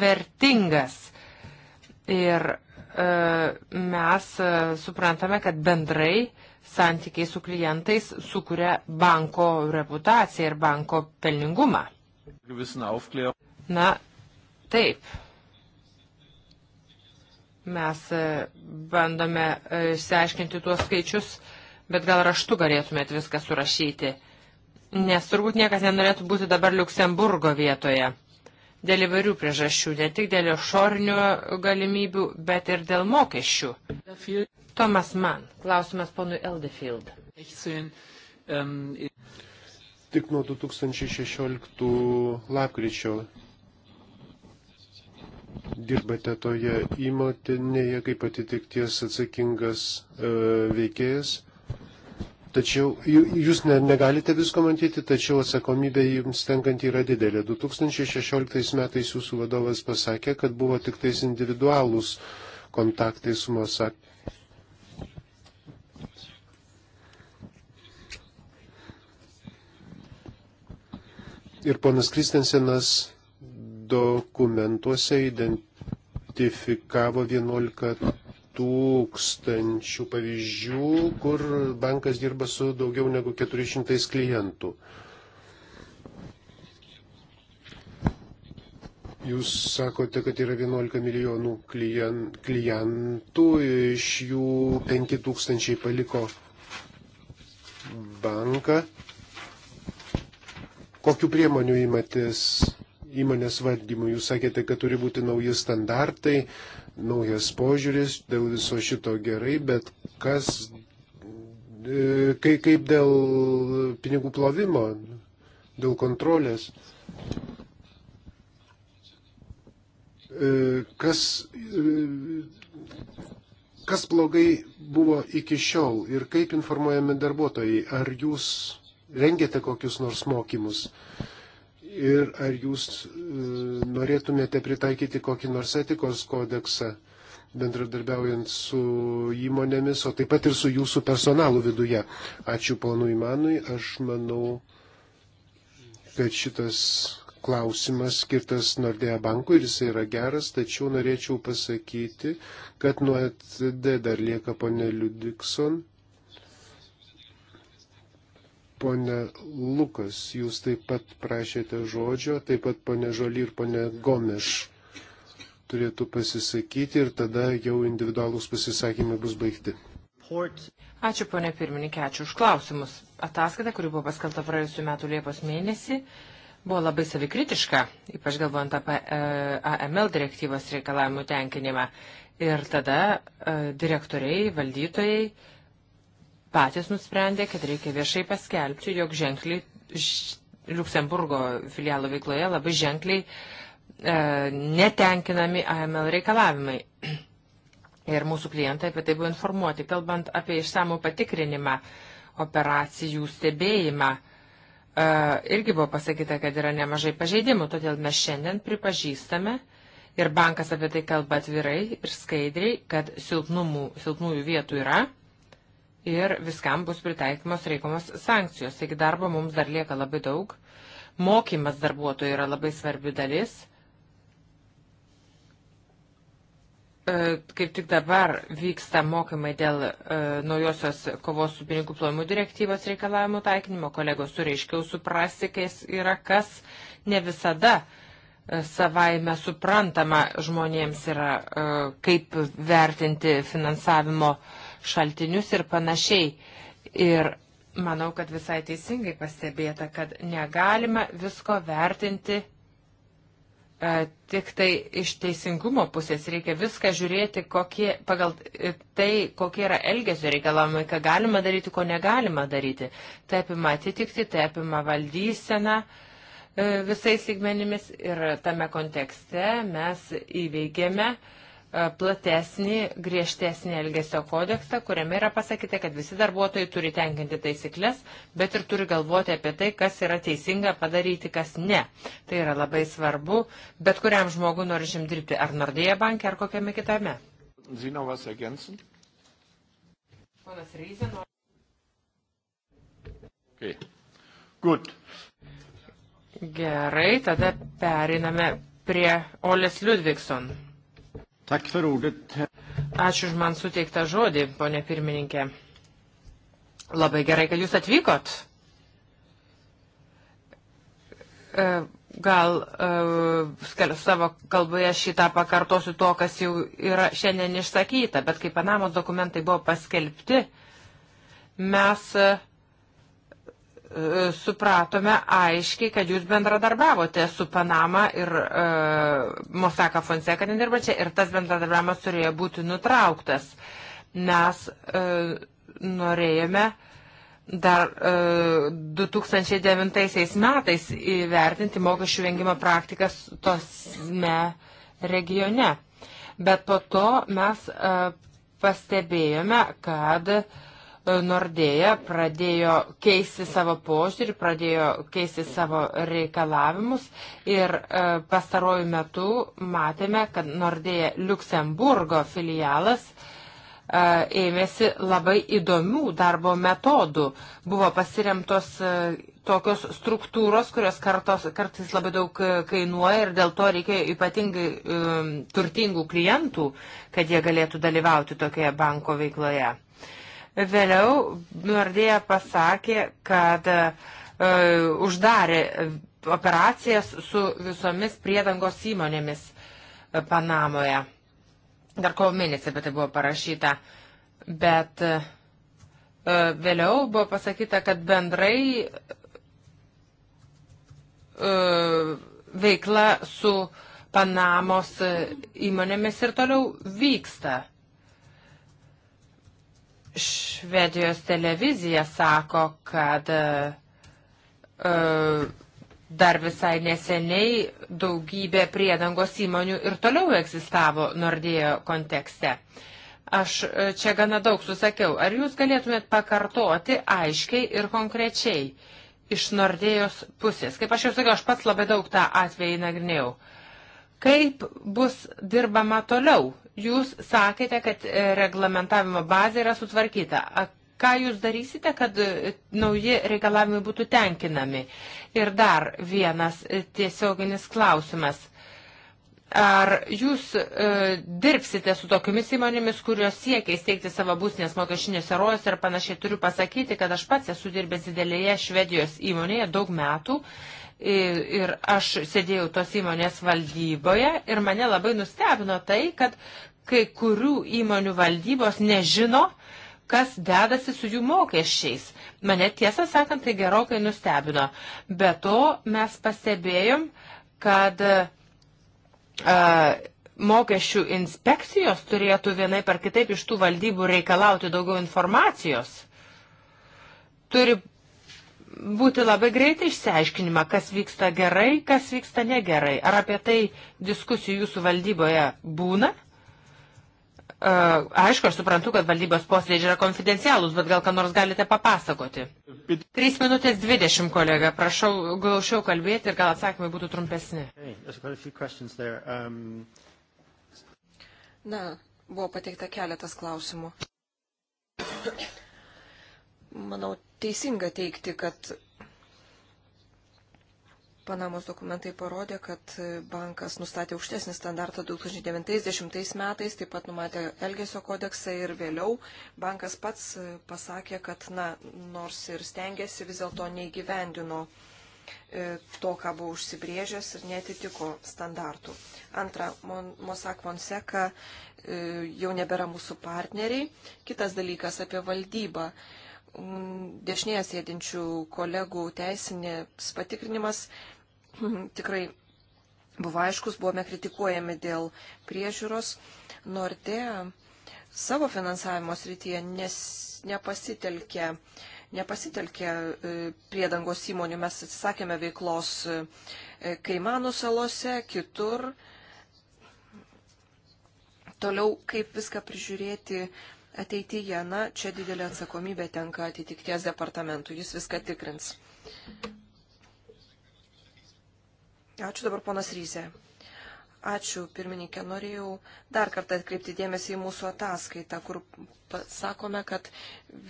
vertingas. Ir e, mes e, suprantame, kad bendrai santykiai su klientais sukuria banko reputaciją ir banko pelningumą. Na, taip. Mes e, bandome e, išsiaiškinti tuos skaičius, bet gal raštu galėtumėt viską surašyti. Nes turbūt niekas nenorėtų būti dabar Luksemburgo vietoje. Dėl įvairių priežasčių, ne tik dėl išorinių galimybių, bet ir dėl mokesčių. Tomas Mann, klausimas ponui Eldefield. Tik nuo 2016 lapkričio dirbate toje įmotinėje kaip atitikties atsakingas e, veikėjas Tačiau jūs ne, negalite visko matyti, tačiau atsakomybė jums tenkanti yra didelė. 2016 metais jūsų vadovas pasakė, kad buvo tik tais individualūs kontaktai su Mosak. Ir ponas Kristensenas dokumentuose identifikavo 11 tūkstančių pavyzdžių, kur bankas dirba su daugiau negu 400 klientų. Jūs sakote, kad yra 11 milijonų klijen, klientų, iš jų 5 tūkstančiai paliko banką. Kokiu priemoniu įmatės įmonės valdymui. Jūs sakėte, kad turi būti nauji standartai, naujas požiūris, dėl viso šito gerai, bet kas, e, kai, kaip dėl pinigų plovimo, dėl kontrolės? E, kas, e, kas blogai buvo iki šiol ir kaip informuojami darbuotojai? Ar jūs rengėte kokius nors mokymus? Uh, ir ar jūs e, norėtumėte pritaikyti kokį nors etikos kodeksą bendradarbiaujant su įmonėmis, o taip pat ir su jūsų personalu viduje. Ačiū ponui Manui, aš manau, kad šitas klausimas skirtas Nordea bankui ir jis yra geras, tačiau norėčiau pasakyti, kad nuo ATD dar lieka ponė Liudikson Pone Lukas, jūs taip pat prašėte žodžio, taip pat pone Žoly ir pone Gomeš turėtų pasisakyti ir tada jau individualūs pasisakymai bus baigti. Ačiū, ponė pirmininkė, ačiū už klausimus. Ataskaita, kuri buvo paskelta praėjusiu metu Liepos mėnesį, buvo labai savikritiška, ypač galvojant apie e, AML direktyvos reikalavimų tenkinimą. Ir tada e, direktoriai, valdytojai patys nusprendė, kad reikia viešai paskelbti, jog ženkliai Luksemburgo filialo veikloje labai ženkliai e, netenkinami AML reikalavimai. [clears throat] Ir mūsų klientai apie tai buvo informuoti. Kalbant apie išsamų patikrinimą, operacijų stebėjimą, e, irgi buvo pasakyta, kad yra nemažai pažeidimų, todėl mes šiandien pripažįstame, ir bankas apie tai kalba atvirai ir skaidriai, kad silpnumų, silpnųjų vietų yra ir viskam bus pritaikomos reikomos sankcijos. Taigi darbo mums dar lieka labai daug. Mokymas darbuotojų yra labai svarbi dalis. E, kaip tik dabar vyksta mokymai dėl e, naujosios kovos su pinigų plovimu direktyvos reikalavimų taikinimo. Kolegos sureiškiau suprasti, kas yra kas ne visada e, savaime suprantama žmonėms yra, e, kaip vertinti finansavimo uh, šaltinius ir panašiai. Ir manau, kad visai teisingai pastebėta, kad negalima visko vertinti e, tik tai iš teisingumo pusės reikia viską žiūrėti kokie, pagal e, tai, kokie yra elgesio reikalavimai, ką galima daryti, ko negalima daryti. Tai apima atitikti, tai apima valdyseną e, visais lygmenimis ir tame kontekste mes įveikėme uh, E, platesnį, griežtesnį elgesio kodeksą, kuriame yra pasakyta, kad visi darbuotojai turi tenkinti taisyklės, bet ir turi galvoti apie tai, kas yra teisinga padaryti, kas ne. Tai yra labai svarbu, bet kuriam žmogui norinčiam dirbti, ar Nordėje banke, ar kokiame kitame. Zinovas Agensin. Ponas Reizė. Okay. Good. Gerai, tada periname prie Olės Ludvigson. Ačiū už man suteiktą žodį, ponė pirmininkė. Labai gerai, kad jūs atvykot. E, gal e, savo kalboje šitą pakartosiu to, kas jau yra šiandien išsakyta, bet kai Panamos dokumentai buvo paskelbti, mes uh, supratome aiškiai, kad jūs bendradarbiavote su Panama ir e, Mosaka Fonseca nedirba čia ir tas bendradarbiavimas turėjo būti nutrauktas. Mes e, norėjome dar e, 2009 metais įvertinti mokesčių vengimo praktikas tosme regione. Bet po to mes e, pastebėjome, kad e, Nordėja pradėjo keisti savo požiūrį, pradėjo keisti savo reikalavimus ir e, pastarojų metų matėme, kad Nordėja Luksemburgo filialas e, ėmėsi labai įdomių darbo metodų. Buvo pasiremtos e, tokios struktūros, kurios kartos, kartais labai daug kainuoja ir dėl to reikia ypatingai um, turtingų klientų, kad jie galėtų dalyvauti tokioje banko veikloje. Uh, Vėliau Nordėja pasakė, kad e, uždarė operacijas su visomis priedangos įmonėmis e, Panamoje. Dar kovo mėnesį apie tai buvo parašyta. Bet e, vėliau buvo pasakyta, kad bendrai e, veikla su Panamos e, įmonėmis ir toliau vyksta. Švedijos televizija sako, kad uh, dar visai neseniai daugybė priedangos įmonių ir toliau egzistavo Nordėjo kontekste. Aš e, čia gana daug susakiau. Ar jūs galėtumėt pakartoti aiškiai ir konkrečiai iš Nordėjos pusės? Kaip aš jau sakiau, aš pats labai daug tą atvejį nagrinėjau. Kaip bus dirbama toliau Jūs sakėte, kad e, reglamentavimo bazė yra sutvarkyta. Ką jūs darysite, kad e, nauji reikalavimai būtų tenkinami? Ir dar vienas e, tiesioginis klausimas. Ar jūs e, dirbsite su tokiamis įmonėmis, kurios siekia įsteigti savo būsnės mokesčinėse rojus ir panašiai turiu pasakyti, kad aš pats esu dirbęs didelėje Švedijos įmonėje daug metų ir aš sėdėjau tos įmonės valdyboje ir mane labai nustebino tai, kad kai kurių įmonių valdybos nežino, kas dedasi su jų mokesčiais. Mane tiesą sakant, tai gerokai nustebino. Be to mes pastebėjom, kad a, mokesčių inspekcijos turėtų vienai per kitaip iš tų valdybų reikalauti daugiau informacijos. Turi būti labai greitai išsiaiškinimą, kas vyksta gerai, kas vyksta negerai. Ar apie tai diskusijų jūsų valdyboje būna? E, aišku, aš suprantu, kad valdybos posėdžiai yra konfidencialūs, bet gal ką nors galite papasakoti. 3 minutės 20, kolega, prašau glaušiau kalbėti ir gal atsakymai būtų trumpesni. Um, Na, buvo pateikta keletas klausimų manau, teisinga teikti, kad Panamos dokumentai parodė, kad bankas nustatė aukštesnį standartą 2090 metais, taip pat numatė Elgesio kodeksą ir vėliau bankas pats pasakė, kad na, nors ir stengiasi, vis dėlto neįgyvendino e, to, ką buvo užsibrėžęs ir netitiko standartų. Antra, Mosak Fonseca e, jau nebėra mūsų partneriai. Kitas dalykas apie valdybą dešinėje sėdinčių kolegų teisinės patikrinimas [clears throat] tikrai buvo aiškus, buvome kritikuojami dėl priežiūros. Nordea savo finansavimo srityje nes, nepasitelkė, nepasitelkė e, priedangos įmonių. Mes atsisakėme veiklos e, Kaimanų salose, kitur. Toliau, kaip viską prižiūrėti ateityje. Na, čia didelė atsakomybė tenka atitikties departamentų, jis viską tikrins. Ačiū dabar ponas Ryzė. Ačiū, pirmininkė. Norėjau dar kartą atkreipti dėmesį į mūsų ataskaitą, kur sakome, kad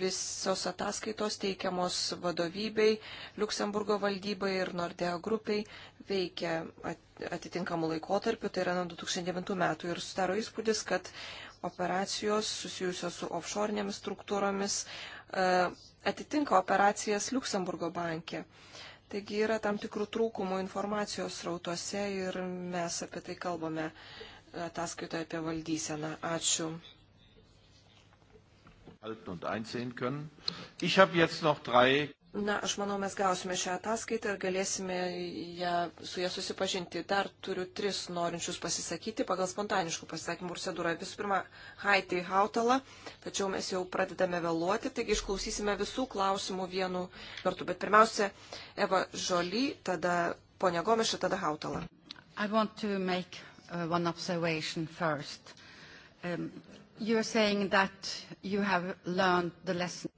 visos ataskaitos teikiamos vadovybei, Luksemburgo valdybai ir Nordea grupiai veikia atitinkamų laikotarpių, tai yra nuo 2009 metų. Ir sudaro įspūdis, kad operacijos susijusios su offshore'inėmis struktūromis e, atitinka operacijas Luksemburgo bankė. Taigi yra tam tikrų trūkumų informacijos rautuose ir mes apie tai kalbame ataskaitoje apie valdyseną. Ačiū. halten und einsehen können. Ich habe jetzt noch drei Na, aš manau, mes gausime šią ataskaitą ir galėsime ją, su ją susipažinti. Dar turiu tris norinčius pasisakyti pagal spontaniškų pasisakymų procedūrą. Visų pirma, Haiti Hautala, tačiau mes jau pradedame vėluoti, taigi išklausysime visų klausimų vienu kartu. Bet pirmiausia, Eva Žoly, tada ponia Gomeša, tada Hautala. Uh, um, you're saying that you have learned the lesson.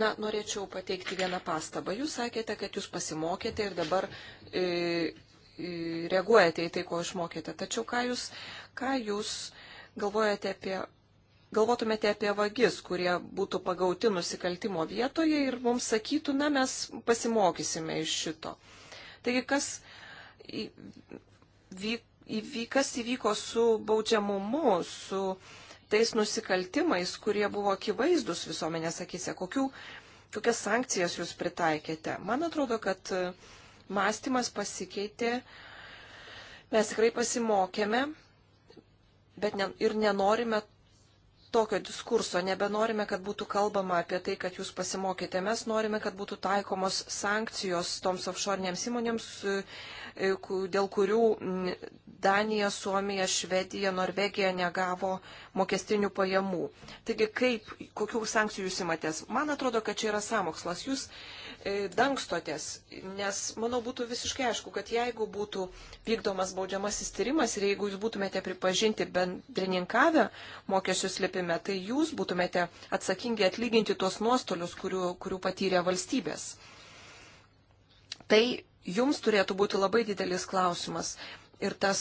Na, norėčiau pateikti vieną pastabą. Jūs sakėte, kad jūs pasimokėte ir dabar e, e, reaguojate į tai, ko išmokėte. Tačiau ką jūs, ką jūs galvojate apie galvotumėte apie vagis, kurie būtų pagauti nusikaltimo vietoje ir mums sakytų, na mes pasimokysime iš šito. Taigi, kas, įvyk, kas įvyko su baudžiamumu, su tais nusikaltimais, kurie buvo akivaizdus visuomenės akise? Kokių, kokias sankcijas jūs pritaikėte? Man atrodo, kad e, mąstymas pasikeitė, mes tikrai pasimokėme, bet ne, ir nenorime tokio diskurso, nebenorime, kad būtų kalbama apie tai, kad jūs pasimokėte. Mes norime, kad būtų taikomos sankcijos toms offshore'nėms įmonėms, e, e, dėl kurių Danija, Suomija, Švedija, Norvegija negavo mokestinių pajamų. Taigi, kaip, kokių sankcijų jūs imatės? Man atrodo, kad čia yra samokslas. Jūs e, dangstotės, nes, manau, būtų visiškai aišku, kad jeigu būtų vykdomas baudžiamasis tyrimas ir jeigu jūs būtumėte pripažinti bendrininkavę mokesčių slėpimą, turime, tai jūs būtumėte atsakingi atlyginti tuos nuostolius, kurių, kurių patyrė valstybės. Tai jums turėtų būti labai didelis klausimas. Ir tas,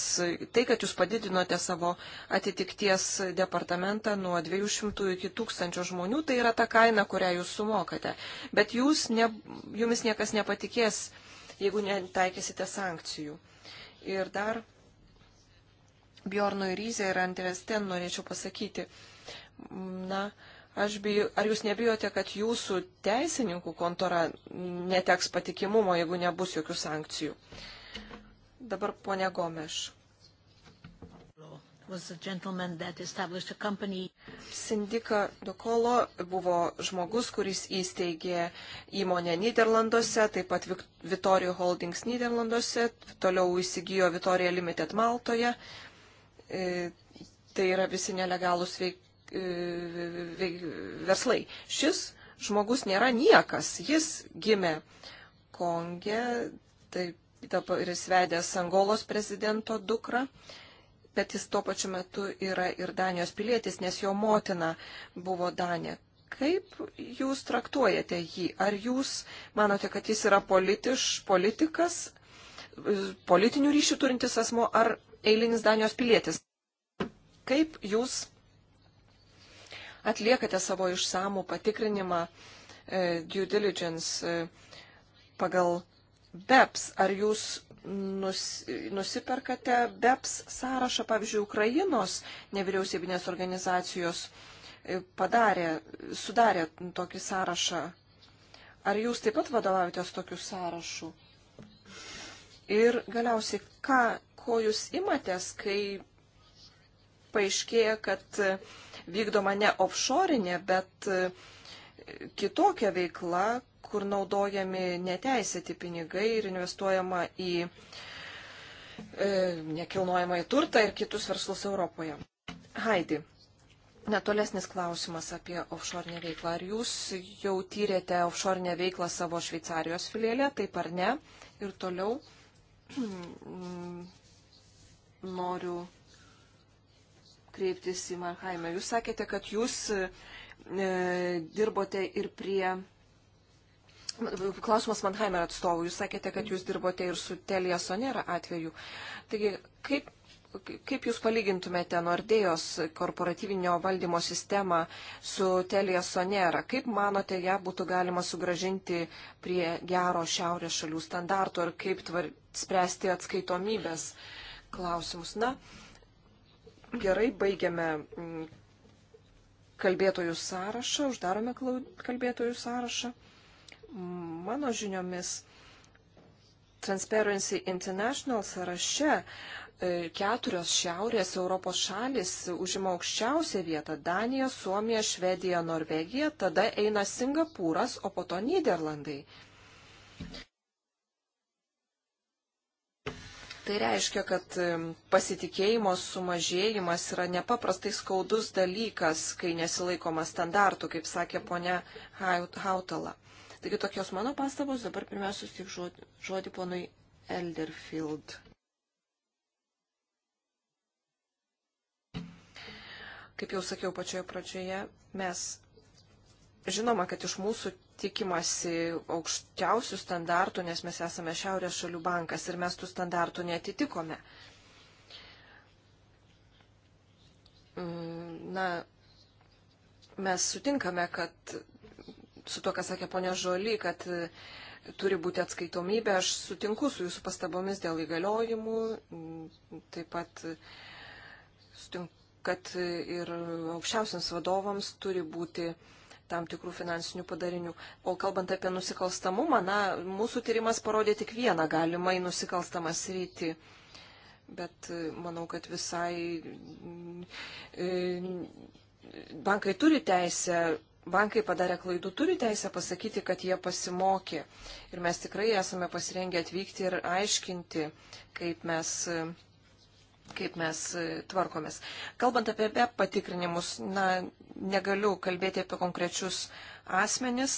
tai, kad jūs padidinote savo atitikties departamentą nuo 200 iki 1000 žmonių, tai yra ta kaina, kurią jūs sumokate. Bet jūs ne, jumis niekas nepatikės, jeigu netaikysite sankcijų. Ir dar Bjornui Ryzė ir Andrės Ten norėčiau pasakyti, Na, aš bijau, ar jūs nebijote, kad jūsų teisininkų kontora neteks patikimumo, jeigu nebus jokių sankcijų? Dabar ponė Gomeš. Sindika Dokolo buvo žmogus, kuris įsteigė įmonę Niderlanduose, taip pat Vitorio Holdings Niderlanduose, toliau įsigijo Vitorija Limited Maltoje. E, tai yra visi nelegalūs veik, E, verslai. Šis žmogus nėra niekas. Jis gimė Konge, taip dabar jis vedęs Angolos prezidento dukrą, bet jis tuo pačiu metu yra ir Danijos pilietis, nes jo motina buvo Danė. Kaip jūs traktuojate jį? Ar jūs manote, kad jis yra politiš, politikas, politinių ryšių turintis asmo, ar eilinis Danijos pilietis? Kaip jūs atliekate savo išsamų patikrinimą e, due diligence e, pagal BEPS, ar jūs nus, nusiperkate BEPS sąrašą, pavyzdžiui, Ukrainos nevyriausybinės organizacijos e, padarė, sudarė tokį sąrašą. Ar jūs taip pat vadovaujatės tokiu sąrašu? Ir galiausiai, ką, ko jūs imatės, kai paaiškėja, kad vykdoma ne offshorinė, bet kitokia veikla, kur naudojami neteisėti pinigai ir investuojama į e, nekilnojamą į turtą ir kitus verslus Europoje. Haidi, netolesnis klausimas apie offshore veiklą. Ar jūs jau tyrėte offshore veiklą savo Šveicarijos filėlė, taip ar ne? Ir toliau [clears throat] noriu kreiptis į Manheimą. Jūs sakėte, kad jūs e, e dirbote ir prie. Klausimas Manheimer atstovų. Jūs sakėte, kad jūs dirbote ir su Telija Sonera atveju. Taigi, kaip, kaip jūs palygintumėte Nordėjos korporatyvinio valdymo sistemą su Telija Sonera? Kaip manote, ją būtų galima sugražinti prie gero šiaurės šalių standartų ir kaip tvar, spręsti atskaitomybės klausimus? Na, uh, Gerai, baigiame mm, kalbėtojų sąrašą, uždarome kalbėtojų sąrašą. Mano žiniomis, Transparency International sąraše e, keturios šiaurės Europos šalis užima aukščiausią vietą - Danija, Suomija, Švedija, Norvegija, tada eina Singapūras, o po to Niderlandai. Tai reiškia, kad pasitikėjimo sumažėjimas yra nepaprastai skaudus dalykas, kai nesilaikoma standartų, kaip sakė ponia Hautala. Taigi tokios mano pastabos, dabar pirmiausia tik žodį, žodį ponui Elderfield. Kaip jau sakiau pačioje pradžioje, mes žinoma, kad iš mūsų tikimasi aukščiausių standartų, nes mes esame Šiaurės šalių bankas ir mes tų standartų netitikome. Na, mes sutinkame, kad su to, ką sakė ponia Žoly, kad turi būti atskaitomybė. Aš sutinku su jūsų pastabomis dėl įgaliojimų. Taip pat sutinku, kad ir aukščiausiams vadovams turi būti uh, tam tikrų finansinių padarinių. O kalbant apie nusikalstamumą, na, mūsų tyrimas parodė tik vieną galimai nusikalstamą sritį. Bet e, manau, kad visai e, bankai turi teisę, bankai padarė klaidų, turi teisę pasakyti, kad jie pasimokė. Ir mes tikrai esame pasirengę atvykti ir aiškinti, kaip mes e, kaip mes e, tvarkomės. Kalbant apie be patikrinimus, na, negaliu kalbėti apie konkrečius asmenis,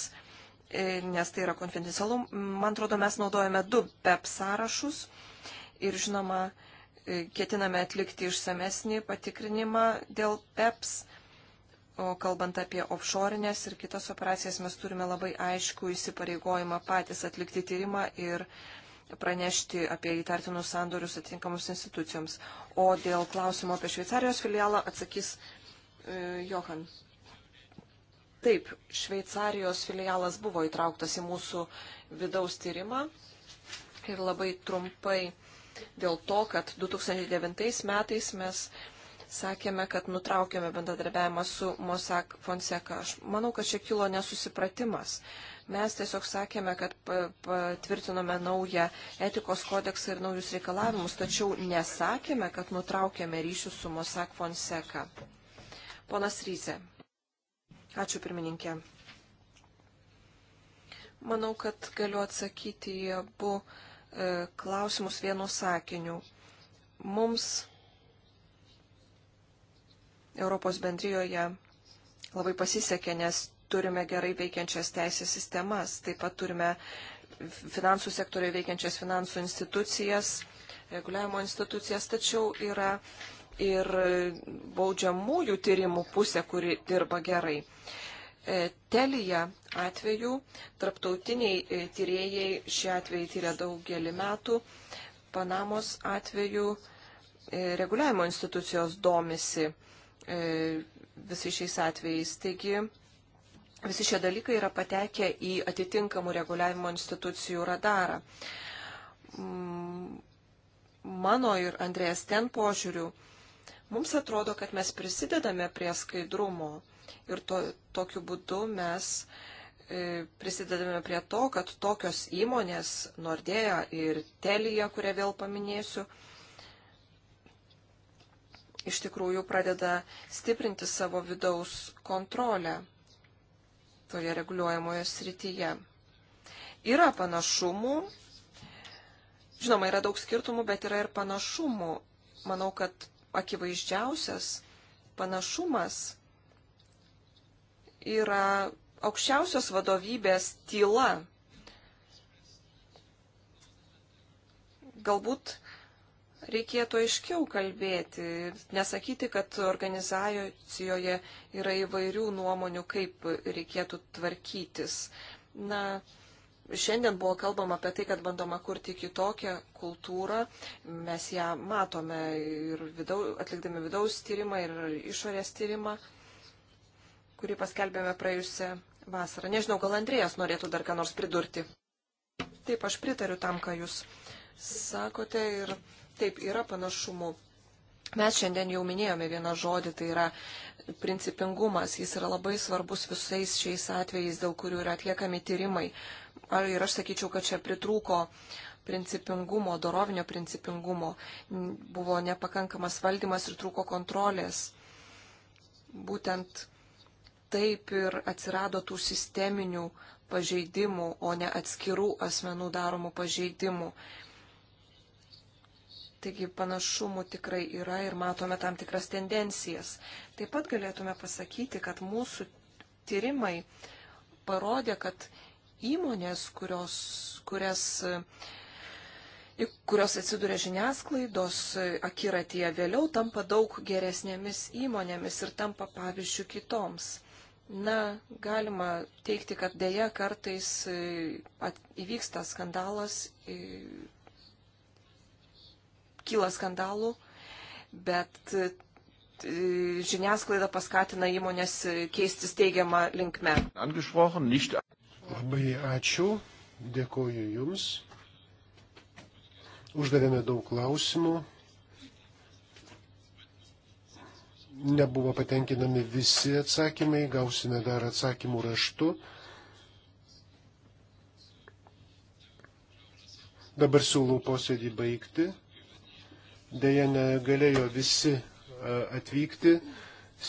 e, nes tai yra konfidencialu. Man atrodo, mes naudojame du PEP sąrašus ir, žinoma, e, ketiname atlikti išsamesnį patikrinimą dėl PEPS. O kalbant apie offshore'inės ir kitas operacijas, mes turime labai aišku įsipareigojimą patys atlikti tyrimą ir uh, pranešti apie įtartinus sandorius atitinkamus institucijoms. O dėl klausimo apie Šveicarijos filialą atsakys e, Johan. Taip, Šveicarijos filialas buvo įtrauktas į mūsų vidaus tyrimą ir labai trumpai dėl to, kad 2009 metais mes sakėme, kad nutraukėme bendradarbiavimą su Mossack Fonseca. Aš manau, kad čia kilo nesusipratimas. E, Mes tiesiog sakėme, kad patvirtinome naują etikos kodeksą ir naujus reikalavimus, tačiau nesakėme, kad nutraukėme ryšius su Mosak Fonseca. Ponas Ryze. Ačiū pirmininkė. Manau, kad galiu atsakyti į abu e, klausimus vienu sakiniu. Mums Europos bendrijoje labai pasisekė, nes turime gerai veikiančias teisės sistemas, taip pat turime finansų sektoriai veikiančias finansų institucijas, reguliavimo institucijas, tačiau yra ir baudžiamųjų tyrimų pusė, kuri dirba gerai. E, Telija atveju, tarptautiniai e, tyrėjai šie atvejai tyrė daugelį metų, Panamos atveju e, reguliavimo institucijos domisi visais šiais atvejais. Taigi visi šie dalykai yra patekę į atitinkamų reguliavimo institucijų radarą. Mm, mano ir Andrėjas ten požiūrių, mums atrodo, kad mes prisidedame prie skaidrumo ir to, tokiu būdu mes e, prisidedame prie to, kad tokios įmonės, Nordėja ir Telija, kurią vėl paminėsiu, iš tikrųjų pradeda stiprinti savo vidaus kontrolę toje reguliuojamoje srityje. Yra panašumų, žinoma, yra daug skirtumų, bet yra ir panašumų. Manau, kad akivaizdžiausias panašumas yra aukščiausios vadovybės tyla. Galbūt reikėtų aiškiau kalbėti ir nesakyti, kad organizacijoje yra įvairių nuomonių, kaip reikėtų tvarkytis. Na, Šiandien buvo kalbama apie tai, kad bandoma kurti kitokią kultūrą. Mes ją matome ir vidau, atlikdami vidaus tyrimą ir išorės tyrimą, kurį paskelbėme praėjusią vasarą. Nežinau, gal Andrėjas norėtų dar ką nors pridurti. Taip, aš pritariu tam, ką jūs sakote ir Taip, yra panašumų. Mes šiandien jau minėjome vieną žodį, tai yra principingumas. Jis yra labai svarbus visais šiais atvejais, dėl kurių yra atliekami tyrimai. Ar ir aš sakyčiau, kad čia pritrūko principingumo, dorovinio principingumo. Buvo nepakankamas valdymas ir trūko kontrolės. Būtent taip ir atsirado tų sisteminių pažeidimų, o ne atskirų asmenų daromų pažeidimų. Taigi panašumų tikrai yra ir matome tam tikras tendencijas. Taip pat galėtume pasakyti, kad mūsų tyrimai parodė, kad įmonės, kurios, kurias, kurios atsiduria žiniasklaidos akiratyje, vėliau tampa daug geresnėmis įmonėmis ir tampa pavyzdžių kitoms. Na, galima teikti, kad dėja kartais e, įvyksta skandalas, e, kyla skandalų, bet e, žiniasklaida paskatina įmonės keistis teigiamą linkmę. Labai ačiū, dėkoju Jums. Uždavėme daug klausimų. Nebuvo patenkinami visi atsakymai, gausime dar atsakymų raštu. Dabar siūlau posėdį baigti. Deja, negalėjo visi atvykti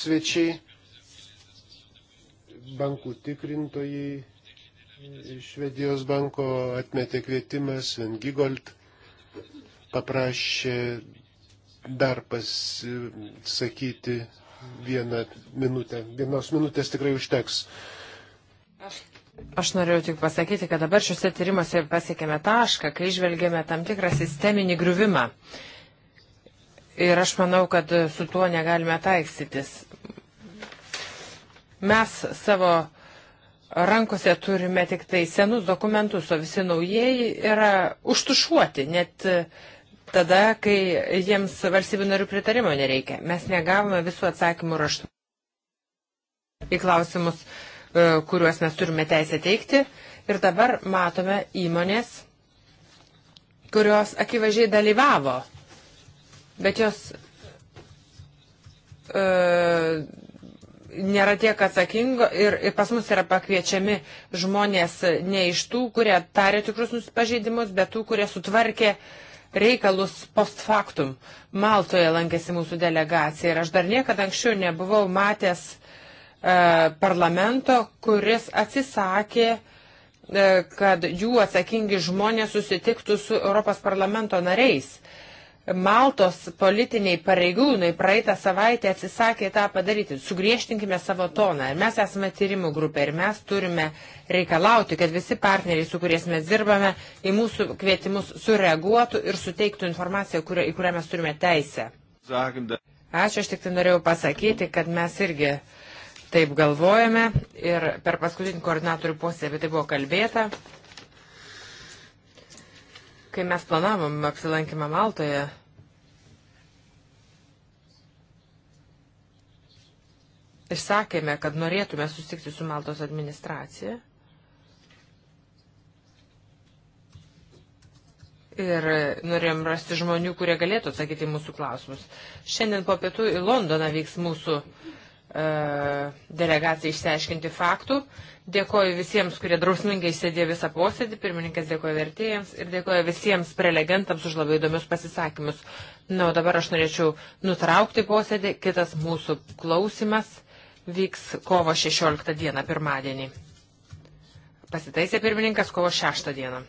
svečiai, bankų tikrintojai, Švedijos banko atmetė kvietimą, Sven Gigold paprašė dar pasakyti vieną minutę. Vienos minutės tikrai užteks. Aš Aš norėjau tik pasakyti, kad dabar šiuose tyrimuose pasiekėme tašką, kai išvelgėme tam tikrą sisteminį griuvimą. Ir aš manau, kad su tuo negalime taikstytis. Mes savo rankose turime tik tai senus dokumentus, o visi naujieji yra užtušuoti, net e, tada, kai jiems valstybių narių pritarimo nereikia. Mes negavome visų atsakymų raštų į klausimus, e, kuriuos mes turime teisę teikti. Ir dabar matome įmonės, kurios akivaizdžiai dalyvavo bet jos e, nėra tiek atsakingo ir, ir pas mus yra pakviečiami žmonės ne iš tų, kurie tarė tikrus pažeidimus, bet tų, kurie sutvarkė reikalus post factum. Maltoje lankėsi mūsų delegacija ir aš dar niekada anksčiau nebuvau matęs e, parlamento, kuris atsisakė e, kad jų atsakingi žmonės susitiktų su Europos parlamento nariais. Maltos politiniai pareigūnai praeitą savaitę atsisakė tą padaryti. Sugriežtinkime savo toną. Ir mes esame tyrimų grupė ir mes turime reikalauti, kad visi partneriai, su kuriais mes dirbame, į mūsų kvietimus sureaguotų ir suteiktų informaciją, kurio, į kurią mes turime teisę. Ačiū, aš tik tai norėjau pasakyti, kad mes irgi taip galvojame ir per paskutinį koordinatorių posėdį apie tai buvo kalbėta. Kai mes planavom apsilankymą Maltoje, ir sakėme, kad norėtume susitikti su Maltos administracija. Ir norėjom rasti žmonių, kurie galėtų atsakyti mūsų klausimus. Šiandien po pietų į Londoną vyks mūsų uh, delegacija išsiaiškinti faktų. Dėkoju visiems, kurie drausmingai sėdė visą posėdį. Pirmininkas dėkoju vertėjams ir dėkoju visiems prelegentams už labai įdomius pasisakymus. Na, o dabar aš norėčiau nutraukti posėdį. Kitas mūsų klausimas vyks kovo 16 dieną pirmadienį. Pasitaisė pirmininkas kovo 6 dieną.